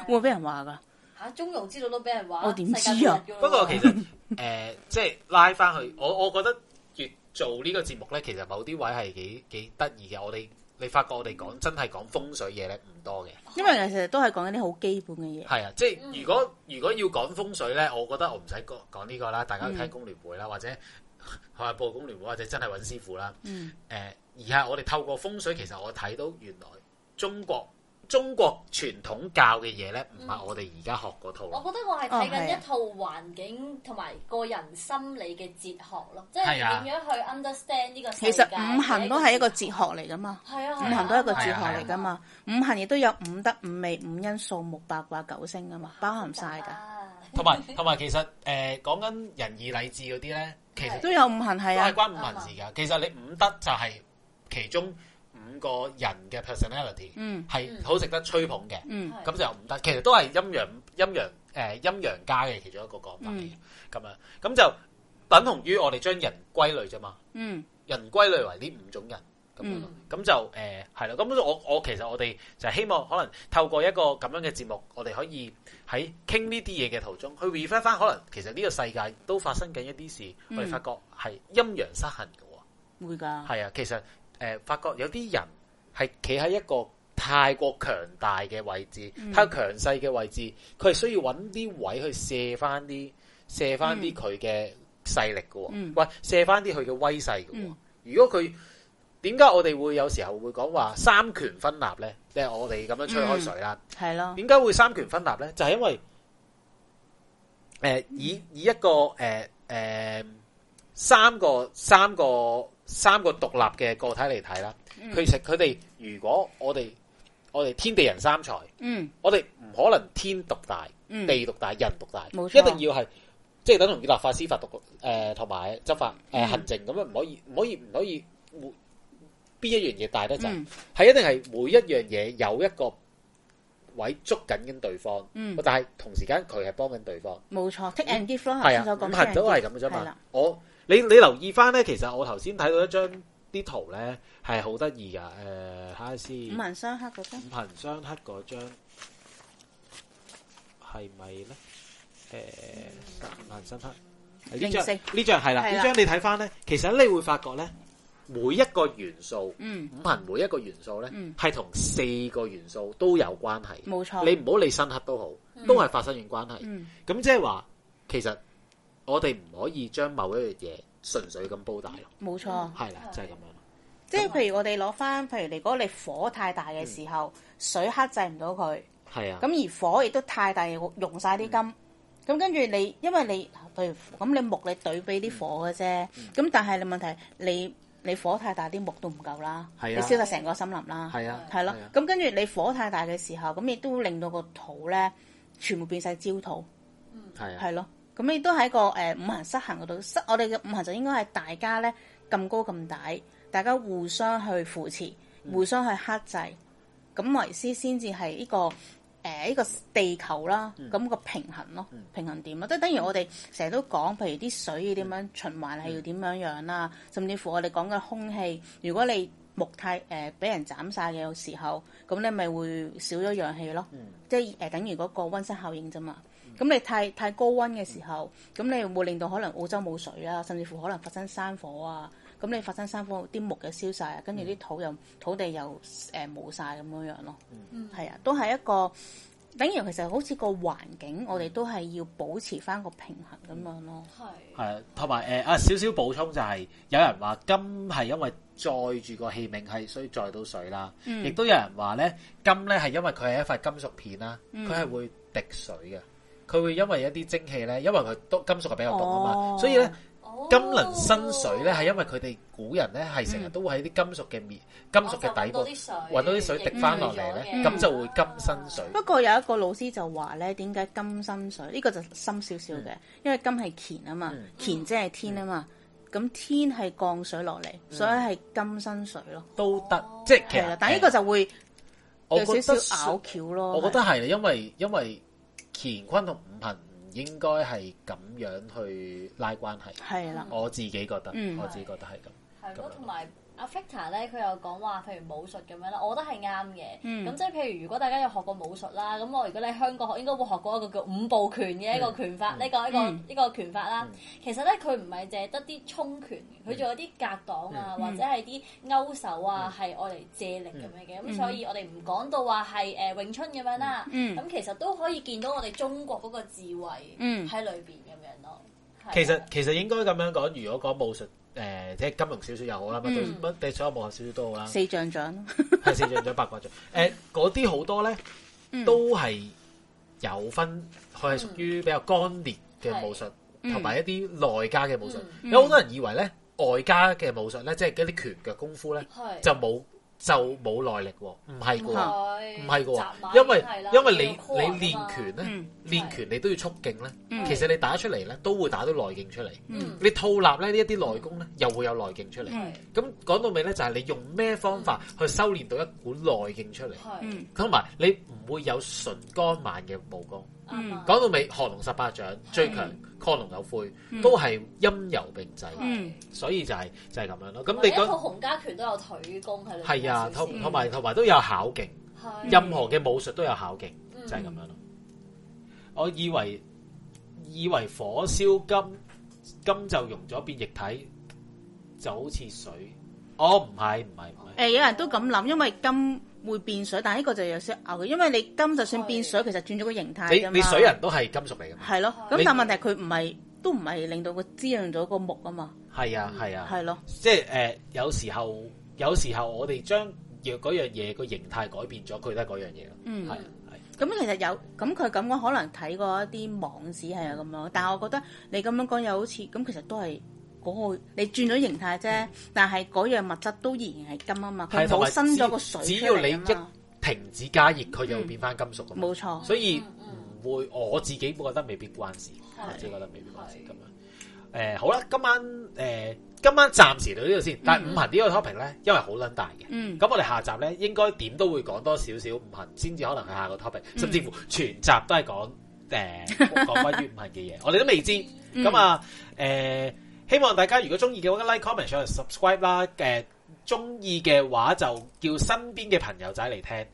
會俾人話噶吓，中庸之道都俾人話，我點知啊？不過其實，誒、 呃，即、就、係、是、拉翻去，我我覺得。做這個節呢個節目咧，其實某啲位係幾幾得意嘅。我哋你發覺我哋講、嗯、真係講風水嘢咧，唔多嘅。因為其實都係講啲好基本嘅嘢。係啊，即係、嗯、如果如果要講風水咧，我覺得我唔使講講呢個啦。大家睇工聯會啦，嗯、或者海外報工聯會，或者真係揾師傅啦。嗯。誒、呃，而係我哋透過風水，其實我睇到原來中國。中國傳統教嘅嘢咧，唔係我哋而家學嗰套、嗯。我覺得我係睇緊一套環境同埋個人心理嘅哲學咯，即係點樣去 understand 呢個世界。其實五行都係一個哲學嚟噶嘛係、啊係啊，五行都係一個哲學嚟噶嘛、啊啊啊啊啊啊嗯嗯。五行亦都有五德、五味、五因、數目、八卦、九星㗎嘛，包含晒㗎。同埋同埋，其實誒講緊仁義禮智嗰啲咧，其實都有五行係啊，係關五行事噶、嗯。其實你五德就係其中。個人嘅 personality 係、嗯嗯、好值得吹捧嘅，咁、嗯、就唔得。其實都係陰陽陰陽誒陰陽家嘅其中一個講法嚟嘅，咁、嗯、樣咁就等同於我哋將人歸類啫嘛。嗯，人歸類為呢五種人咁咁、嗯、就誒係啦。咁、呃、我我其實我哋就希望可能透過一個咁樣嘅節目，我哋可以喺傾呢啲嘢嘅途中去 refer 翻，可能其實呢個世界都發生緊一啲事，嗯、我哋發覺係陰陽失衡㗎喎。會㗎，係啊，其實。誒、呃，發覺有啲人係企喺一個太過強大嘅位置，嗯、太過強勢嘅位置，佢係需要揾啲位去射翻啲射翻啲佢嘅勢力嘅，喎，射翻啲佢嘅威勢嘅、哦。如果佢點解我哋會有時候會講話三權分立咧？即係我哋咁樣吹開水啦，係咯？點解會三權分立咧？就係、是、因為誒、呃，以以一個誒誒、呃呃，三個三個。三個獨立嘅個體嚟睇啦，其實佢哋如果我哋我哋天地人三才，嗯，我哋唔可能天獨大，嗯、地獨大，人獨大，冇錯，一定要係即係等同於立法、司法、獨誒同埋執法誒、呃呃嗯、行政咁樣，唔可以唔可以唔可以，每邊一樣嘢大得滯係一定係每一樣嘢有一個位捉緊緊對方，嗯、但係同時間佢係幫緊對方，冇錯 take and give 係、嗯、啊，都係咁嘅啫嘛，嗯嗯、我。你你留意翻咧，其實我頭先睇到一張啲圖咧，係好得意噶。誒，睇下先。五行相剋嗰張。五行相剋嗰張係咪咧？誒，五五行相剋呢張呢張係啦，呢張你睇翻咧，其實你會發覺咧，每一個元素，嗯，五行每一個元素咧，係同四個元素都有關係。冇錯。你唔好理相剋都好，都係發生完關係。咁即係話，其實。我哋唔可以將某一樣嘢純粹咁煲大咯。冇錯，係啦，就係、是、咁樣就是。即、嗯、係譬如我哋攞翻，譬如你嗰個你火太大嘅時候，嗯、水克制唔到佢。係啊。咁而火亦都太大，用晒啲金。咁跟住你，因為你譬如咁，你木你對比啲火嘅啫。咁、嗯、但係你問題是，你你火太大，啲木都唔夠啦。係啊。你燒曬成個森林啦。係啊，啊，啊。係咯、啊啊。咁跟住你火太大嘅時候，咁亦都令到個土咧，全部變晒焦土。嗯。係啊。係咯。咁亦都喺個誒、呃、五行失衡嗰度，失我哋嘅五行就應該係大家咧咁高咁大，大家互相去扶持，嗯、互相去克制，咁為之先至係呢個誒呢個、呃、地球啦，咁、嗯個平衡咯、嗯，平衡點咯、啊，即係等於我哋成日都講，譬如啲水要點樣、嗯、循環樣、啊，係要點樣樣啦，甚至乎我哋講嘅空氣，如果你木太誒俾、呃、人斬晒嘅時候，咁你咪會少咗氧氣咯，嗯、即係、呃、等於嗰個溫室效應啫嘛。咁你太太高溫嘅時候，咁你會令到可能澳洲冇水啦，甚至乎可能發生山火啊。咁你發生山火，啲木嘅燒晒，跟住啲土又土地又誒冇晒咁樣樣咯。嗯，係啊，都係一個，等於其實好似個環境，我哋都係要保持翻個平衡咁樣咯。係係，同埋誒啊，少少補充就係有人話金係因為載住個器皿係，所以載到水啦。嗯，亦都有人話咧金咧係因為佢係一塊金屬片啦，佢係會滴水嘅。佢會因為一啲蒸氣咧，因為佢都金屬係比較凍啊嘛，所以咧金能生水咧，係因為佢哋古人咧係成日都會喺啲金屬嘅面、金屬嘅底部揾到啲水滴翻落嚟咧，咁就會金生水。不過有一個老師就話咧，點解金生水？呢個就深少少嘅，因為金係乾啊嘛，乾即係天啊嘛，咁天係降水落嚟，所以係金生水咯。都得，即係其實，但係呢個就會有少少拗橋咯。我覺得係，因為因為。乾坤同五行唔應該係咁樣去拉關係，係啦，我自己覺得，嗯、我自己覺得係咁。就是這樣阿 f l e 咧，佢又講話，譬如武術咁樣啦，我覺得係啱嘅。咁、嗯、即係譬如，如果大家有學過武術啦，咁我如果你喺香港學，應該會學過一個叫五步拳嘅、嗯、一個拳法，呢、嗯、個呢、嗯、個呢個，個拳法啦、嗯。其實咧，佢唔係淨係得啲衝拳，佢、嗯、仲有啲格擋啊、嗯，或者係啲勾手啊，係愛嚟借力咁樣嘅。咁、嗯、所以我說說，我哋唔講到話係誒詠春咁樣啦。咁、嗯、其實都可以見到我哋中國嗰個智慧喺裏邊咁樣咯。其實其實應該咁樣講，如果講武術。誒、呃，即係金庸小説又好啦，乜、嗯、乜，即係所有武俠小説都好啦。四象掌、四象掌、八卦掌。誒、 呃，嗰啲好多咧、嗯，都係有分，佢係屬於比較乾練嘅武術，同、嗯、埋一啲內家嘅武術。嗯、有好多人以為咧，外家嘅武術咧，即、就、係、是、一啲拳腳功夫咧，就冇。就冇耐力喎，唔係噶，唔係噶喎，因為因為，因為你你練拳咧、嗯，練拳你都要速勁咧，其實你打出嚟咧都會打到內勁出嚟，你套立咧呢一啲內功咧又會有內勁出嚟，咁講到尾咧就係你用咩方法去修練到一股內勁出嚟，同埋你唔會有純乾慢嘅武功。嗯，講到尾，降龍十八掌最強，亢龍有悔、嗯，都係陰柔並濟，所以就係、是、就係、是、咁樣咯。咁你講，套洪家拳都有腿功喺度，係啊，同埋同埋都有巧勁，任何嘅武術都有巧勁，就係、是、咁樣咯、嗯。我以為以為火燒金金就融咗變液體，就好似水。我唔係唔係唔係，誒、哦、有人都咁諗，因為金。會變水，但係呢個就有少拗，嘅。因為你金就算變水，其實轉咗個形態你。你水人都係金屬嚟嘅。係咯，咁但係問題係佢唔係，都唔係令到佢滋潤咗個木啊嘛。係啊，係啊，係咯，即係誒、呃，有時候有時候我哋將若嗰樣嘢個形態改變咗，佢都係嗰樣嘢咯。嗯，係係。咁、嗯嗯、其實有，咁佢咁講可能睇過一啲網址係咁樣，但係我覺得你咁樣講又好似咁，其實都係。嗰、那個你轉咗形態啫，嗯、但係嗰樣物質都依然係金啊嘛，佢冇生咗個水只。只要你一停止加熱，佢、嗯、又變翻金屬。冇錯，所以唔會。嗯嗯，我自己覺得未必關事，我自己覺得未必關事咁樣。誒、呃，好啦，今晚誒、呃，今晚暫時到呢度先。嗯、但係五行個呢個 topic 咧，因為好撚大嘅，咁、嗯、我哋下集咧應該點都會講多少少五行先至可能係下個 topic，、嗯、甚至乎全集都係講誒關於五行嘅嘢。我哋都未知咁、嗯、啊，誒、呃。希望大家如果中意嘅話，like comment 上埋 subscribe 啦。誒中意嘅話就叫身邊嘅朋友仔嚟聽。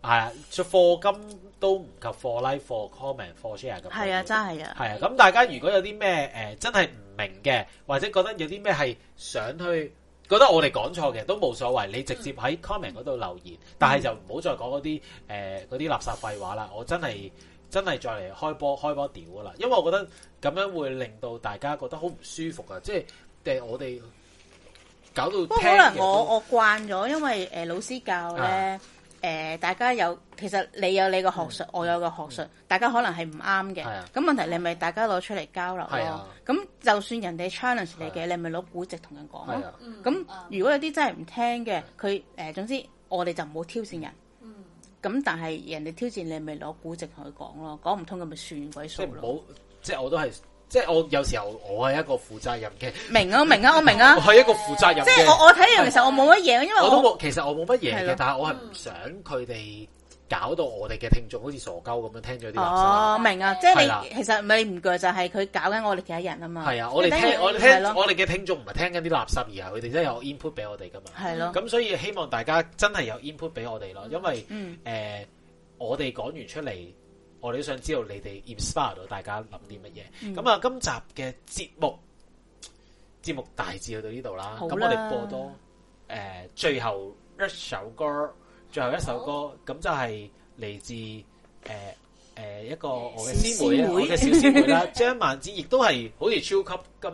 啊，做課金都唔及課 like 課 comment 課 share 咁。係啊，真係啊。係啊，咁大家如果有啲咩誒真係唔明嘅，或者覺得有啲咩係想去覺得我哋講錯嘅，都冇所謂。你直接喺 comment 嗰度留言，但係就唔好再講嗰啲誒啲垃圾廢話啦。我真係～真係再嚟開波開波屌噶啦，因為我覺得咁樣會令到大家覺得好唔舒服啊！即係、呃、我哋搞到不過可能我我慣咗，因為誒、呃、老師教咧誒、啊呃，大家有其實你有你個學術，嗯、我有個學術，嗯、大家可能係唔啱嘅。咁、啊、問題是你咪大家攞出嚟交流咯、啊。咁、啊、就算人哋 challenge 你嘅，啊、你咪攞估值同人講、啊。咁、啊、如果有啲真係唔聽嘅，佢誒、呃，總之我哋就唔好挑戰人。咁但係人哋挑戰你咪攞古籍同佢講咯，講唔通咁咪算鬼數咯。即係即我都係，即係我有時候我係一個負責任嘅。明啊，明啊，我明啊，係 一個負責任。即係我我睇嘢其實我冇乜嘢，因為我，我都冇，其實我冇乜嘢嘅，但係我係唔想佢哋。搞到我哋嘅聽眾好似傻鳩咁樣聽咗啲、啊、哦，明白啊！即係你其實你唔覺就係佢搞緊我哋其他人啊嘛。係啊，我哋聽，聽我哋聽我哋嘅聽眾唔係聽緊啲垃圾，而係佢哋真係有 input 俾我哋噶嘛。係咯。咁所以希望大家真係有 input 俾我哋咯，因為誒、嗯嗯呃、我哋講完出嚟，我哋都想知道你哋 inspire 到大家諗啲乜嘢。咁、嗯、啊，今集嘅節目節目大致去到呢度啦。咁我哋播多誒、呃、最後一首歌。最後一首歌咁就係嚟自誒誒一個我嘅師妹，我嘅小師妹啦，張蔓莎，亦都係好似超級咁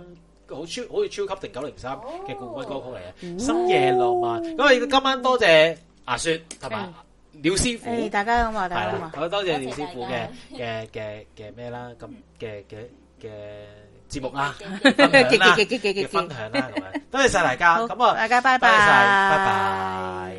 好超，好似超級定九零三嘅冠軍歌曲嚟嘅《深夜浪漫》。咁啊，今晚多謝阿雪同埋廖師傅，大家咁啊，大家咁啊，好多謝廖師傅嘅嘅嘅嘅咩啦，咁嘅嘅嘅節目啦，分享啦，多謝曬大家，咁啊，大家拜拜，拜拜。